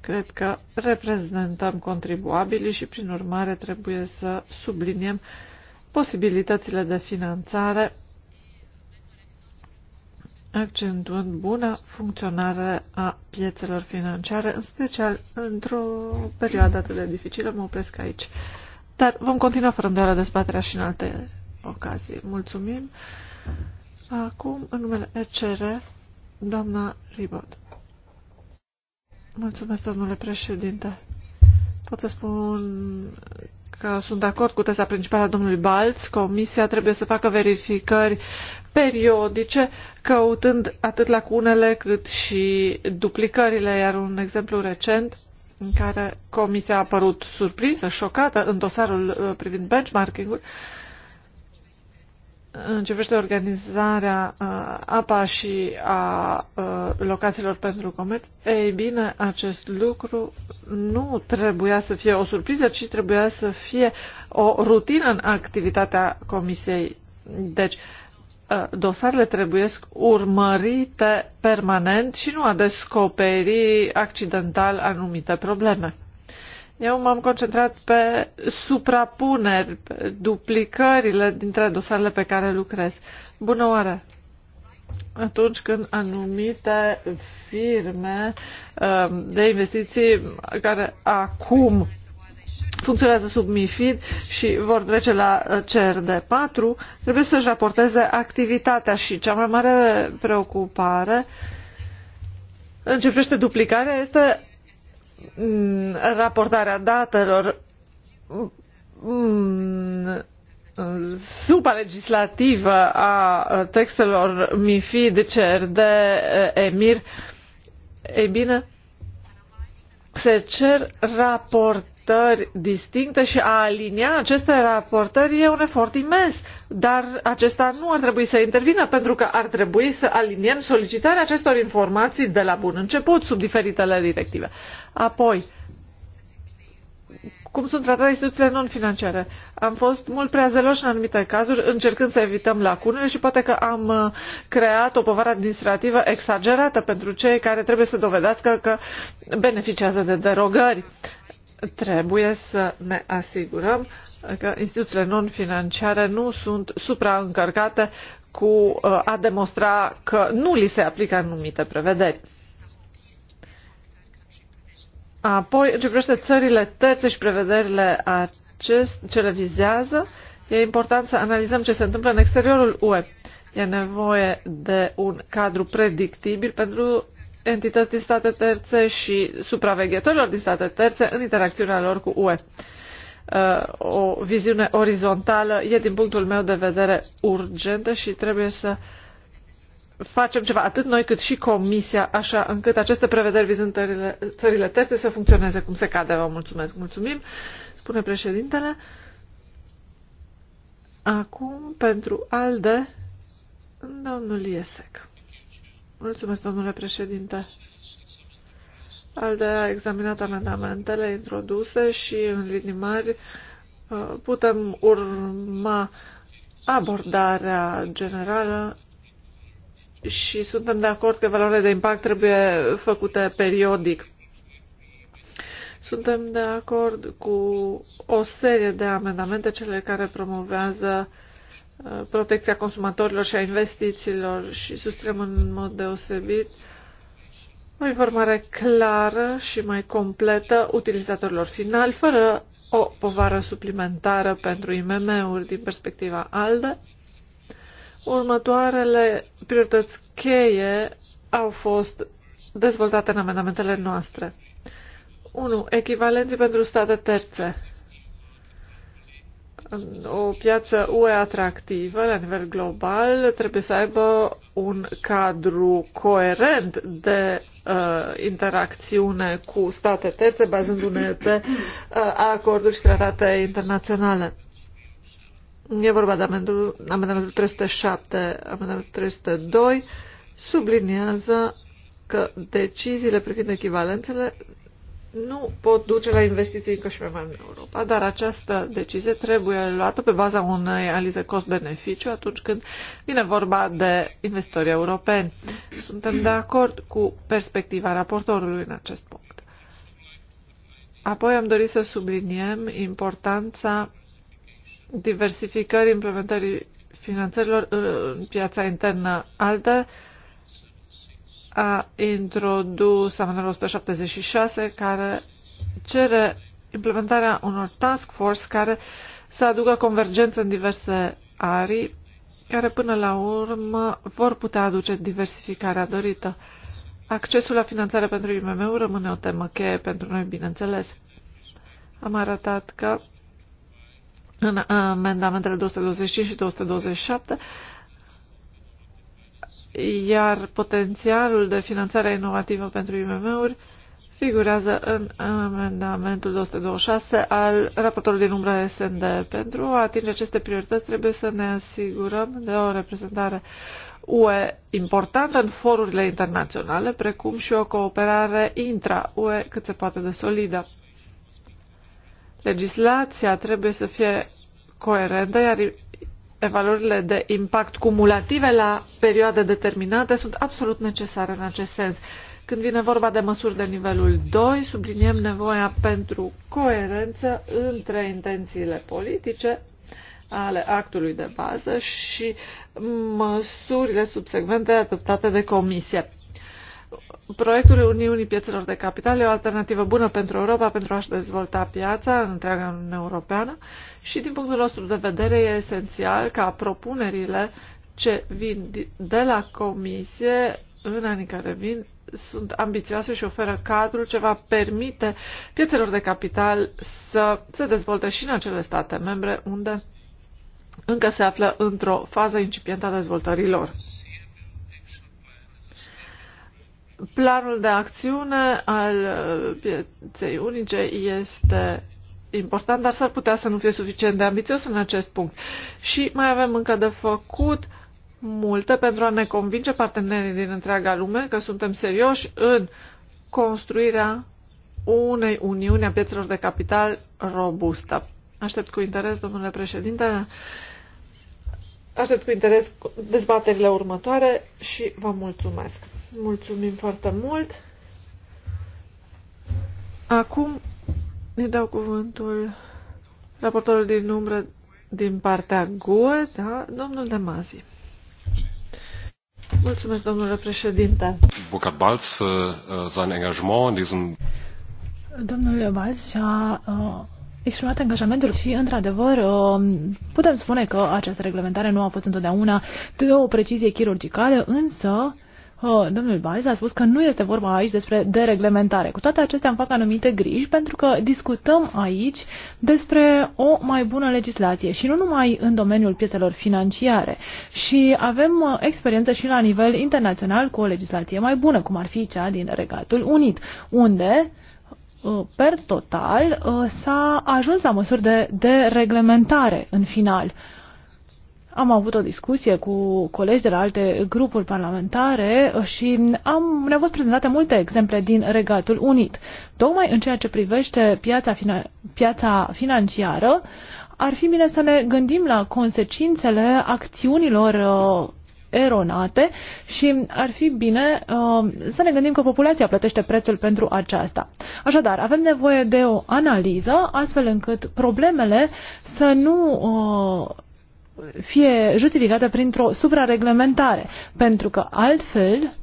Cred că reprezentăm contribuabilii și, prin urmare, trebuie să subliniem posibilitățile de finanțare accentuând buna funcționare a piețelor financiare, în special într-o perioadă atât de dificilă. Mă opresc aici. Dar vom continua fără îndoială dezbaterea și în alte ocazii. Mulțumim. Acum, în numele ECR, doamna Ribot. Mulțumesc, domnule președinte. Pot să spun că sunt de acord cu teza principală a domnului Balț. Comisia trebuie să facă verificări periodice, căutând atât lacunele cât și duplicările, iar un exemplu recent în care comisia a apărut surprinsă, șocată în dosarul uh, privind benchmarking-ul, în ce privește organizarea uh, APA și a uh, locațiilor pentru comerț, ei bine, acest lucru nu trebuia să fie o surpriză, ci trebuia să fie o rutină în activitatea Comisiei. Deci, uh, Uh, dosarele trebuie urmărite permanent și nu a descoperi accidental anumite probleme. Eu m-am concentrat pe suprapuneri, pe duplicările dintre dosarele pe care lucrez. Bună oară! Atunci când anumite firme uh, de investiții care acum funcționează sub MIFID și vor trece la uh, CRD4, trebuie să-și raporteze activitatea și cea mai mare preocupare începește duplicarea este mm, raportarea datelor mm, supralegislativă a uh, textelor MIFID, CRD, uh, EMIR. Ei bine, se cer raport raportări distincte și a alinia aceste raportări e un efort imens, dar acesta nu ar trebui să intervină pentru că ar trebui să aliniem solicitarea acestor informații de la bun început sub diferitele directive. Apoi, cum sunt tratate instituțiile non-financiare. Am fost mult prea zeloși în anumite cazuri, încercând să evităm lacunele și poate că am uh, creat o povară administrativă exagerată pentru cei care trebuie să dovedească că beneficiază de derogări. Trebuie să ne asigurăm că instituțiile non-financiare nu sunt supraîncărcate cu uh, a demonstra că nu li se aplică anumite prevederi. Apoi, ce privește țările terțe și prevederile acest, ce le vizează, e important să analizăm ce se întâmplă în exteriorul UE. E nevoie de un cadru predictibil pentru entități din state terțe și supraveghetorilor din state terțe în interacțiunea lor cu UE. Uh, o viziune orizontală e, din punctul meu de vedere, urgentă și trebuie să facem ceva, atât noi cât și Comisia, așa încât aceste prevederi vizând țările, țările terțe să funcționeze cum se cade. Vă mulțumesc. Mulțumim, spune președintele. Acum, pentru ALDE, domnul Iesec. Mulțumesc, domnule președinte. Aldea a examinat amendamentele introduse și, în linii mari, uh, putem urma abordarea generală și suntem de acord că valoarea de impact trebuie făcute periodic. Suntem de acord cu o serie de amendamente, cele care promovează uh, protecția consumatorilor și a investițiilor și susținem în mod deosebit o informare clară și mai completă utilizatorilor final, fără o povară suplimentară pentru IMM-uri din perspectiva ALDE. Următoarele priorități cheie au fost dezvoltate în amendamentele noastre. 1. Echivalenții pentru state terțe o piață UE atractivă la nivel global trebuie să aibă un cadru coerent de uh, interacțiune cu state terțe, bazându-ne pe uh, acorduri și tratate internaționale. E vorba de amendul, amendamentul 307, amendamentul 302, subliniază că deciziile privind echivalențele nu pot duce la investiții încă și mai mari în Europa, dar această decizie trebuie luată pe baza unei analize cost-beneficiu atunci când vine vorba de investitorii europeni. Suntem de acord cu perspectiva raportorului în acest punct. Apoi am dorit să subliniem importanța diversificării implementării finanțărilor uh, în piața internă altă, a introdus amendamentul 176 care cere implementarea unor task force care să aducă convergență în diverse arii care până la urmă vor putea aduce diversificarea dorită. Accesul la finanțare pentru IMM-uri rămâne o temă cheie pentru noi, bineînțeles. Am arătat că în uh, amendamentele 225 și 227 iar potențialul de finanțare inovativă pentru IMM-uri figurează în amendamentul 226 al raportorului din umbra SND. Pentru a atinge aceste priorități trebuie să ne asigurăm de o reprezentare UE importantă în forurile internaționale, precum și o cooperare intra-UE cât se poate de solidă. Legislația trebuie să fie coerentă, iar evaluările de impact cumulative la perioade determinate sunt absolut necesare în acest sens. Când vine vorba de măsuri de nivelul 2, subliniem nevoia pentru coerență între intențiile politice ale actului de bază și măsurile subsecvente adoptate de comisie. Proiectul Uniunii Piețelor de Capital e o alternativă bună pentru Europa pentru a-și dezvolta piața în întreaga Uniune Europeană și, din punctul nostru de vedere, e esențial ca propunerile ce vin de la Comisie în anii care vin sunt ambițioase și oferă cadrul ce va permite piețelor de capital să se dezvolte și în acele state membre unde încă se află într-o fază incipientă a dezvoltării lor. Planul de acțiune al uh, pieței unice este important, dar s-ar putea să nu fie suficient de ambițios în acest punct. Și mai avem încă de făcut multe pentru a ne convinge partenerii din întreaga lume că suntem serioși în construirea unei uniuni a piețelor de capital robustă. Aștept cu interes, domnule președinte, aștept cu interes dezbaterile următoare și vă mulțumesc. Mulțumim foarte mult. Acum ne dau cuvântul raportorul din umbră din partea GUE, da? domnul Damazi. Mulțumesc, domnule președinte. Burkhard Balz uh, sein Engagement in diesem... Domnule Balz a uh, exprimat angajamentul și, într-adevăr, uh, putem spune că această reglementare nu a fost întotdeauna de o precizie chirurgicală, însă uh, Domnul Baez a spus că nu este vorba aici despre dereglementare. Cu toate acestea îmi fac anumite griji pentru că discutăm aici despre o mai bună legislație și nu numai în domeniul piețelor financiare. Și avem uh, experiență și la nivel internațional cu o legislație mai bună, cum ar fi cea din Regatul Unit, unde uh, per total uh, s-a ajuns la măsuri de dereglementare în final. Am avut o discuție cu colegi de la alte grupuri parlamentare uh, și am, ne-au fost prezentate multe exemple din Regatul Unit. Tocmai în ceea ce privește piața, fina, piața financiară, ar fi bine să ne gândim la consecințele acțiunilor uh, eronate și ar fi bine uh, să ne gândim că populația plătește prețul pentru aceasta. Așadar, avem nevoie de o analiză astfel încât problemele să nu uh, fie justificată printr-o suprareglementare, pentru că altfel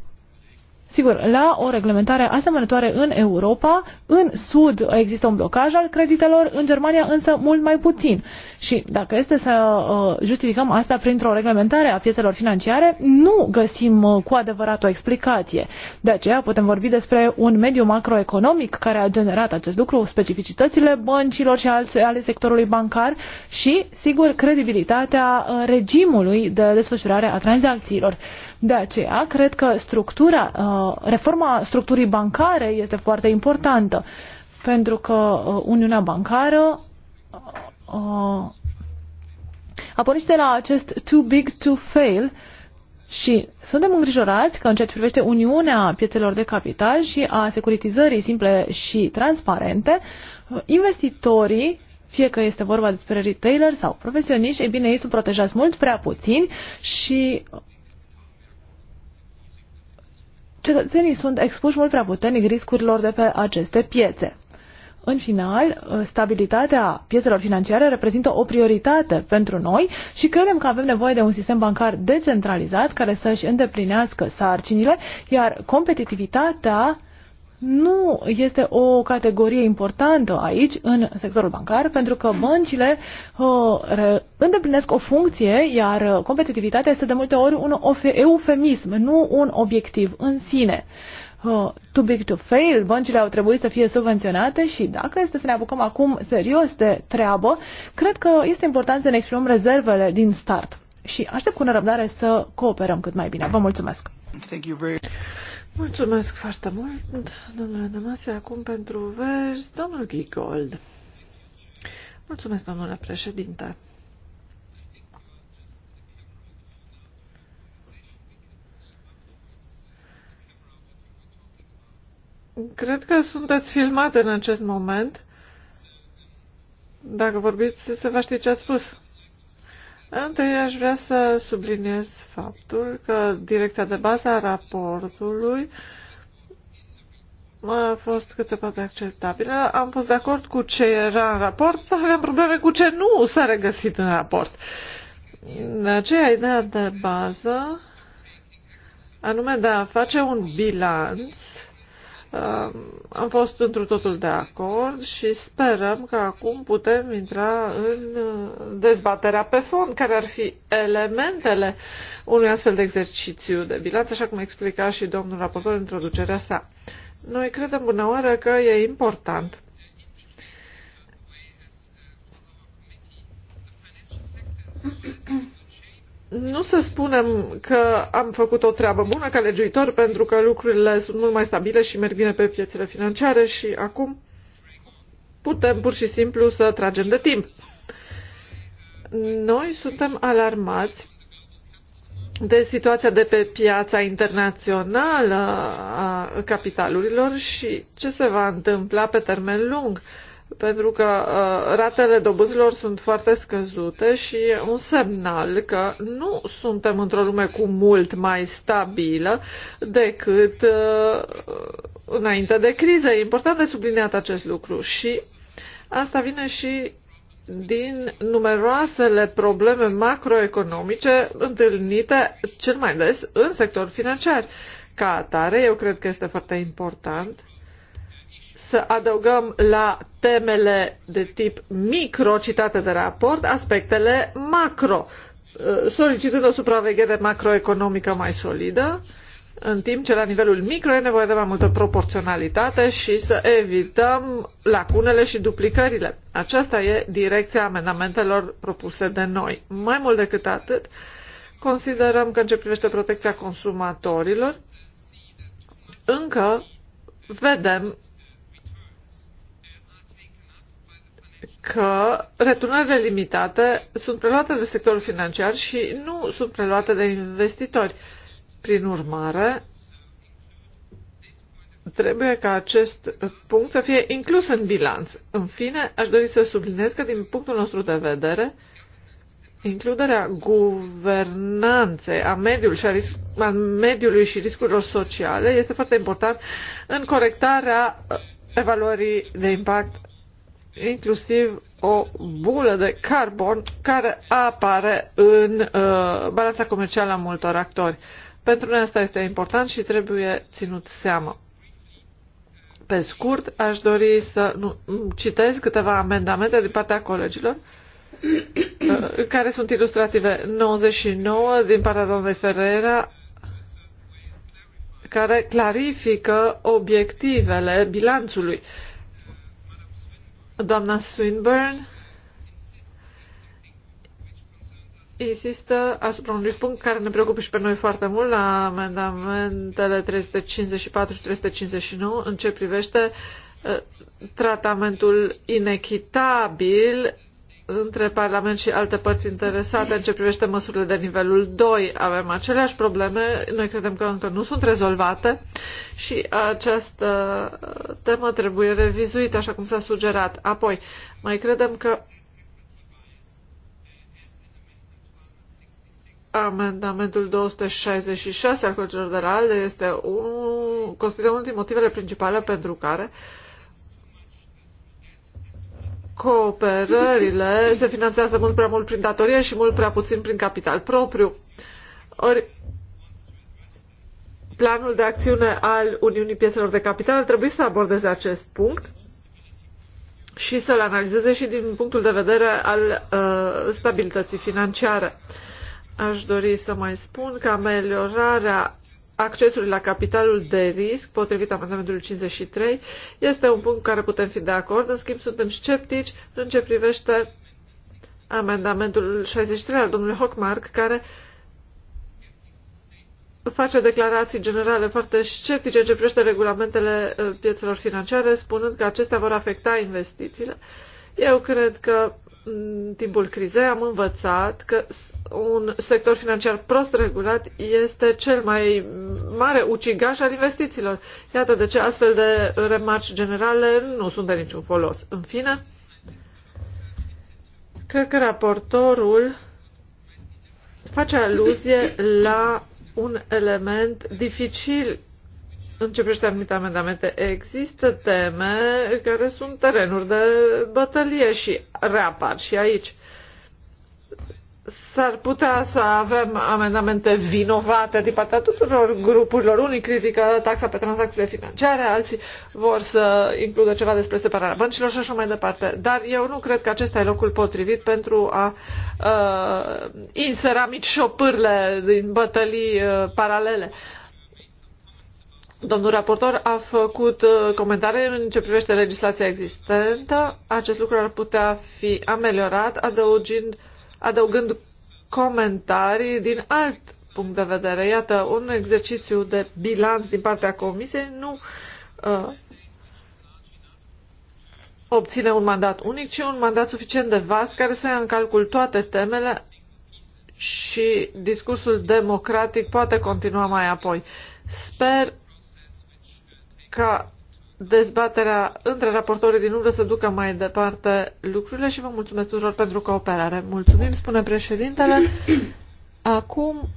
Sigur, la o reglementare asemănătoare în Europa, în Sud există un blocaj al creditelor, în Germania însă mult mai puțin. Și dacă este să uh, justificăm asta printr-o reglementare a piețelor financiare, nu găsim uh, cu adevărat o explicație. De aceea putem vorbi despre un mediu macroeconomic care a generat acest lucru, specificitățile băncilor și ale sectorului bancar și, sigur, credibilitatea uh, regimului de desfășurare a tranzacțiilor. De aceea, cred că structura, uh, reforma structurii bancare este foarte importantă, pentru că uh, Uniunea Bancară uh, a pornit de la acest too big to fail și suntem îngrijorați că în ceea ce privește Uniunea piețelor de capital și a securitizării simple și transparente, investitorii fie că este vorba despre retailer sau profesioniști, e bine, ei sunt protejați mult prea puțin și cetățenii sunt expuși mult prea puternic riscurilor de pe aceste piețe. În final, stabilitatea piețelor financiare reprezintă o prioritate pentru noi și credem că avem nevoie de un sistem bancar decentralizat care să-și îndeplinească sarcinile, iar competitivitatea nu este o categorie importantă aici în sectorul bancar, pentru că băncile uh, îndeplinesc o funcție, iar competitivitatea este de multe ori un eufemism, nu un obiectiv în sine. Uh, too big to fail, băncile au trebuit să fie subvenționate și dacă este să ne apucăm acum serios de treabă, cred că este important să ne exprimăm rezervele din start. Și aștept cu nerăbdare să cooperăm cât mai bine. Vă mulțumesc! Thank you very... Mulțumesc foarte mult, domnule Damase, acum pentru vers, domnul Gigold. Mulțumesc, domnule președinte. Cred că sunteți filmate în acest moment. Dacă vorbiți, se va ști ce ați spus. Întâi aș vrea să subliniez faptul că direcția de bază a raportului a fost cât se poate acceptabilă. Am fost de acord cu ce era în raport, să avem probleme cu ce nu s-a regăsit în raport. De aceea, ideea de bază, anume de a face un bilanț am fost într totul de acord și sperăm că acum putem intra în uh, dezbaterea pe fond, care ar fi elementele unui astfel de exercițiu de bilanț, așa cum explica și domnul raportor în introducerea sa. Noi credem bună oară că e important nu să spunem că am făcut o treabă bună ca legiuitor pentru că lucrurile sunt mult mai stabile și merg bine pe piețele financiare și acum putem pur și simplu să tragem de timp. Noi suntem alarmați de situația de pe piața internațională a capitalurilor și ce se va întâmpla pe termen lung pentru că uh, ratele dobânzilor sunt foarte scăzute și un semnal că nu suntem într-o lume cu mult mai stabilă decât uh, înainte de criză. E important de subliniat acest lucru și asta vine și din numeroasele probleme macroeconomice întâlnite cel mai des în sectorul financiar. Ca atare, eu cred că este foarte important să adăugăm la temele de tip micro citate de raport aspectele macro, uh, solicitând o supraveghere macroeconomică mai solidă, în timp ce la nivelul micro e nevoie de mai multă proporționalitate și să evităm lacunele și duplicările. Aceasta e direcția amendamentelor propuse de noi. Mai mult decât atât, considerăm că în ce privește protecția consumatorilor, încă vedem că returnările limitate sunt preluate de sectorul financiar și nu sunt preluate de investitori. Prin urmare, trebuie ca acest punct să fie inclus în bilanț. În fine, aș dori să subliniez că, din punctul nostru de vedere, includerea guvernanței a mediului și a, risc, a mediului și riscurilor sociale este foarte important în corectarea evaluării de impact inclusiv o bulă de carbon care apare în uh, balanța comercială a multor actori. Pentru noi asta este important și trebuie ținut seama. Pe scurt, aș dori să nu, citesc câteva amendamente din partea colegilor uh, care sunt ilustrative. 99 din partea domnului Ferreira care clarifică obiectivele bilanțului. Uh, Doamna Swinburne insistă asupra unui punct care ne preocupă și pe noi foarte mult la amendamentele 354 și 359 în ce privește uh, tratamentul inechitabil între Parlament și alte părți interesate în ce privește măsurile de nivelul 2. Avem aceleași probleme, noi credem că încă nu sunt rezolvate și această temă trebuie revizuită, așa cum s-a sugerat. Apoi, mai credem că amendamentul 266 al colegilor de la ALDE este un, constituie unul din motivele principale pentru care uh, cooperările se finanțează mult prea mult prin datorie și mult prea puțin prin capital propriu. Ori planul de acțiune al Uniunii Piețelor de Capital trebuie să abordeze acest punct și să-l analizeze și din punctul de vedere al uh, stabilității financiare. Aș dori să mai spun că ameliorarea accesului la capitalul de risc, potrivit amendamentului 53, este un punct cu care putem fi de acord. În schimb, suntem sceptici în ce privește amendamentul 63 al domnului Hockmark, care face declarații generale foarte sceptice în ce privește regulamentele eh, piețelor financiare, spunând că acestea vor afecta investițiile. Eu cred că în timpul crizei am învățat că un sector financiar prost regulat este cel mai mare ucigaș al investițiilor. Iată de ce astfel de remarci generale nu sunt de niciun folos. În fine, cred că raportorul face aluzie la un element dificil în ce privește anumite amendamente, există teme care sunt terenuri de bătălie și reapar și aici. S-ar putea să avem amendamente vinovate din partea tuturor grupurilor. Unii critică taxa pe tranzacțiile financiare, alții vor să includă ceva despre separarea băncilor și așa mai departe. Dar eu nu cred că acesta e locul potrivit pentru a uh, insera mici șopârle din bătălii uh, paralele. Uh, Domnul raportor a făcut uh, comentarii în ce privește legislația existentă. Acest lucru ar putea fi ameliorat adăugind, adăugând comentarii din alt punct de vedere. Iată, un exercițiu de bilanț din partea Comisiei nu uh, obține un mandat unic, ci un mandat suficient de vast care să ia în calcul toate temele și discursul democratic poate continua mai apoi. Sper ca dezbaterea între raportorii din urmă să ducă mai departe lucrurile și vă mulțumesc tuturor pentru cooperare. Mulțumim, spune președintele. Acum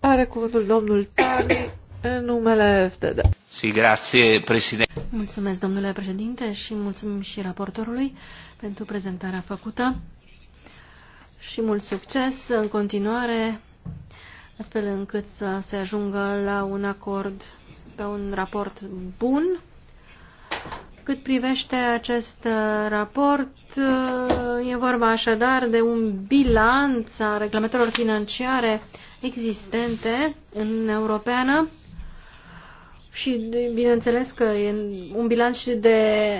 are cuvântul domnul Tani în numele FDD. Si, grație, președinte. Mulțumesc, domnule președinte, și mulțumim și raportorului pentru prezentarea făcută și mult succes în continuare, astfel încât să se ajungă la un acord pe un raport bun. Cât privește acest uh, raport, uh, e vorba așadar de un bilanț a reglementelor financiare existente în Europeană și bineînțeles că e un bilanț și de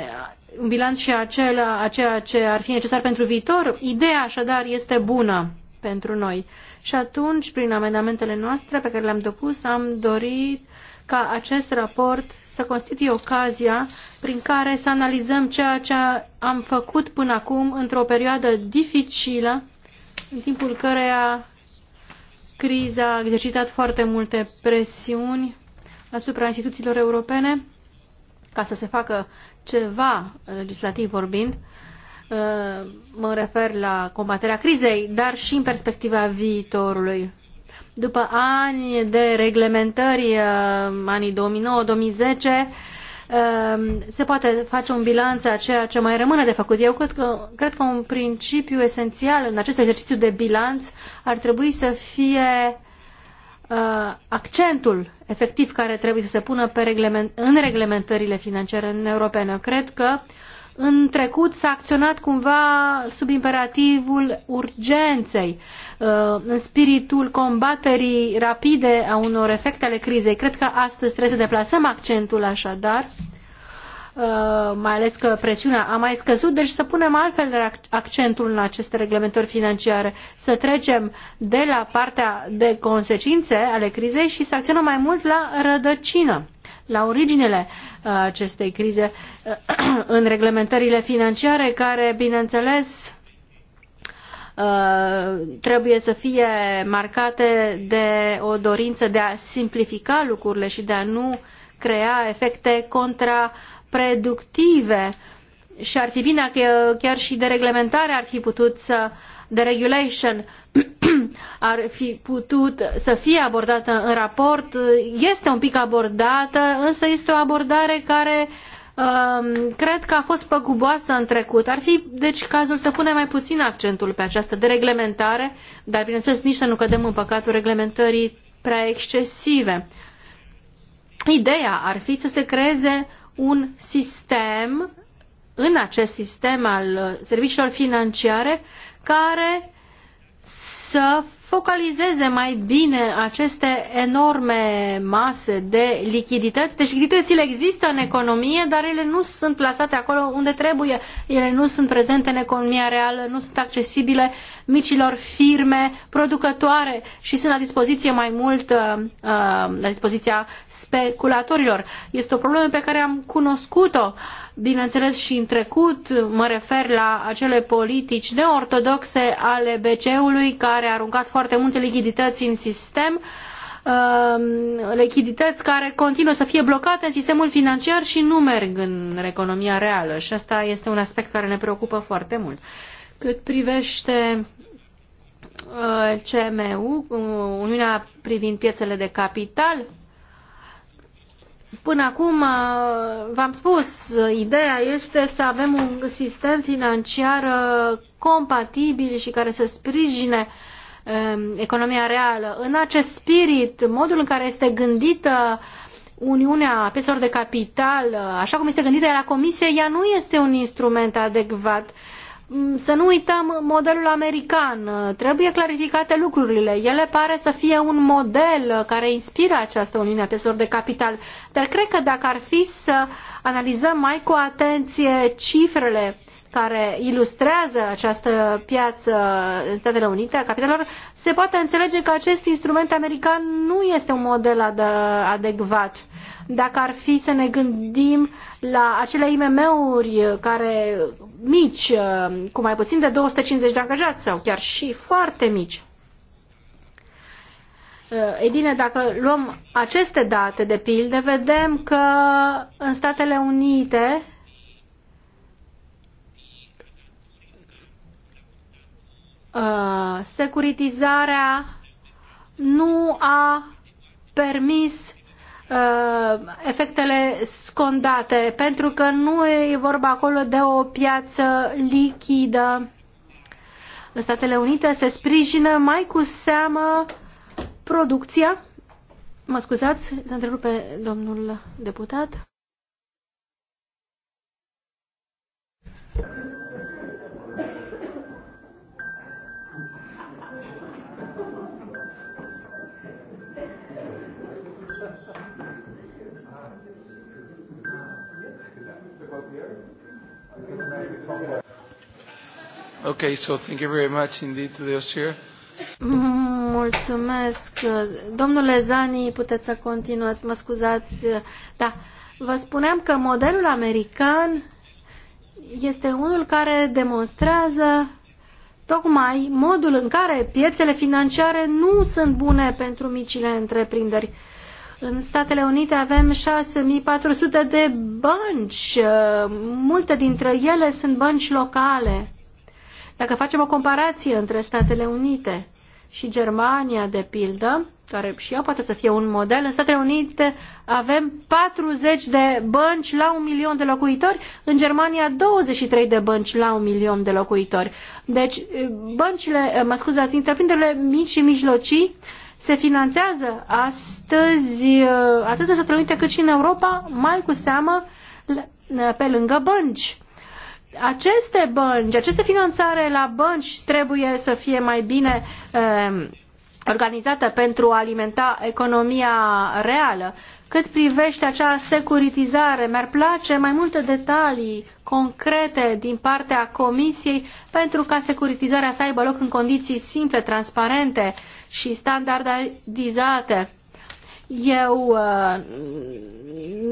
un bilanț și acela, a ceea ce ar fi necesar pentru viitor. Ideea așadar este bună pentru noi. Și atunci, prin amendamentele noastre pe care le-am depus, am dorit ca acest raport să constituie ocazia prin care să analizăm ceea ce am făcut până acum într-o perioadă dificilă, în timpul căreia criza a exercitat foarte multe presiuni asupra instituțiilor europene ca să se facă ceva legislativ vorbind, uh, mă refer la combaterea crizei, dar și în perspectiva viitorului după ani de reglementări, uh, anii 2009-2010, uh, se poate face un bilanț a ceea ce mai rămâne de făcut. Eu cred că, cred că un principiu esențial în acest exercițiu de bilanț ar trebui să fie uh, accentul efectiv care trebuie să se pună pe reglement, în reglementările financiare în europene. Cred că uh, în trecut s-a acționat cumva sub imperativul urgenței, uh, în spiritul combaterii rapide a unor efecte ale crizei. Cred că astăzi trebuie să deplasăm accentul așadar, uh, mai ales că presiunea a mai scăzut, deci să punem altfel accentul în aceste reglementări financiare, să trecem de la partea de consecințe ale crizei și să acționăm mai mult la rădăcină la originele uh, acestei crize uh, <clears throat> în reglementările financiare care, bineînțeles, uh, trebuie să fie marcate de o dorință de a simplifica lucrurile și de a nu crea efecte contraproductive și ar fi bine că chiar și reglementare ar fi putut să, deregulation ar fi putut să fie abordată în raport, este un pic abordată, însă este o abordare care um, cred că a fost păguboasă în trecut. Ar fi, deci, cazul să punem mai puțin accentul pe această dereglementare, dar, bineînțeles, nici să nu cădem în păcatul reglementării prea excesive. Ideea ar fi să se creeze un sistem, în acest sistem al uh, serviciilor financiare, care să focalizeze mai bine aceste enorme mase de lichidități. Deci lichiditățile există în economie, dar ele nu sunt plasate acolo unde trebuie. Ele nu sunt prezente în economia reală, nu sunt accesibile micilor firme producătoare și sunt la dispoziție mai mult uh, uh, la dispoziția speculatorilor. Este o problemă pe care am cunoscut-o bineînțeles și în trecut, mă refer la acele politici neortodoxe ale BCE-ului care a aruncat foarte multe lichidități în sistem, um, lichidități care continuă să fie blocate în sistemul financiar și nu merg în economia reală și asta este un aspect care ne preocupă foarte mult. Cât privește uh, CMU, uh, Uniunea privind piețele de capital, Până acum, uh, v-am spus, ideea este să avem un sistem financiar uh, compatibil și care să sprijine um, economia reală. În acest spirit, modul în care este gândită Uniunea Pieselor de Capital, uh, așa cum este gândită la Comisie, ea nu este un instrument adecvat Mm, să nu uităm modelul american. Trebuie clarificate lucrurile. Ele pare să fie un model care inspiră această Uniune a Pieselor de Capital. Dar cred că dacă ar fi să analizăm mai cu atenție cifrele care ilustrează această piață în Statele Unite a capitalelor, se poate înțelege că acest instrument american nu este un model ad adecvat. Dacă ar fi să ne gândim la acele IMM-uri care mici, uh, cu mai puțin de 250 de angajați sau chiar și foarte mici, uh, ei bine, dacă luăm aceste date de pildă, vedem că în Statele Unite Uh, securitizarea nu a permis uh, efectele scondate, pentru că nu e vorba acolo de o piață lichidă. În Statele Unite se sprijină mai cu seamă producția. Mă scuzați, se întrerupe domnul deputat. Okay, so thank you very much indeed to the Austria. Mulțumesc. Domnule Zani, puteți să continuați. Mă scuzați. Da, vă spuneam că modelul american este unul care demonstrează tocmai modul în care piețele financiare nu sunt bune pentru micile întreprinderi. În Statele Unite avem 6400 de bănci, multe dintre ele sunt bănci locale. Dacă facem o comparație între Statele Unite și Germania, de pildă, care și ea poate să fie un model, în Statele Unite avem 40 de bănci la un milion de locuitori, în Germania 23 de bănci la un milion de locuitori. Deci, băncile, mă scuzați, întreprinderile mici și mijlocii se finanțează astăzi, uh, atât în Statele Unite cât și în Europa, mai cu seamă uh, pe lângă bănci. Aceste bănci, aceste finanțare la bănci trebuie să fie mai bine eh, organizată pentru a alimenta economia reală. Cât privește acea securitizare, mi-ar place mai multe detalii concrete din partea Comisiei pentru ca securitizarea să aibă loc în condiții simple, transparente, uh, și standardizate. Eu uh,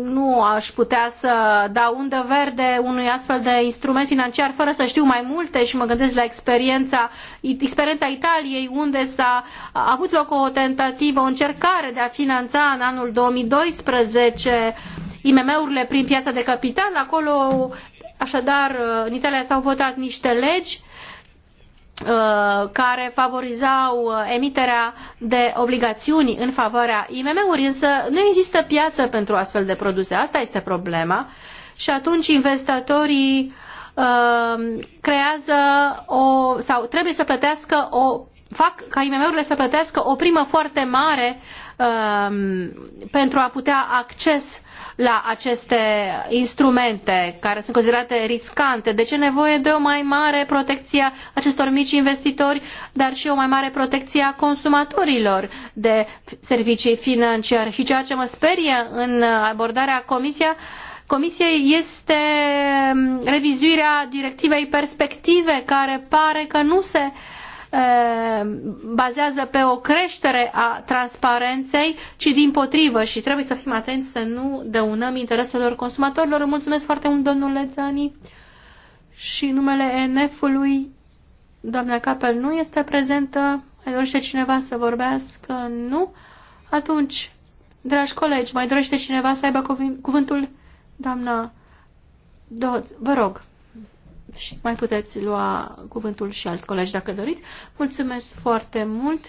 nu aș putea să dau undă verde unui astfel de instrument financiar fără să știu mai multe și mă gândesc la experiența, experiența Italiei unde s-a avut loc o tentativă, o încercare de a finanța în anul 2012 IMM-urile prin piața de capital. Acolo, așadar, uh, în Italia s-au votat niște legi uh, Uh, care favorizau uh, emiterea de obligațiuni în favoarea IMM-uri, însă nu există piață pentru astfel de produse. Asta este problema. Și atunci investitorii uh, creează o, sau trebuie să plătească o fac ca IMM-urile să plătească o primă foarte mare uh, pentru a putea acces la aceste instrumente care sunt considerate riscante? De deci ce nevoie de o mai mare protecție a acestor mici investitori, dar și o mai mare protecție a consumatorilor de servicii financiare? Și ceea ce mă sperie în abordarea comisia, Comisiei este mm, revizuirea directivei perspective care pare că nu se uh, bazează pe o creștere a transparenței, ci din potrivă și trebuie să fim atenți să nu dăunăm intereselor consumatorilor. Mulțumesc foarte mult, domnule Zani. Și numele ENF-ului, doamna Capel, nu este prezentă. Mai dorește cineva să vorbească? Nu? Atunci, dragi colegi, mai dorește cineva să aibă cuvântul? Doamna Doț, vă rog mai puteți lua cuvântul și alți colegi dacă doriți. Mulțumesc foarte mult!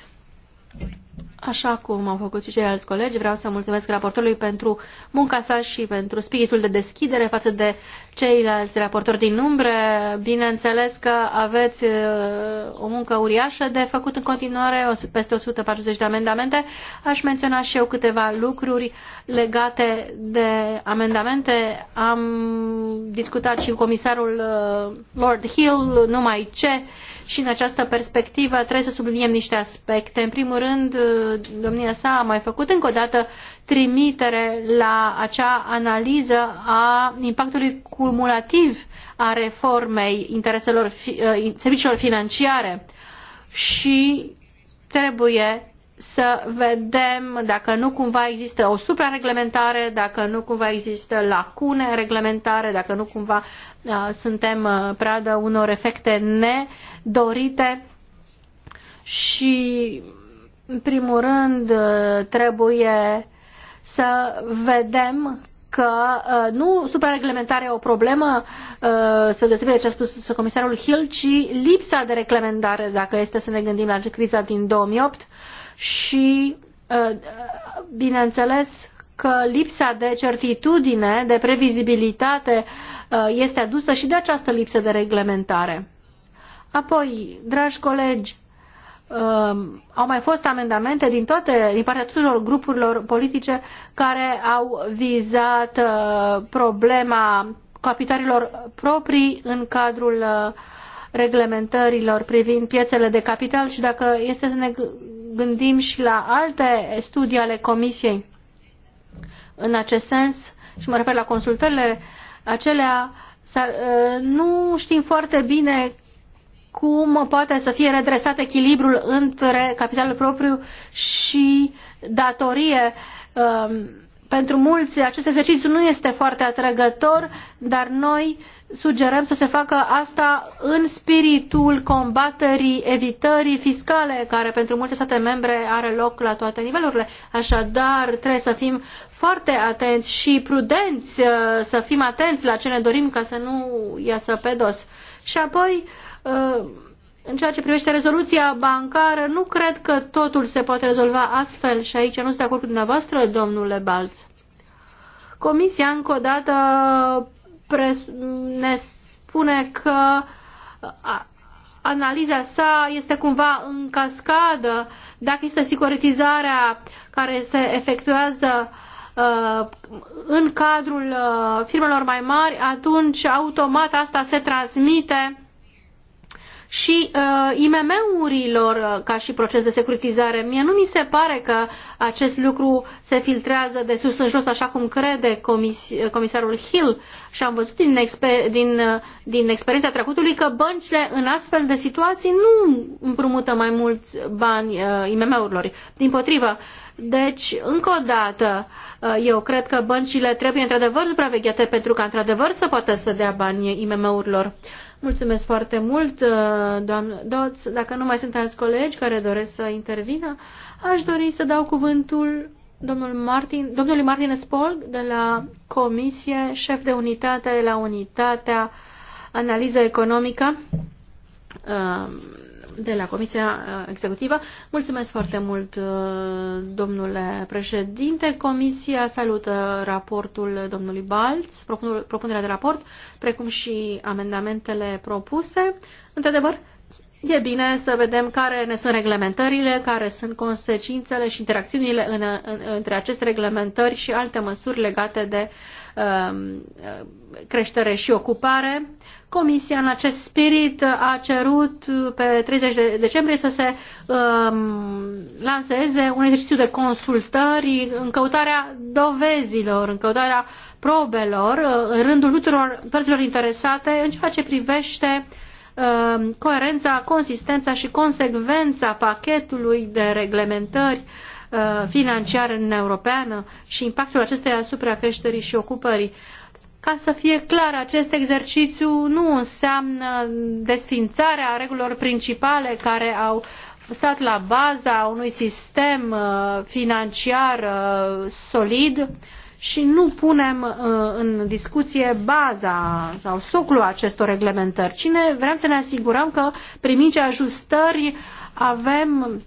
Așa cum au făcut și ceilalți colegi, vreau să mulțumesc raportorului pentru munca sa și pentru spiritul de deschidere față de ceilalți raportori din umbre. Bineînțeles că aveți uh, o muncă uriașă de făcut în continuare, peste 140 de amendamente. Aș menționa și eu câteva lucruri legate de amendamente. Am discutat și cu comisarul uh, Lord Hill numai ce și în această perspectivă trebuie să subliniem niște aspecte. În primul rând, uh, domnia sa a mai făcut încă o dată trimitere la acea analiză a impactului cumulativ a reformei intereselor uh, serviciilor financiare și trebuie să vedem dacă nu cumva există o suprareglementare, dacă nu cumva există lacune reglementare, dacă nu cumva uh, suntem uh, pradă unor efecte nedorite și în primul rând uh, trebuie să vedem că uh, nu suprareglementarea e o problemă, să deosebire de ce a spus comisarul Hill, ci lipsa de reglementare, dacă este să ne gândim la criza din 2008, și, ă, bineînțeles, că lipsa de certitudine, de previzibilitate ă, este adusă și de această lipsă de reglementare. Apoi, dragi colegi, ă, au mai fost amendamente din, toate, din partea tuturor grupurilor politice care au vizat problema capitalilor proprii în cadrul reglementărilor privind piețele de capital și dacă este să ne gândim și la alte studii ale Comisiei în acest sens, și mă refer la consultările acelea, uh, nu știm foarte bine cum poate să fie redresat echilibrul între capital propriu și datorie. Um, pentru mulți acest exercițiu nu este foarte atrăgător, dar noi sugerăm să se facă asta în spiritul combaterii evitării fiscale, care pentru multe state membre are loc la toate nivelurile. Așadar, trebuie să fim foarte atenți și prudenți, uh, să fim atenți la ce ne dorim ca să nu iasă pe dos. Și apoi, uh, în ceea ce privește rezoluția bancară, nu cred că totul se poate rezolva astfel și aici nu sunt de acord cu dumneavoastră, domnule Balț. Comisia, încă o dată, ne spune că analiza sa este cumva în cascadă. Dacă este securitizarea care se efectuează în cadrul firmelor mai mari, atunci automat asta se transmite și uh, IMM-urilor uh, ca și proces de securitizare. Mie nu mi se pare că acest lucru se filtrează de sus în jos, așa cum crede comis comisarul Hill. Și am văzut din, exper- din, uh, din experiența trecutului că băncile în astfel de situații nu împrumută mai mulți bani uh, IMM-urilor. Din potrivă, deci, încă o dată, uh, eu cred că băncile trebuie într-adevăr supravegheate pentru ca într-adevăr să poată să dea bani IMM-urilor. Mulțumesc foarte mult, uh, doamnă Doț. Dacă nu mai sunt alți colegi care doresc să intervină, aș dori să dau cuvântul domnul Martin, domnului Martin Spolg de la Comisie, șef de unitate la Unitatea Analiză Economică uh, de la Comisia uh, Executivă. Mulțumesc foarte mult, uh, domnule președinte. Comisia salută raportul domnului Balț, propunerea de raport, precum și amendamentele propuse. Într-adevăr, E bine să vedem care ne sunt reglementările, care sunt consecințele și interacțiunile în, în, între aceste reglementări și alte măsuri legate de um, uh, creștere și ocupare. Uh, Comisia, în acest spirit, a cerut uh, pe 30 decembrie să se um, lanseze un exercițiu de consultări în căutarea dovezilor, în căutarea probelor, uh, în rândul tuturor părților interesate, în ceea ce privește um, coerența, consistența și consecvența pachetului de reglementări uh, financiare în Europeană și impactul acesteia asupra creșterii și ocupării. Uh, ca să fie clar, acest exercițiu nu înseamnă desfințarea regulilor principale care au stat la baza unui sistem uh, financiar uh, solid și nu punem uh, în discuție baza sau soclul acestor reglementări. Cine vrem să ne asigurăm că prin mici ajustări avem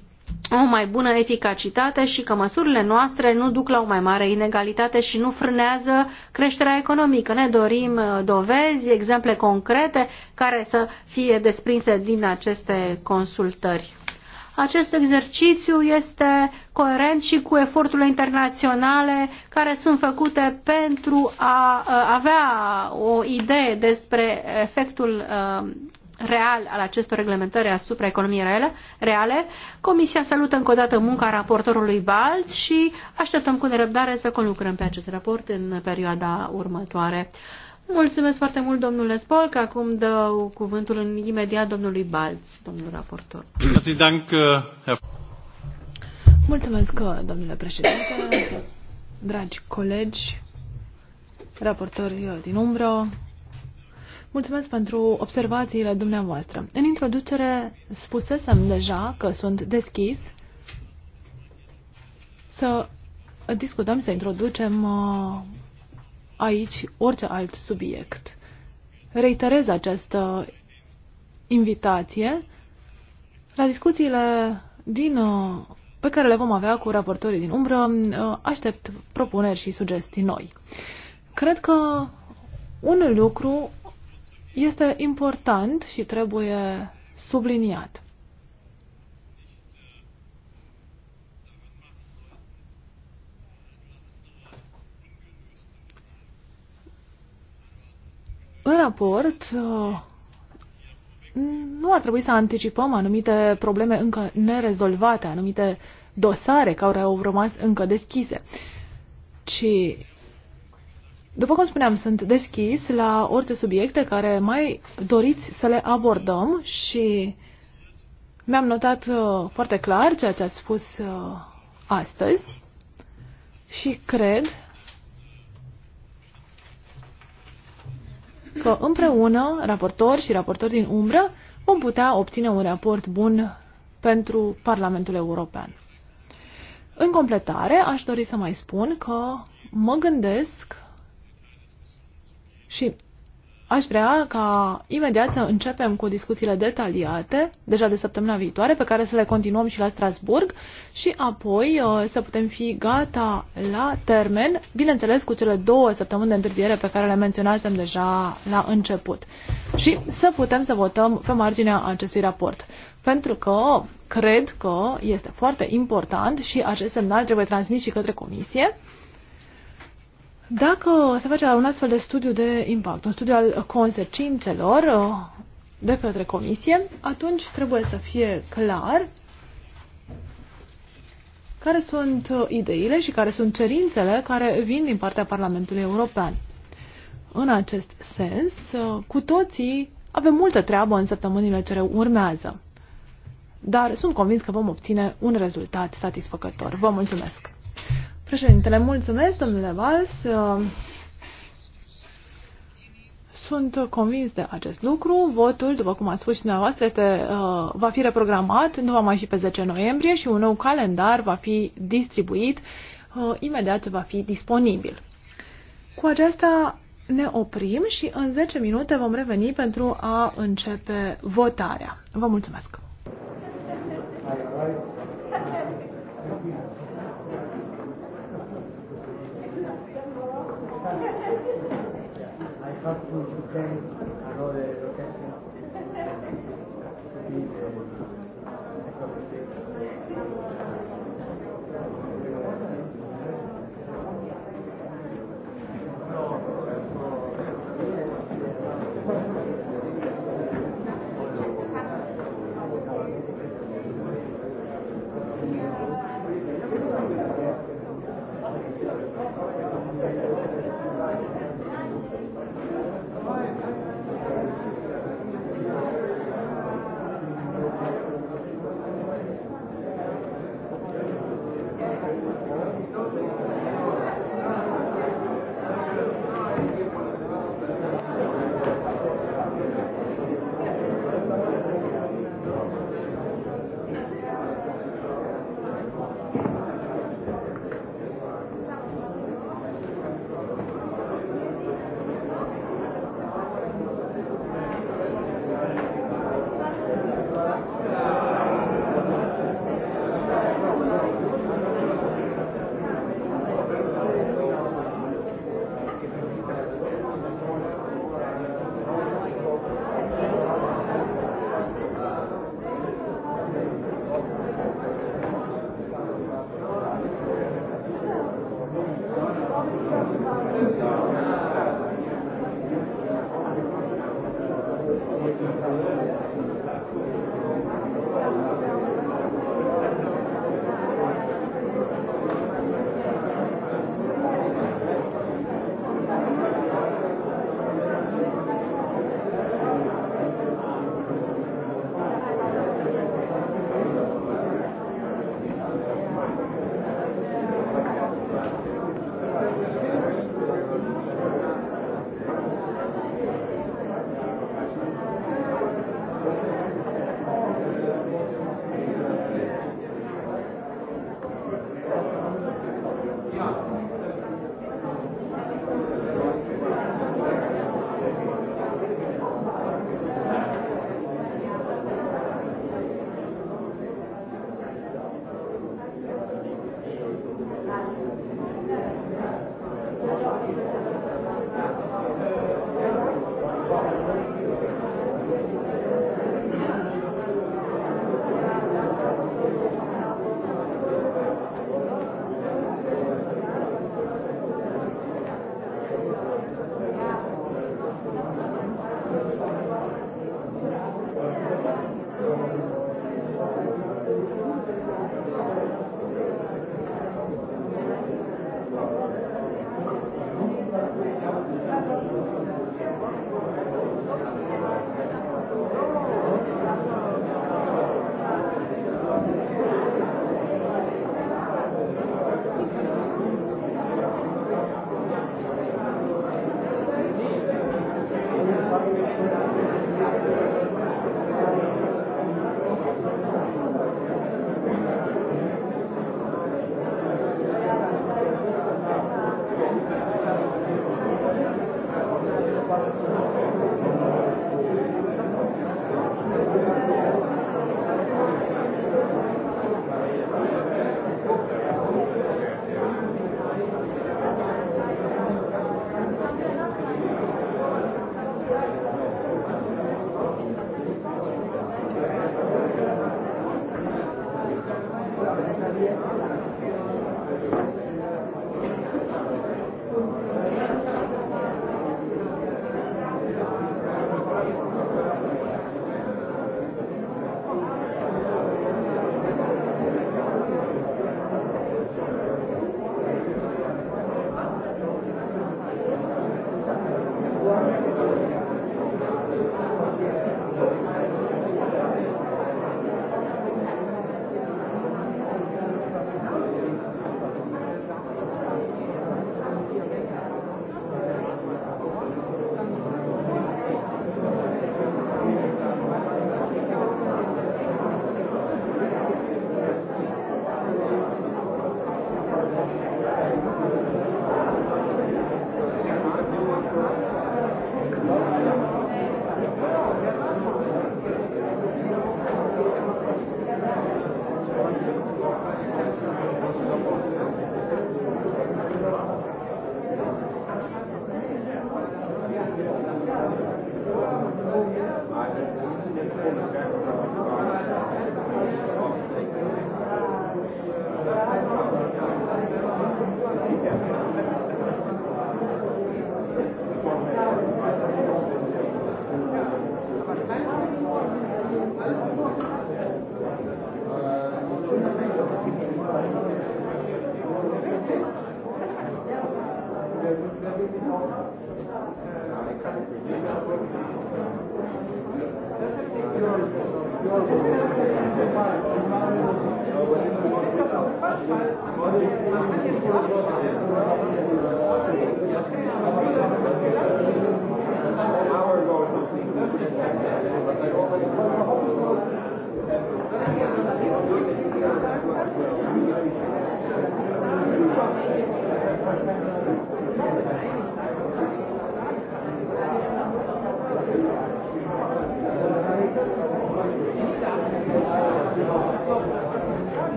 o mai bună eficacitate și că măsurile noastre nu duc la o mai mare inegalitate și nu frânează creșterea economică. Ne dorim uh, dovezi, exemple concrete care să fie desprinse din aceste consultări. Acest exercițiu este coerent și cu eforturile internaționale care sunt făcute pentru a uh, avea o idee despre efectul uh, real al acestor reglementări asupra economiei reale, reale. Comisia salută încă o dată munca raportorului Balț și așteptăm cu nerăbdare să conlucrăm pe acest raport în perioada următoare. Mulțumesc foarte mult, domnule Spol, că acum dau cuvântul în imediat domnului Balț, domnul raportor. Mulțumesc, domnule președinte, dragi colegi, raportori din umbră, Mulțumesc pentru observațiile dumneavoastră. În introducere spusesem deja că sunt deschis să discutăm, să introducem uh, aici orice alt subiect. Reiterez această invitație la discuțiile din, uh, pe care le vom avea cu raportorii din umbră. Uh, aștept propuneri și sugestii noi. Cred că un lucru este important și trebuie subliniat. În raport, uh, nu ar trebui să anticipăm anumite probleme încă nerezolvate, anumite dosare care au rămas încă deschise, ci după cum spuneam, sunt deschis la orice subiecte care mai doriți să le abordăm și mi-am notat uh, foarte clar ceea ce ați spus uh, astăzi și cred că împreună, raportori și raportori din umbră, vom putea obține un raport bun pentru Parlamentul European. În completare, aș dori să mai spun că mă gândesc și aș vrea ca imediat să începem cu discuțiile detaliate, deja de săptămâna viitoare, pe care să le continuăm și la Strasburg și apoi uh, să putem fi gata la termen, bineînțeles cu cele două săptămâni de întârziere pe care le menționasem deja la început. Și să putem să votăm pe marginea acestui raport. Pentru că cred că este foarte important și acest semnal trebuie transmis și către Comisie dacă se face un astfel de studiu de impact, un studiu al consecințelor uh, de către comisie, atunci trebuie să fie clar care sunt uh, ideile și care sunt cerințele care vin din partea Parlamentului European. În acest sens, uh, cu toții avem multă treabă în săptămânile ce urmează, dar sunt convins că vom obține un rezultat satisfăcător. Vă mulțumesc! Președintele, mulțumesc, domnule Vals. Sunt convins de acest lucru. Votul, după cum ați spus și dumneavoastră, este, uh, va fi reprogramat, nu va mai fi pe 10 noiembrie și un nou calendar va fi distribuit, uh, imediat imediat va fi disponibil. Cu aceasta ne oprim și în 10 minute vom reveni pentru a începe votarea. Vă mulțumesc! Thank you.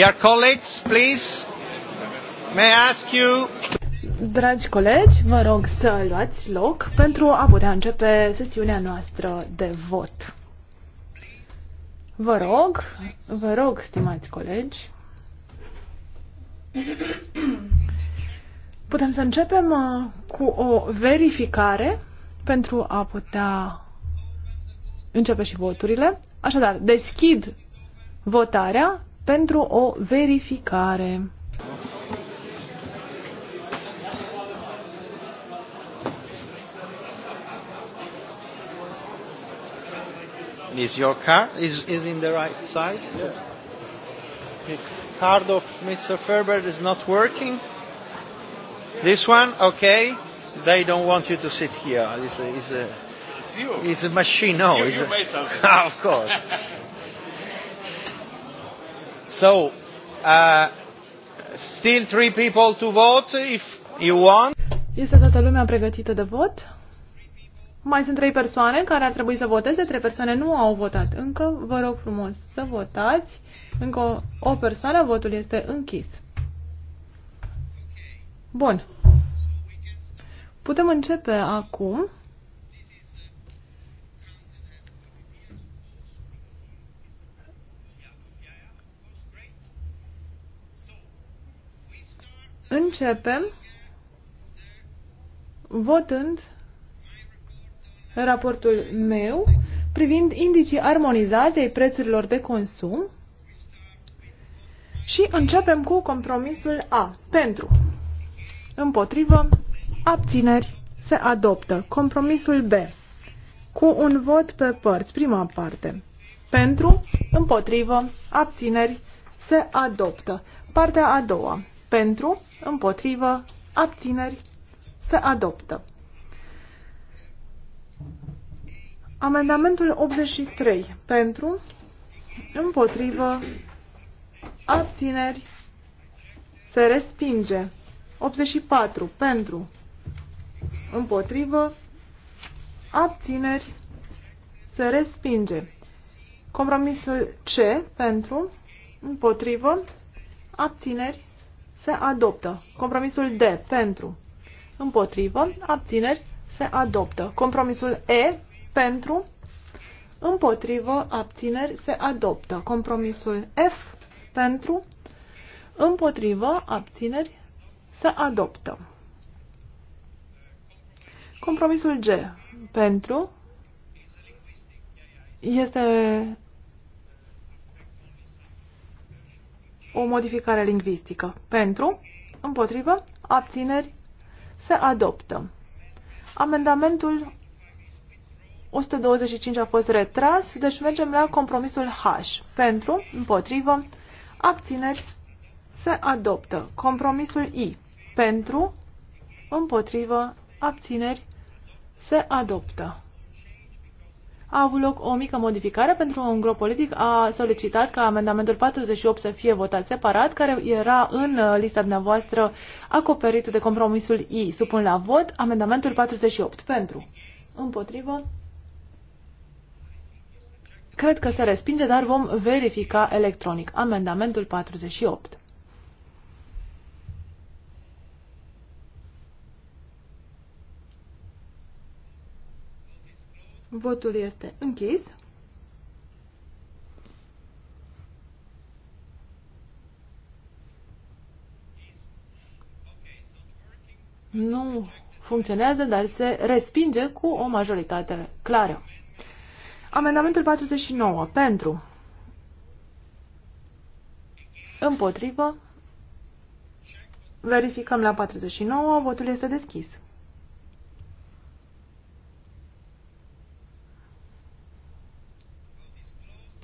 Dear colleagues, please, may I ask you... Dragi colegi, vă rog să luați loc pentru a putea începe sesiunea noastră de vot. Vă rog, vă rog, stimați colegi, putem să începem uh, cu o verificare pentru a putea începe și voturile. Așadar, deschid votarea pentru o verificare. Is your car is, is in the right side? Yes. The card of Mr. Ferber is not working. This one, okay. They don't want you to sit here. It's a, it's a, it's, you. It's a machine. No, you, it's you a, made something. <laughs> Ah, of course. <laughs> So, uh, still three people to vote if you want. Este toată lumea pregătită de vot? Mai sunt trei persoane care ar trebui să voteze, trei persoane nu au votat încă. Vă rog frumos să votați. Încă o, o persoană, votul este închis. Bun. Putem începe acum Începem votând raportul meu privind indicii armonizației prețurilor de consum și începem cu compromisul A. Pentru, împotrivă, abțineri, se adoptă. Compromisul B. Cu un vot pe părți, prima parte. Pentru, împotrivă, abțineri, se adoptă. Partea a doua pentru, împotrivă, abțineri, se adoptă. Amendamentul 83 pentru, împotrivă, abțineri, se respinge. 84 pentru, împotrivă, abțineri, se respinge. Compromisul C pentru, împotrivă, abțineri, se adoptă. Compromisul D pentru, împotrivă, abțineri, se adoptă. Compromisul E pentru, împotrivă, abțineri, se adoptă. Compromisul F pentru, împotrivă, abțineri, se adoptă. Compromisul G pentru este o modificare lingvistică. Pentru, împotrivă, abțineri, se adoptă. Amendamentul 125 a fost retras, deci mergem la compromisul H. Pentru, împotrivă, abțineri, se adoptă. Compromisul I. Pentru, împotrivă, abțineri, se adoptă a avut loc o mică modificare pentru un grup politic a solicitat ca amendamentul 48 să fie votat separat, care era în uh, lista dumneavoastră acoperit de compromisul I. Supun la vot amendamentul 48 pentru. Împotrivă. Cred că se respinge, dar vom verifica electronic. Amendamentul 48. Votul este închis. Nu funcționează, dar se respinge cu o majoritate clară. Amendamentul 49. Pentru. Împotrivă. Verificăm la 49. Votul este deschis.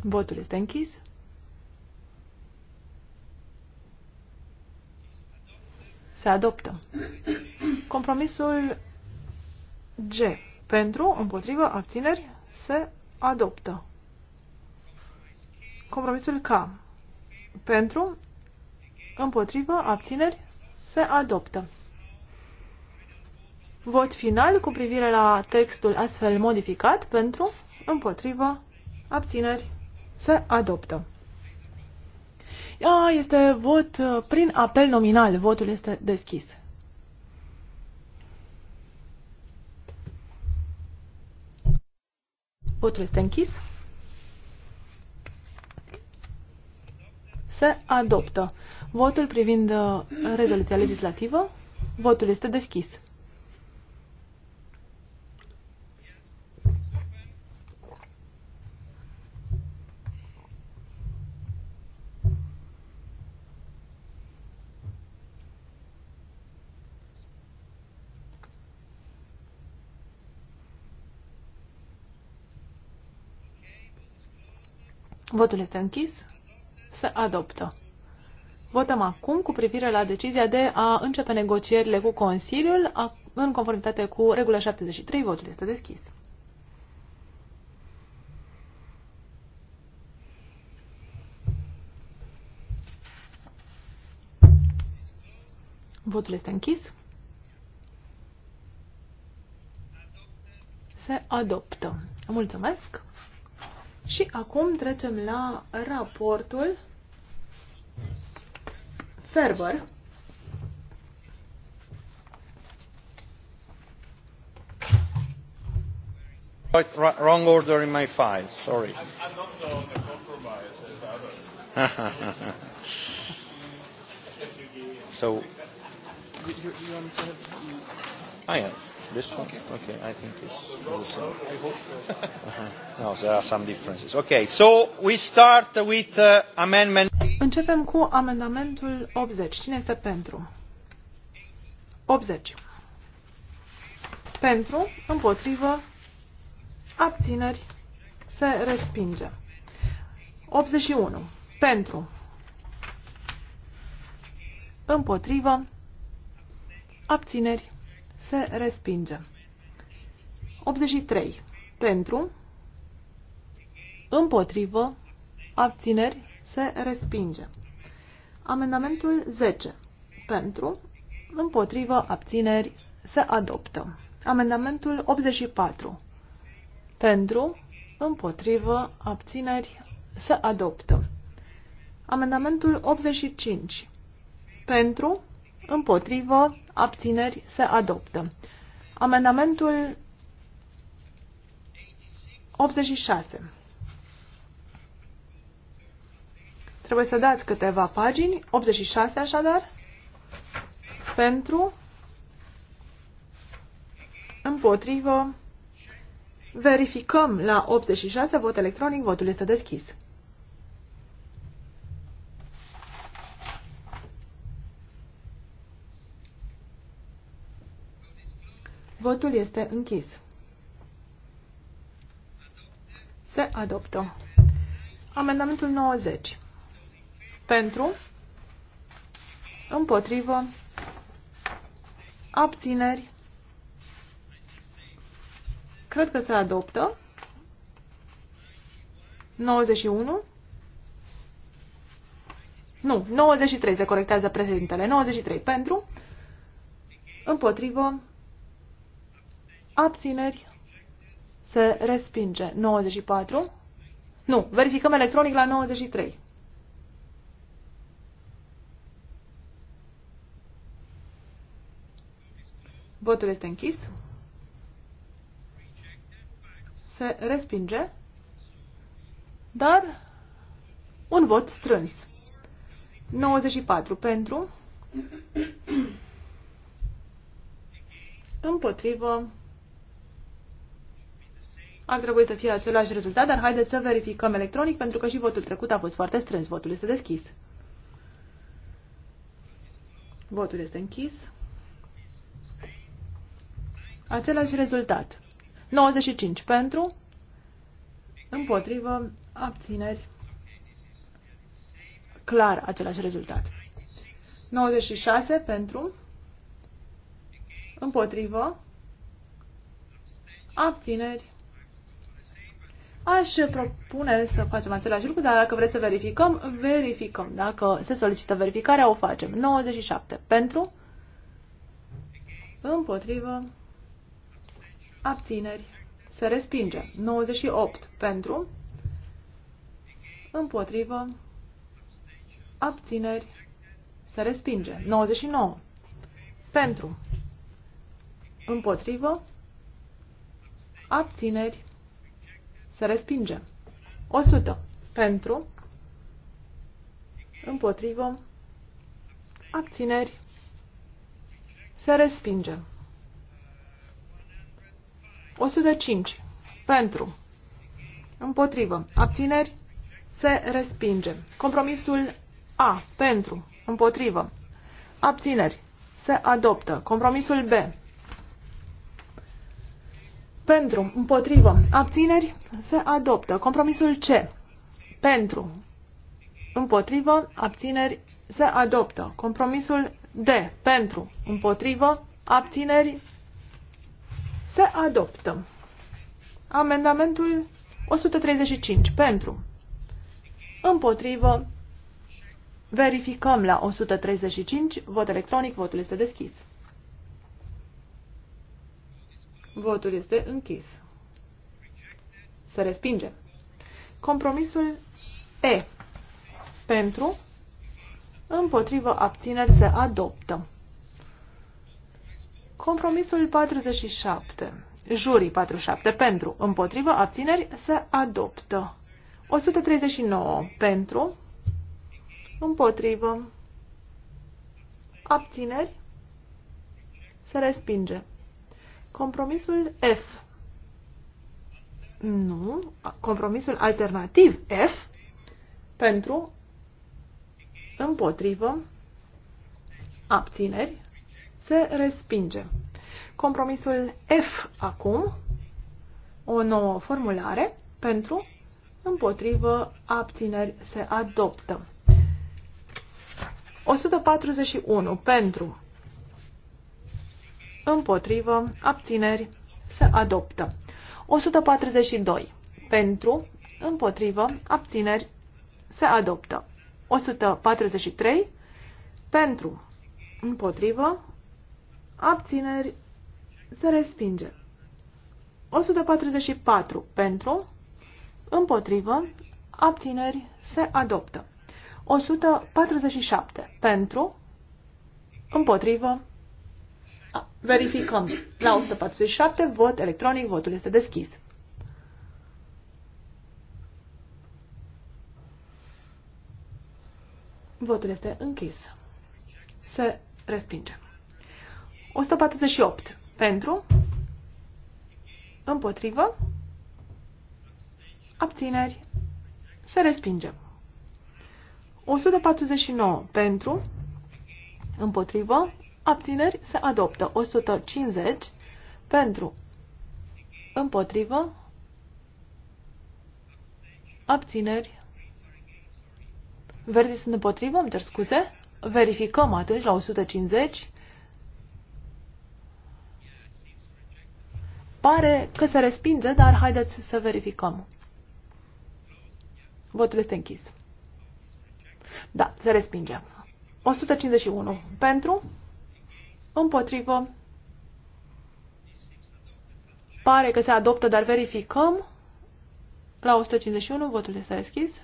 Votul este închis. Se adoptă. Compromisul G. Pentru, împotrivă, abțineri, se adoptă. Compromisul K. Pentru, împotrivă, abțineri, se adoptă. Vot final cu privire la textul astfel modificat pentru, împotrivă, abțineri. Se adoptă. Ea este vot uh, prin apel nominal. Votul este deschis. Votul este închis. Se adoptă. Votul privind uh, rezoluția legislativă. Votul este deschis. Votul este închis. Se adoptă. Votăm acum cu privire la decizia de a începe negocierile cu Consiliul în conformitate cu regula 73. Votul este deschis. Votul este închis. Se adoptă. Mulțumesc! Și acum trecem la raportul Ferber. wrong order in my file, sorry. I'm, I'm not so on the compromise as others. <laughs> so. You, you, you I have. This one? Okay, okay I think it's the same. <laughs> Uh-huh. no, there are some differences. Okay, so we start with uh, amendment. Începem cu amendamentul 80. Cine este pentru? 80. Pentru, împotrivă, abțineri, se respinge. 81. Pentru, împotrivă, abțineri, se respinge. 83. Pentru, împotrivă, abțineri, se respinge. Amendamentul 10. Pentru, împotrivă, abțineri, se adoptă. Amendamentul 84. Pentru, împotrivă, abțineri, se adoptă. Amendamentul 85. Pentru, împotrivă, abțineri, se adoptă. Amendamentul 86. Trebuie să dați câteva pagini, 86 așadar, pentru, împotrivă, verificăm la 86 vot electronic, votul este deschis. Votul este închis. Se adoptă. Amendamentul 90. Pentru. Împotrivă. Abțineri. Cred că se adoptă. 91. Nu, 93 se corectează președintele. 93 pentru. Împotrivă. Abțineri. Se respinge. 94. Nu, verificăm electronic la 93. Votul este închis. Se respinge. Dar un vot strâns. 94 pentru. Împotrivă ar trebui să fie același rezultat, dar haideți să verificăm electronic, pentru că și votul trecut a fost foarte strâns. Votul este deschis. Votul este închis. Același rezultat. 95 pentru, împotrivă, abțineri. Clar, același rezultat. 96 pentru, împotrivă, abțineri. Aș propune să facem același lucru, dar dacă vreți să verificăm, verificăm. Dacă se solicită verificarea, o facem. 97. Pentru? Împotrivă. Abțineri. Se respinge. 98. Pentru? Împotrivă. Abțineri. Se respinge. 99. Pentru. Împotrivă. Abțineri se respinge. 100. Pentru. Împotrivă. Abțineri. Se respinge. 105. Pentru. Împotrivă. Abțineri. Se respinge. Compromisul A. Pentru. Împotrivă. Abțineri. Se adoptă. Compromisul B. Pentru, împotrivă, abțineri, se adoptă. Compromisul C. Pentru, împotrivă, abțineri, se adoptă. Compromisul D. Pentru, împotrivă, abțineri, se adoptă. Amendamentul 135. Pentru, împotrivă, verificăm la 135, vot electronic, votul este deschis. Votul este închis. Se respinge. Compromisul E. Pentru, împotrivă, abțineri se adoptă. Compromisul 47. Jurii 47. Pentru, împotrivă, abțineri se adoptă. 139. Pentru, împotrivă, abțineri se respinge. Compromisul F. Nu. Compromisul alternativ F pentru împotrivă abțineri se respinge. Compromisul F acum, o nouă formulare pentru împotrivă abțineri se adoptă. 141 pentru împotrivă, abțineri, se adoptă. 142. Pentru, împotrivă, abțineri, se adoptă. 143. Pentru, împotrivă, abțineri, se respinge. 144. Pentru, împotrivă, abțineri, se adoptă. 147. Pentru, împotrivă, Verificăm. La 147, vot electronic, votul este deschis. Votul este închis. Se respinge. 148. Pentru. Împotrivă. Abțineri. Se respinge. 149. Pentru. Împotrivă abțineri, se adoptă. 150 pentru, împotrivă, abțineri. Verzii sunt împotrivă, îmi cer scuze. Verificăm atunci la 150. Pare că se respinge, dar haideți să verificăm. Votul este închis. Da, se respinge. 151 pentru, Împotrivă. Pare că se adoptă, dar verificăm. La 151 votul este deschis.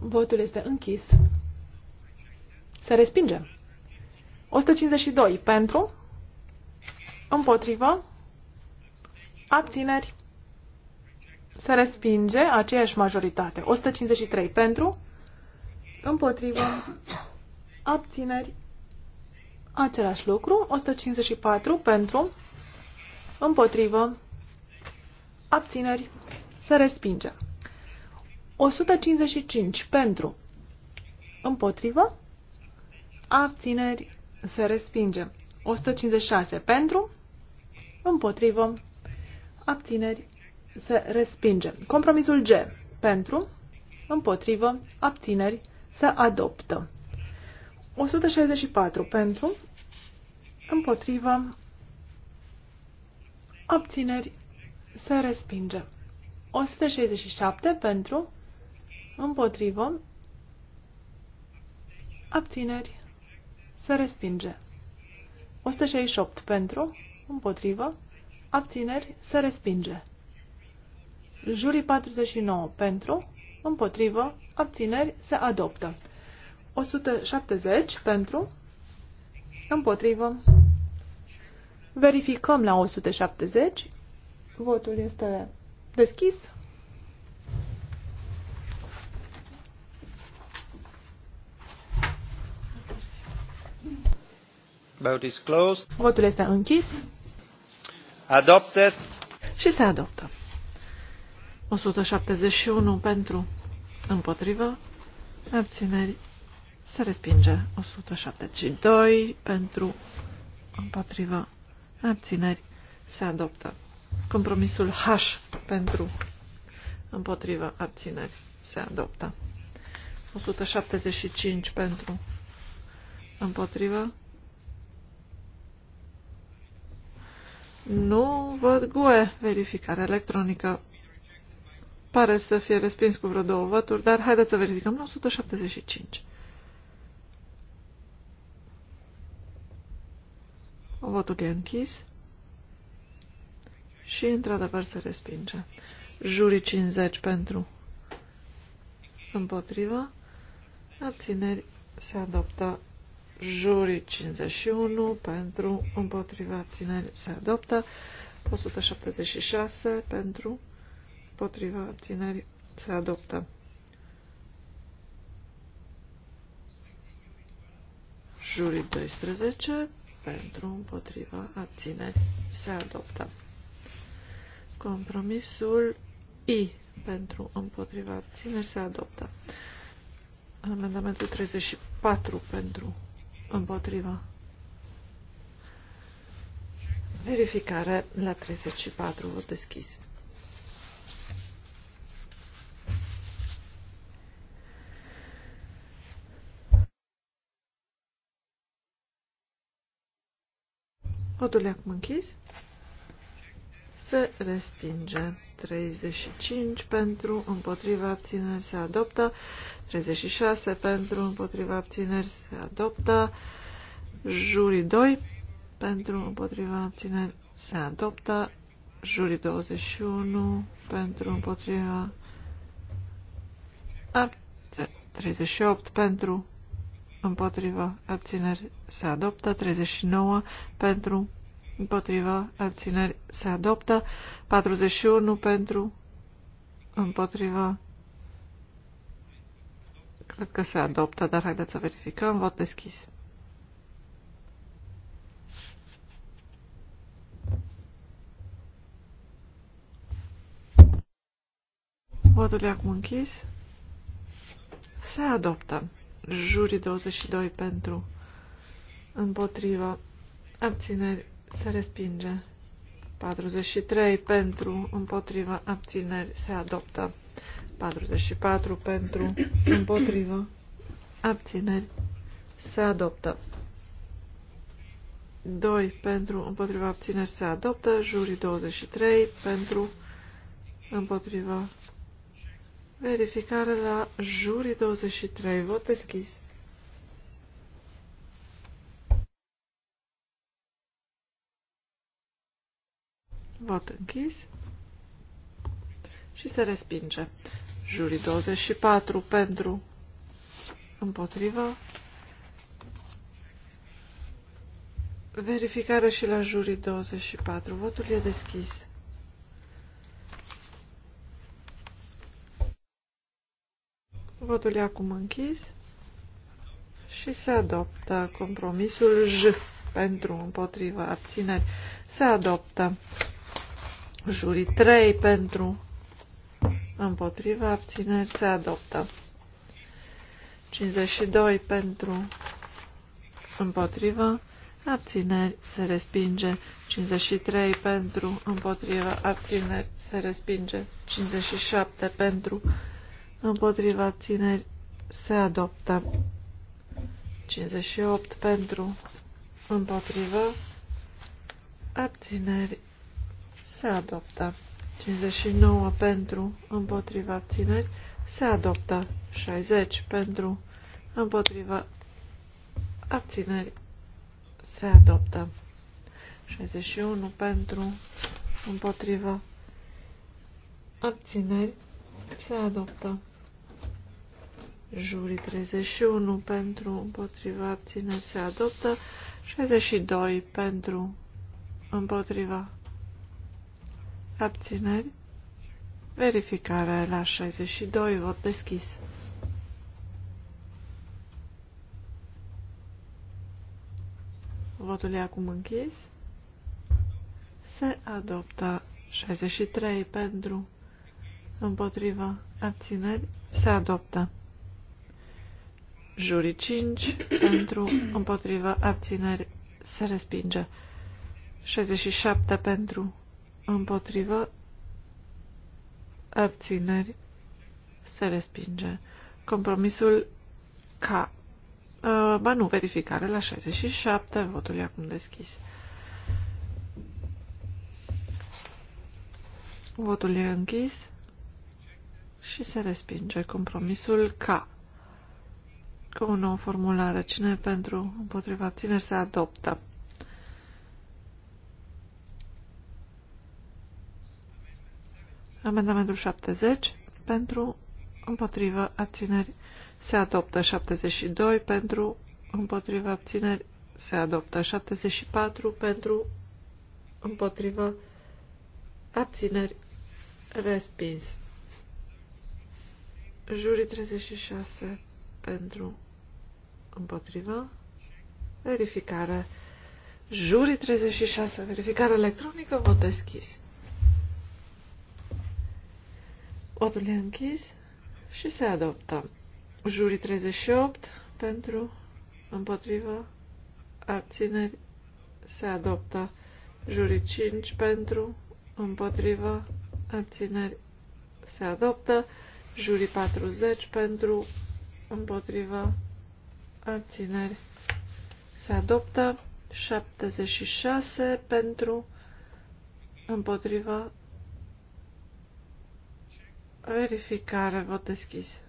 Votul este închis. Se respinge. 152 pentru, împotrivă, abțineri, se respinge aceeași majoritate. 153 pentru, împotrivă, abțineri, același lucru, 154 pentru, împotrivă, abțineri, se respinge. 155 pentru, împotrivă, abțineri, se respinge. 156 pentru, împotrivă, abțineri, se respinge. Compromisul G pentru, împotrivă, abțineri, să adoptă. 164 pentru, împotrivă, abțineri, se respinge. 167 pentru, împotrivă, abțineri, se respinge. 168 pentru, împotrivă, abțineri, se respinge. Jurii 49 pentru, împotrivă, abțineri, se adoptă. 170 pentru, împotrivă. Verificăm la 170. Votul este deschis. Vote is closed. Votul este închis. Adopted. Și se adoptă. 171 pentru împotrivă, abțineri se respinge 172 pentru împotrivă, abțineri se adoptă. Compromisul H pentru împotrivă, abțineri se adoptă. 175 pentru împotrivă. Nu văd GUE. Verificare electronică Pare să fie respins cu vreo două voturi, dar haideți să verificăm la 175. Votul e închis și, într-adevăr, se respinge. Juri 50 pentru împotriva, abțineri se adoptă juri 51 pentru împotriva abțineri se adoptă 176 pentru împotriva abțineri se adoptă. Jurii 12 pentru împotriva abținerii se adoptă. Compromisul I pentru împotriva abținerii se adoptă. Amendamentul 34 pentru împotriva. Verificare la 34 vot deschis. Votul e acum închis. Se respinge. 35 pentru, împotriva abțineri se adoptă. 36 pentru, împotriva abțineri se adoptă. Jurii 2 pentru, împotriva abțineri se adoptă. Jurii 21 pentru, împotriva abțineri. 38 pentru, împotriva abțineri se adoptă, 39 pentru împotriva abțineri se adoptă, 41 pentru împotriva cred că se adoptă, dar haideți să verificăm, vot deschis. Votul e acum închis. Se adoptă. Juri 22 pentru. Împotriva. Abțineri. Se respinge. 43 pentru. Împotriva. Abțineri. Se adoptă. 44 pentru. Împotriva. Abțineri. Se adoptă. 2 pentru. Împotriva. Abțineri. Se adoptă. Juri 23 pentru. Împotriva. Verificare la jurii 23. Vot deschis. Vot închis. Și se respinge. Jurii 24 pentru împotrivă. Verificare și la jurii 24. Votul e deschis. Votul e acum închis și se adoptă compromisul J pentru împotriva abțineri. Se adoptă jurii 3 pentru împotriva abțineri. Se adoptă 52 pentru împotriva abțineri. Se respinge 53 pentru împotriva abțineri. Se respinge 57 pentru împotriva țineri se adoptă. 58 pentru împotriva abțineri se adoptă. 59 pentru împotriva abțineri se adoptă. 60 pentru împotriva abțineri se adoptă. 61 pentru împotriva abțineri se adoptă. Jurii 31 pentru împotriva abțineri se adoptă. 62 pentru împotriva abțineri. Verificare la 62, vot deschis. Votul e acum închis. Se adoptă 63 pentru împotriva abțineri. Se adoptă. Jurii 5 pentru împotriva abțineri se respinge. 67 pentru împotriva abțineri se respinge. Compromisul K. Uh, ba nu, verificare la 67, votul e acum deschis. Votul e închis și se respinge compromisul K cu o nouă formulare. Cine pentru împotriva abțineri se adoptă? Amendamentul 70 pentru împotriva abțineri se adoptă 72 pentru împotriva abțineri se adoptă 74 pentru împotriva abțineri respins. Jurii 36 pentru împotriva verificare. Jurii 36, verificare electronică, vot deschis. Votul e închis și se adoptă. Jurii 38 pentru împotriva abțineri se adoptă. Jurii 5 pentru împotriva abțineri se adoptă. Jurii 40 pentru împotriva abțineri, se adoptă. 76 pentru, împotriva verificare, vot deschis.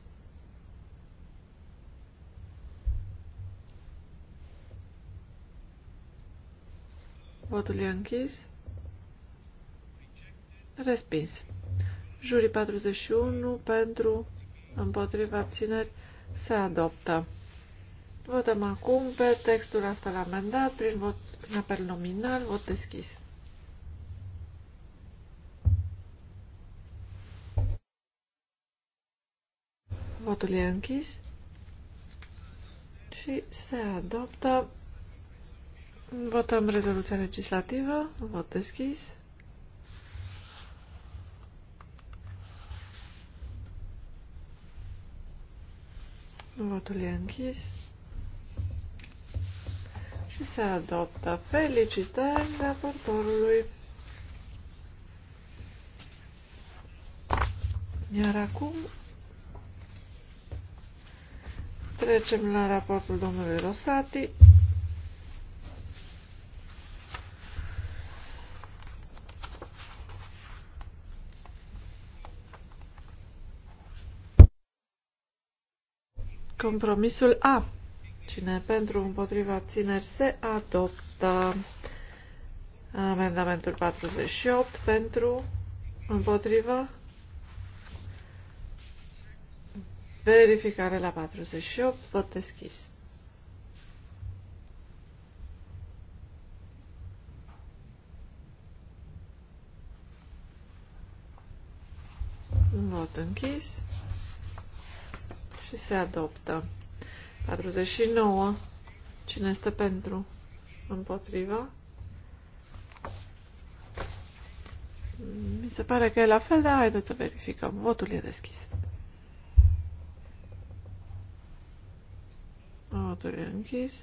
Votul e închis. Respins. Jurii 41 pentru, împotriva abțineri, se adoptă. Votăm acum pe textul astfel amendat prin, vot, prin apel nominal, vot deschis. Votul e închis și se adoptă. Votăm rezoluția legislativă, vot deschis. Votul e închis. Și se adoptă. Felicitări raportorului. Iar acum trecem la raportul domnului Rosati. Compromisul A. Cine pentru împotriva țineri se adoptă. Amendamentul 48 pentru împotriva. Verificare la 48. Vot deschis. Vot închis și se adoptă. 49. Cine este pentru? Împotriva? Mi se pare că e la fel, dar haideți să verificăm. Votul e deschis. Votul e închis.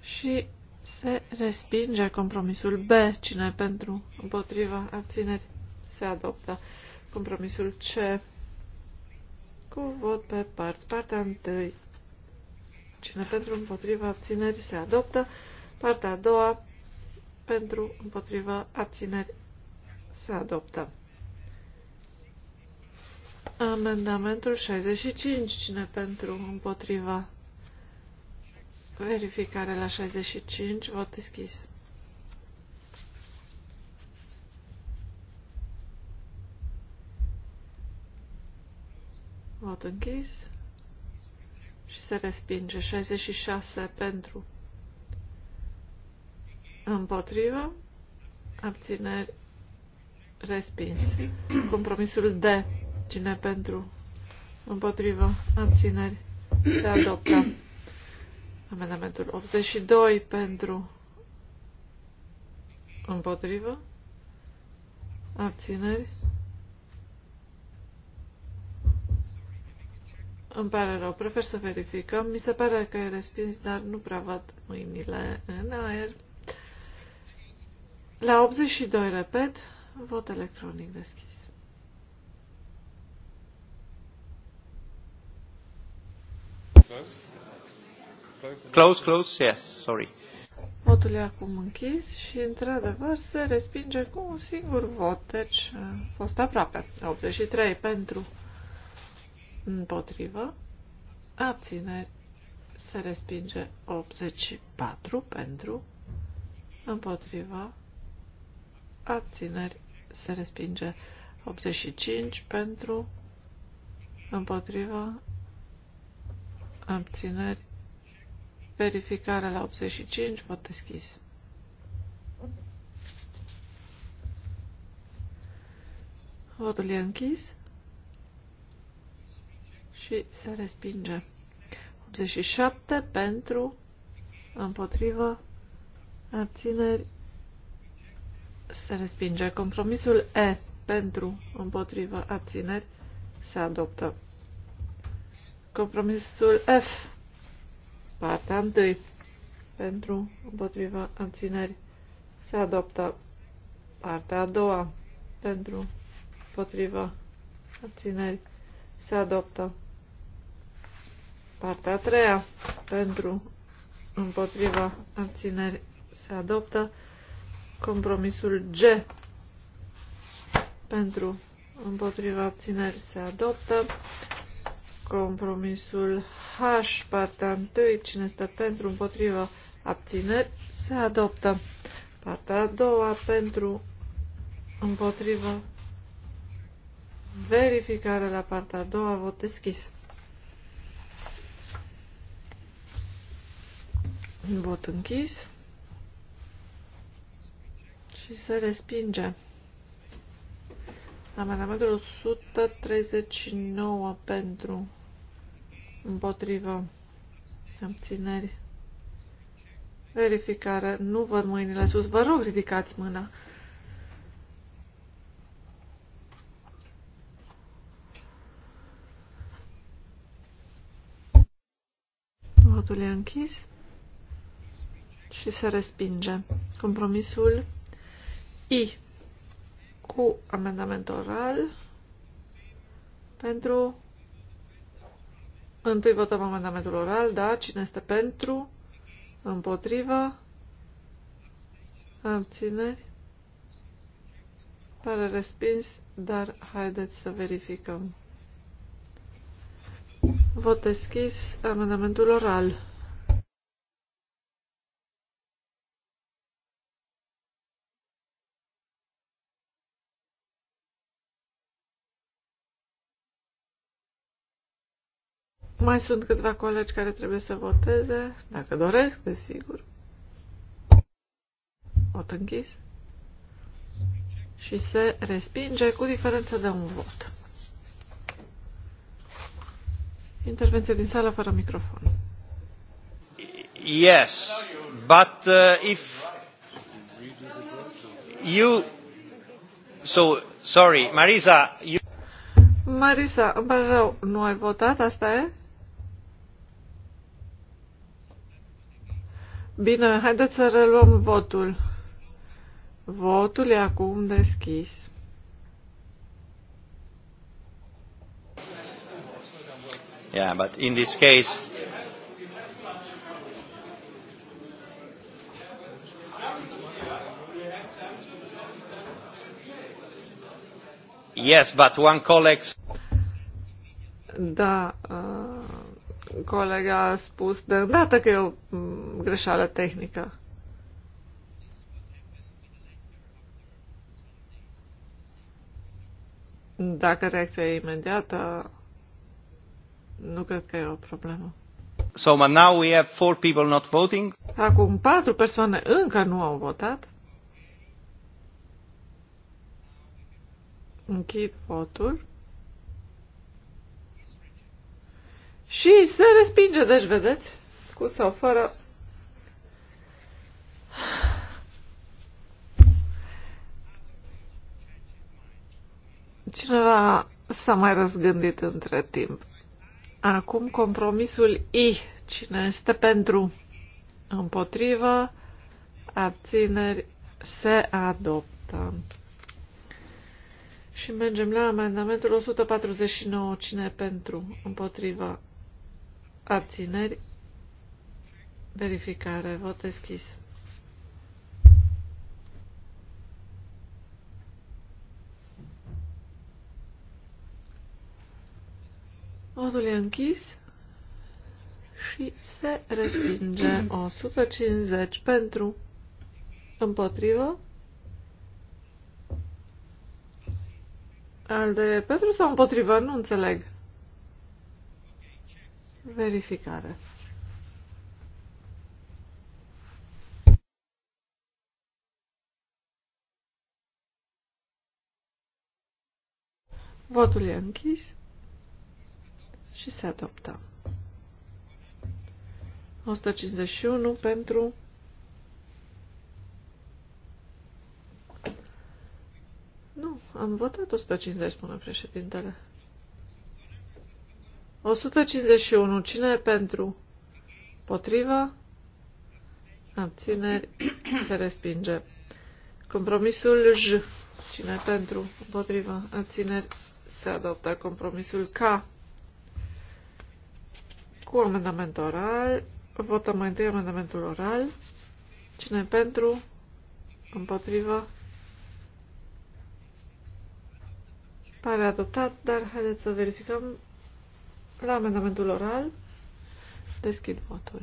Și se respinge compromisul B. Cine pentru? Împotriva? Abțineri? Se adoptă. Compromisul C cu vot pe părți. Partea 1. Cine pentru împotriva abțineri se adoptă. Partea a doua pentru împotriva abțineri se adoptă. Amendamentul 65. Cine pentru împotriva verificare la 65. Vot deschis. Vot închis. Și se respinge. 66 pentru. Împotrivă. Abțineri. Respins. Compromisul D. Cine pentru? Împotrivă. Abțineri. Se adoptă. Amendamentul 82 pentru. Împotrivă. Abțineri. Îmi pare rău, prefer să verificăm. Mi se pare că e respins, dar nu prea văd mâinile în aer. La 82, repet, vot electronic deschis. Close, close, yes, sorry. Votul e acum închis și, într-adevăr, se respinge cu un singur vot, deci a fost aproape. 83 pentru împotrivă, abțineri, se respinge 84 pentru, împotrivă, abțineri, se respinge 85 pentru, împotrivă, abțineri, verificare la 85, vot deschis. Votul e închis și se respinge. 87 pentru, împotrivă, abțineri, se respinge. Compromisul E pentru, împotrivă, abțineri, se adoptă. Compromisul F, partea 1, pentru, împotrivă, abțineri, se adoptă. Partea a doua, pentru, împotrivă, abțineri, se adoptă. Partea a treia pentru împotriva abțineri se adoptă. Compromisul G pentru împotriva abțineri se adoptă. Compromisul H, partea 1, cine este pentru împotriva abțineri se adoptă. Partea a doua pentru împotriva verificare la partea a doua, vot deschis. Vot închis. Și se respinge. Amendamentul 139 pentru împotrivă abțineri. Verificare. Nu văd mâinile sus. Vă rog, ridicați mâna. Votul e închis și se respinge. Compromisul I cu amendament oral pentru Întâi votăm amendamentul oral, da, cine este pentru, împotrivă, abțineri, pare respins, dar haideți să verificăm. Vot deschis, amendamentul oral. Mai sunt câțiva colegi care trebuie să voteze, dacă doresc, desigur. Vot închis. Și se respinge cu diferență de un vot. Intervenție din sală fără microfon. Yes, but uh, if you... So, sorry, Marisa, you... Marisa, îmi pare rău, nu ai votat, asta e? Bine, haideți să reluăm votul. Votul e acum deschis. Yeah, but in this case, Yes, but one colleague. Da, uh, colega a spus de îndată că e o greșeală tehnică. Dacă reacția e imediată, nu cred că e o problemă. So now we have four people not voting. Acum patru persoane încă nu au votat. Închid votul. Și se respinge, deci vedeți, cu sau fără. Cineva s-a mai răzgândit între timp. Acum compromisul I. Cine este pentru? Împotrivă. Abțineri. Se adoptă. Și mergem la amendamentul 149. Cine pentru? Împotrivă abțineri, verificare, vot deschis. Votul e închis și se respinge 150 pentru împotrivă al de pentru sau împotrivă? Nu înțeleg. Verificare. Votul e închis și se adoptă. 151 pentru Nu, am votat 150, spune președintele. 151. Cine e pentru? Potrivă? Abțineri? Se respinge. Compromisul J. Cine e pentru? Potrivă? Abțineri? Se adoptă. Compromisul K. Cu amendament oral. Votăm mai întâi amendamentul oral. Cine e pentru? Împotrivă? Pare adoptat, dar haideți să verificăm la amendamentul oral deschid votul.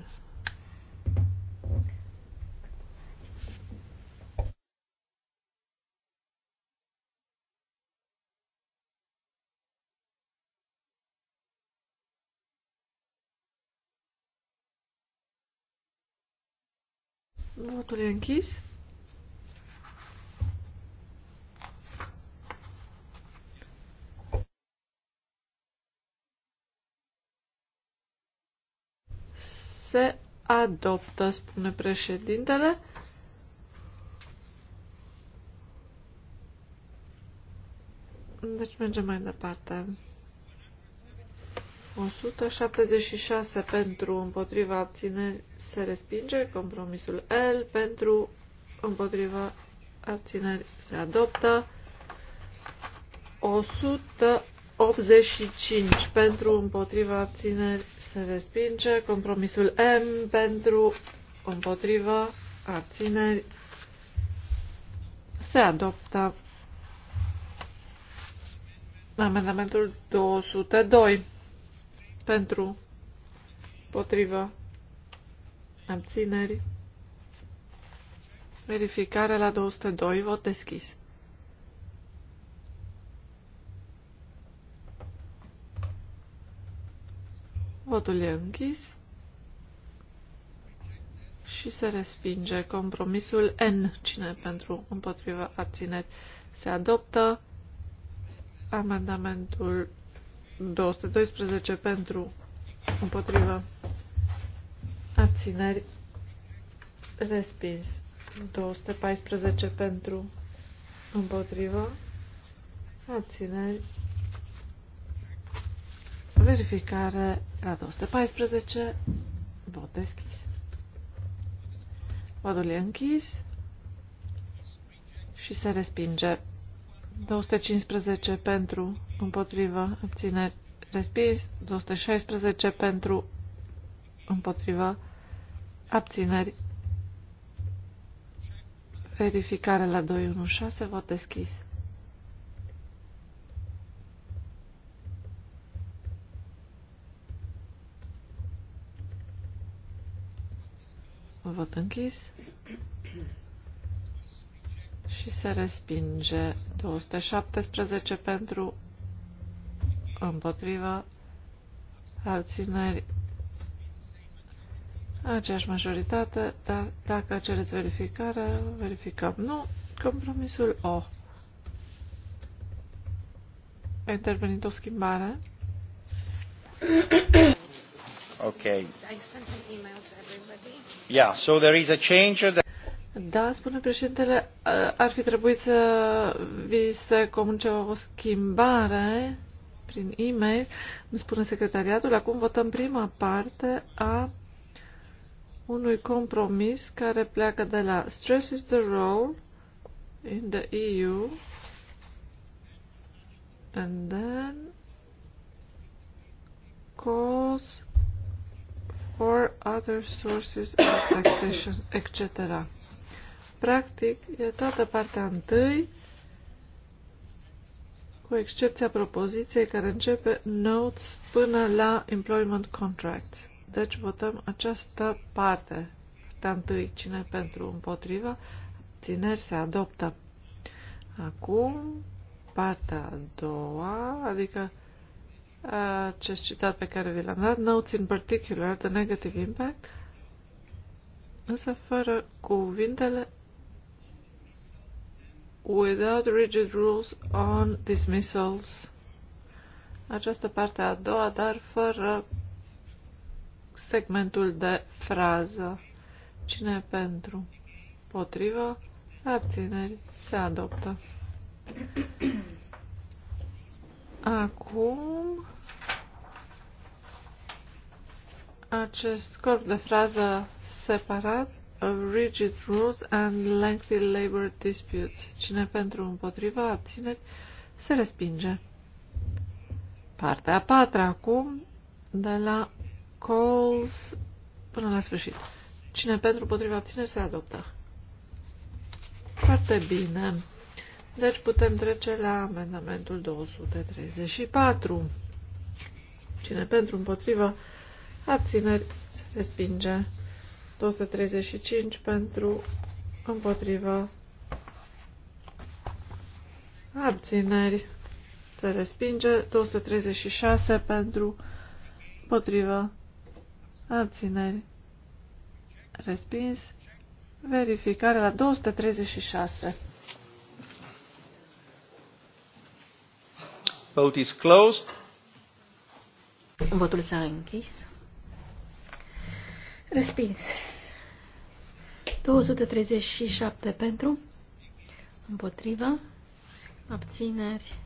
Votul e închis. se adoptă, spune președintele. Deci mergem mai departe. 176 pentru împotriva abține se respinge, compromisul L pentru împotriva abțineri se adoptă, 185 pentru împotriva abțineri se respinge. Compromisul M pentru, împotrivă, abțineri, se adoptă. Amendamentul 202 pentru, potrivă, abțineri, verificare la 202, vot deschis. Votul e închis și se respinge compromisul N. Cine pentru împotriva abțineri se adoptă amendamentul 212 pentru împotriva abțineri respins 214 pentru împotriva abțineri Verificare la 214. Vot deschis. Votul e închis și se respinge. 215 pentru, împotrivă, abțineri, respins. 216 pentru, împotrivă, abțineri. Verificare la 216, vot deschis. văd închis. Și se respinge 217 pentru împotriva abțineri aceeași majoritate, dar dacă cereți verificare, verificăm. Nu, compromisul O. A intervenit o schimbare. Okay. I sent an email to everybody. Yeah, so there is a change that... Da, spune președintele, uh, ar fi trebuit să vi se comunice o schimbare prin e-mail. Îmi spune secretariatul, acum votăm prima parte a unui compromis care pleacă de la stresses the role in the EU and then cause or other sources of <coughs> taxation, etc. Practic, e toată partea întâi, cu excepția propoziției care începe notes până la employment contract. Deci votăm această parte. Partea întâi, cine pentru împotriva, țineri se adoptă. Acum, partea a doua, adică acest citat pe care vi l-am dat, notes in particular the negative impact, însă fără cuvintele without rigid rules on dismissals. Această parte a doua, dar fără segmentul de frază. Cine e pentru? Potrivă? Abțineri. Se adoptă. Acum acest corp de frază separat, rigid rules and lengthy labor disputes. Cine pentru împotriva abțineri se respinge. Partea a patra acum, de la calls până la sfârșit. Cine pentru împotriva abțineri se adoptă. Foarte bine. Deci putem trece la amendamentul 234. Cine pentru împotriva abțineri abțineri, se respinge. 235 pentru, împotriva, abțineri, se respinge. 236 pentru, împotriva, abțineri, respins. Verificare la 236. Vote is closed. Votul s-a închis. Respins. 237 pentru. Împotrivă. Abțineri.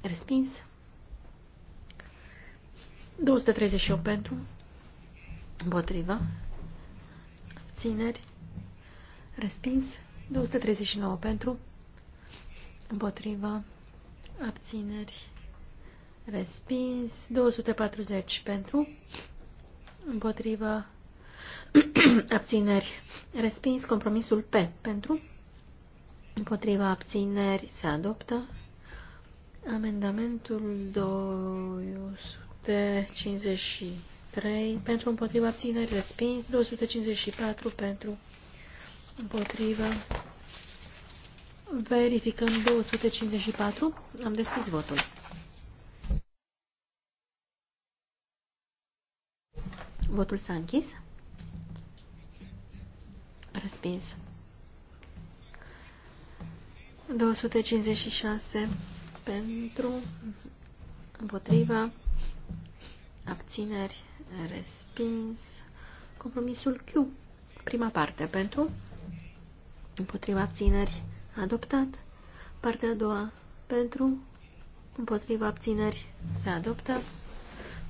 Respins. 238 pentru. Împotrivă. Abțineri. Respins. 239 pentru. Împotrivă. Abțineri. Respins. 240 pentru. Împotrivă. <clears throat> abțineri, respins compromisul P pentru, împotriva abțineri, se adoptă amendamentul 253 pentru, împotriva abțineri, respins 254 pentru, împotriva verificăm 254 am deschis votul Votul s-a închis respins. 256 pentru, împotriva, abțineri, respins. Compromisul Q, prima parte, pentru, împotriva, abțineri, adoptat. Partea a doua, pentru, împotriva, abțineri, se adoptă.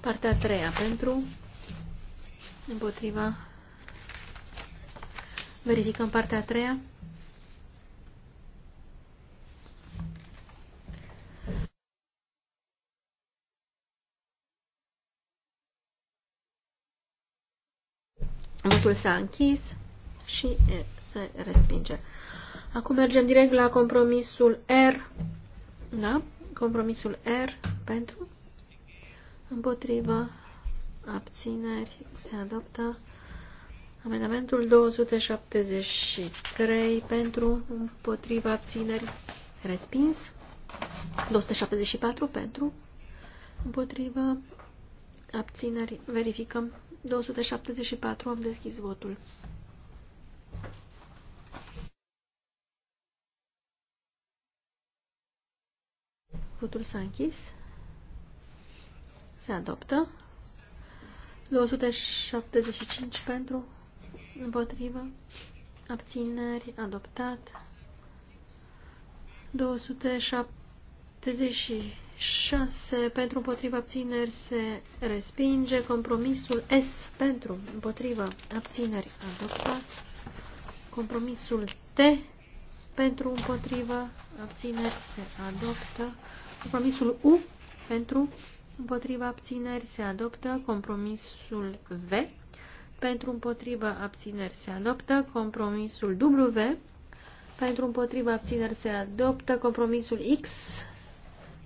Partea a treia, pentru, împotriva, Verificăm partea a treia. Votul s-a închis și se respinge. Acum mergem direct la compromisul R. Da? Compromisul R pentru împotriva abțineri se adoptă Amendamentul 273 pentru, împotriva abțineri, respins. 274 pentru, împotriva abțineri, verificăm. 274 am deschis votul. Votul s-a închis. Se adoptă. 275 pentru, împotrivă, abțineri, adoptat. 276 pentru împotrivă, abțineri se respinge. Compromisul S pentru împotrivă, abțineri adoptat. Compromisul T pentru împotrivă, abțineri se adoptă. Compromisul U pentru împotriva abțineri se adoptă. Compromisul V pentru împotriva abțineri se adoptă, compromisul W, pentru împotriva abțineri se adoptă, compromisul X,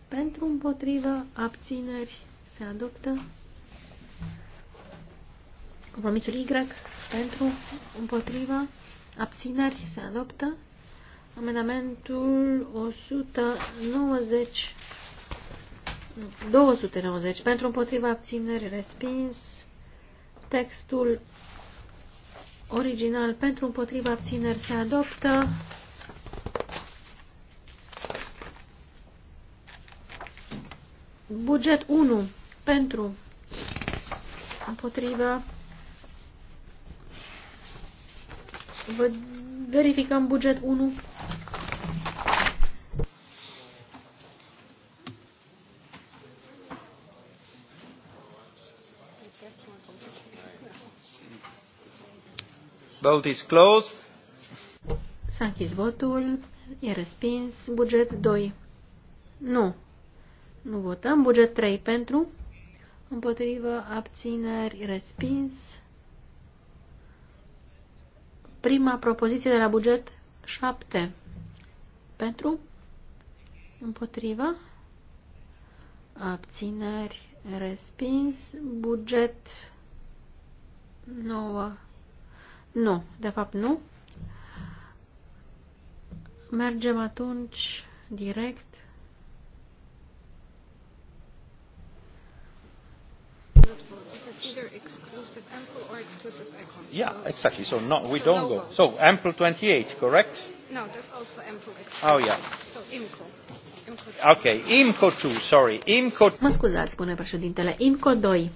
pentru împotriva abțineri se adoptă, compromisul Y, pentru împotriva abțineri se adoptă, amendamentul 190 290 pentru împotriva abțineri respins Textul original pentru împotriva abțineri se adoptă. Buget 1 pentru împotriva Vă verificăm buget 1 Vote is closed. S-a închis votul. E respins. Buget 2. Nu. Nu votăm. Buget 3 pentru. Împotrivă. Abțineri. Respins. Prima propoziție de la buget 7. Pentru. Împotrivă. Abțineri. Respins. Buget 9 nu, de fapt nu. Mergem atunci direct exclusive ample or exclusive econ. Yeah, exactly. So no, we so don't logo. go. So ample 28, correct? No, that's also ample exclusive. Oh, yeah. So IMCO. IMCO 2. Okay, IMCO 2, sorry. IMCO... Mă scuzați, spune președintele. IMCO 2.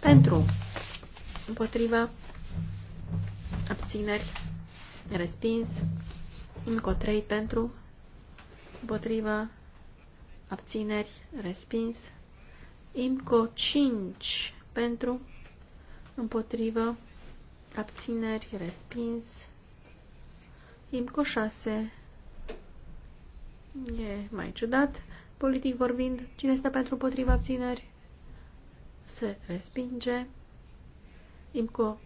Pentru. Împotriva abțineri, respins, încă 3 pentru, Împotrivă. abțineri, respins, IMCO 5 pentru, împotrivă, abțineri, respins, IMCO 6 e mai ciudat, politic vorbind, cine stă pentru împotrivă, abțineri, se respinge, IMCO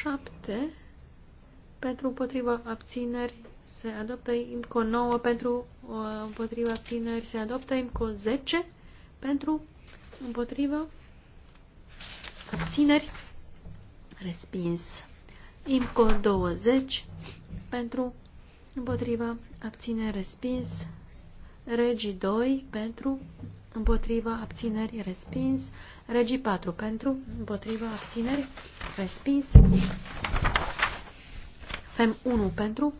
7 pentru împotriva abțineri se adoptă IMCO 9 pentru uh, împotriva abțineri se adoptă IMCO 10 pentru împotriva abțineri respins IMCO 20 pentru împotriva abțineri respins Regii 2 pentru împotriva abțineri respins Regii 4 pentru împotriva abțineri respins FEM 1 pentru?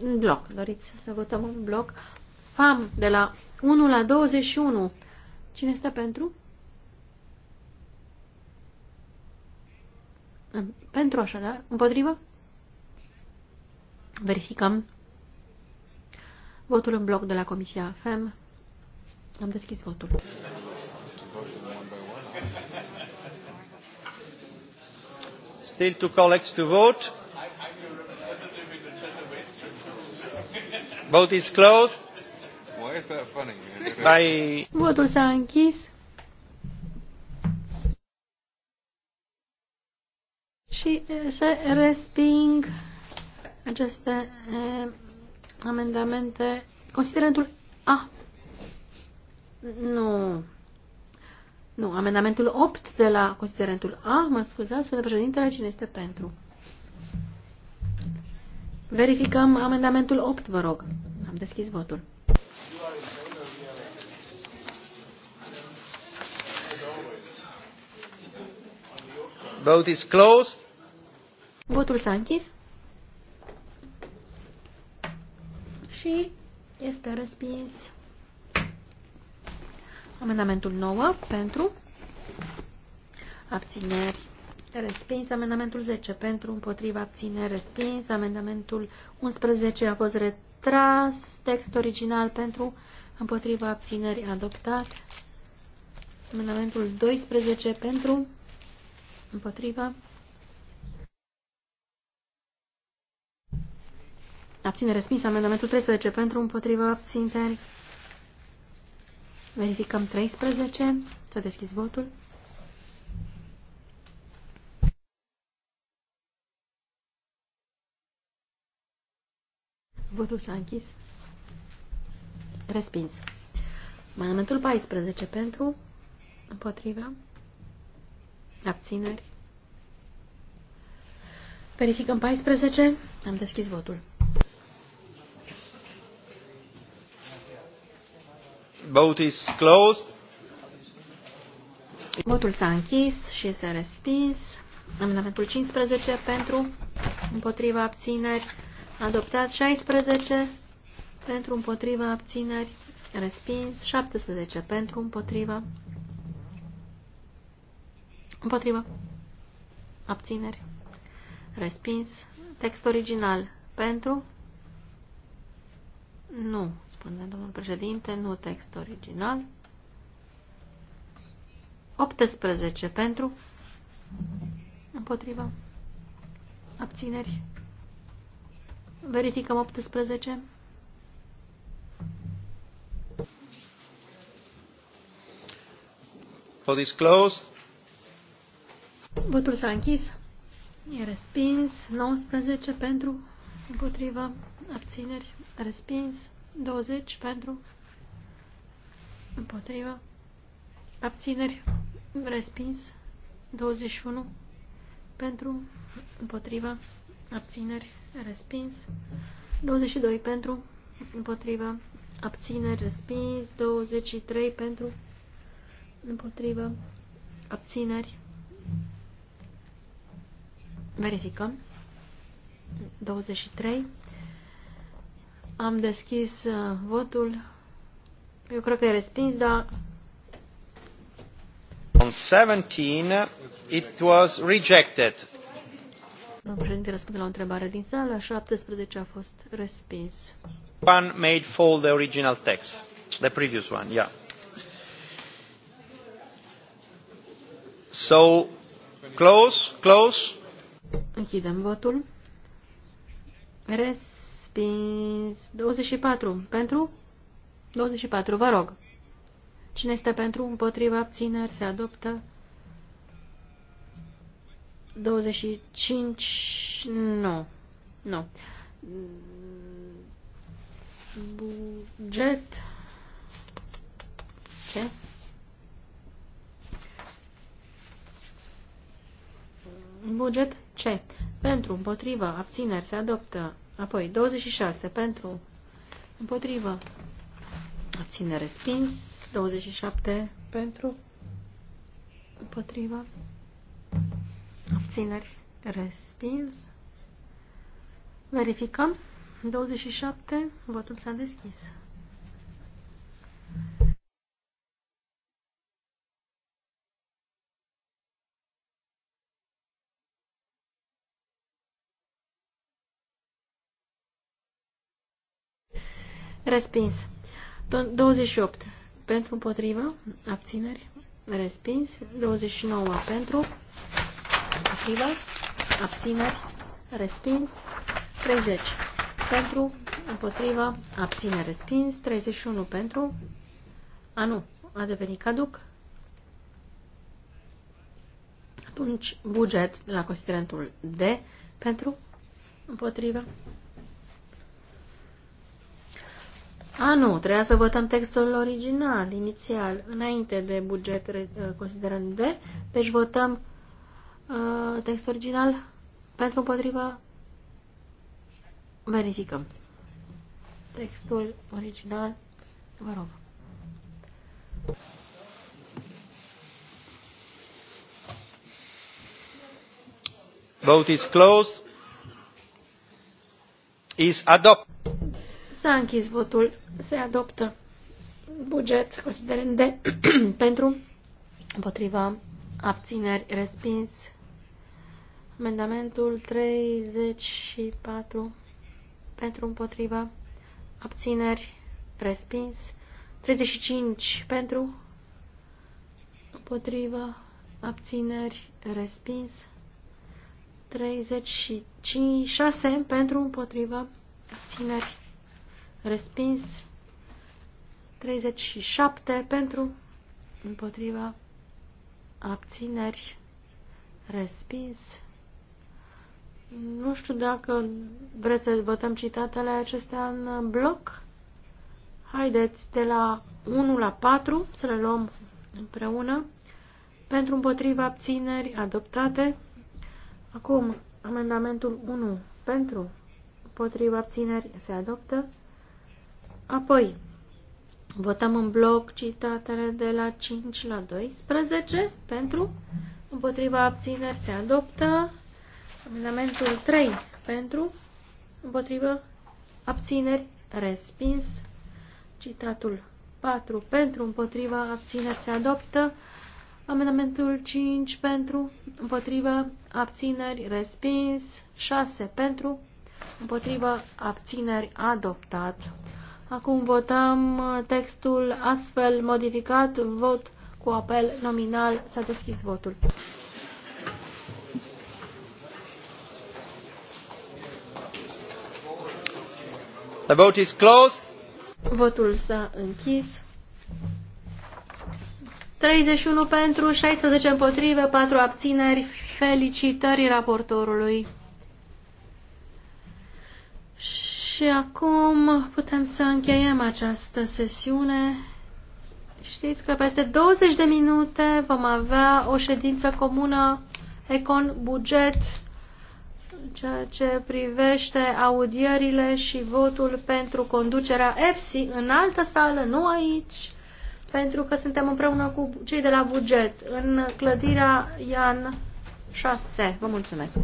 În bloc. Doriți să votăm în bloc? FAM de la 1 la 21. Cine stă pentru? Pentru așa, da? Împotrivă? Verificăm. Votul în bloc de la Comisia FEM. Am deschis votul. Still two colleagues to vote. Vote is closed. Why is that funny? By... Votul s-a închis. Și se resping aceste eh, amendamente. Considerentul A. Nu. Nu, amendamentul 8 de la considerentul A, mă scuzați, spune președintele, cine este pentru? Verificăm amendamentul 8, vă rog. Am deschis votul. Vote is closed. Votul s-a închis. Și este respins. Amendamentul 9 pentru. Abțineri. Respins. Amendamentul 10 pentru. Împotriva abțineri. Respins. Amendamentul 11 a fost retras. Text original pentru. Împotriva abțineri. Adoptat. Amendamentul 12 pentru. Împotriva. Abține respins amendamentul 13 pentru împotriva abțineri. Verificăm 13. Să deschizi votul. Votul s-a închis. Respins. Amendamentul 14 pentru, împotriva, abțineri. Verificăm 14. Am deschis votul. Votul s-a închis și s-a respins. Amendamentul 15 pentru, împotriva abțineri, adoptat 16 pentru, împotriva abțineri, respins 17 pentru, împotriva, împotriva, abțineri, respins, text original pentru, nu, răspunde domnul președinte, nu text original. 18 pentru, împotriva, abțineri. Verificăm 18. Vote is closed. Votul s-a închis. E respins. 19 pentru, împotriva, abțineri, respins. 20 pentru, împotriva, abțineri, respins, 21 pentru, împotriva, abțineri, respins, 22 pentru, împotriva, abțineri, respins, 23 pentru, împotriva, abțineri, verificăm, 23 am deschis uh, votul. Eu cred că e respins, dar... On 17, it was rejected. Domnul președinte răspunde la o întrebare din sală. 17 a fost respins. One made for the original text. The previous one, yeah. So, close, close. Închidem votul. Res respins. 24. Pentru? 24, vă rog. Cine este pentru, împotriva, abțineri, se adoptă. 25, nu, nu. Buget. Ce? Buget ce? Pentru, împotriva, abțineri, se adoptă. Apoi, 26 pentru, împotrivă, abține respins, 27 pentru, împotrivă, abțineri respins. Verificăm, 27, votul s-a deschis. Respins. 28. Pentru împotrivă. Abțineri. Respins. 29. Pentru. Împotrivă. Abțineri. Respins. 30. Pentru. Împotrivă. Abțineri. Respins. 31. Pentru. A, nu. A devenit caduc. Atunci, buget la considerentul D pentru împotrivă. A, nu, trebuia să votăm textul original, inițial, înainte de buget uh, considerând de. Deci votăm uh, textul original pentru împotriva. Verificăm. Textul original, vă rog. Vote is closed. Is adopted S-a închis votul. Se adoptă buget considerând de <clears throat> pentru împotriva abțineri respins. Amendamentul 34 pentru împotriva abțineri respins. 35 pentru împotriva abțineri respins. 36 pentru împotriva abțineri respins 37 pentru, împotriva, abțineri, respins. Nu știu dacă vreți să votăm citatele acestea în bloc. Haideți de la 1 la 4 să le luăm împreună. Pentru împotriva abțineri adoptate. Acum, amendamentul 1 pentru împotriva abțineri se adoptă. Apoi, votăm în bloc citatele de la 5 la 12 pentru, împotriva abțineri se adoptă, amendamentul 3 pentru, împotriva abțineri respins, citatul 4 pentru, împotriva abțineri se adoptă, amendamentul 5 pentru, împotriva abțineri respins, 6 pentru, împotriva abțineri adoptat. Acum votăm uh, textul astfel modificat, vot cu apel nominal. S-a deschis votul. The vote is closed. Votul s-a închis. 31 pentru, 16 împotrivă, 4 abțineri. Felicitări raportorului. Și acum putem să încheiem această sesiune. Știți că peste 20 de minute vom avea o ședință comună Econ Buget, ceea ce privește audierile și votul pentru conducerea EFSI în altă sală, nu aici, pentru că suntem împreună cu cei de la buget în clădirea Ian 6. Vă mulțumesc!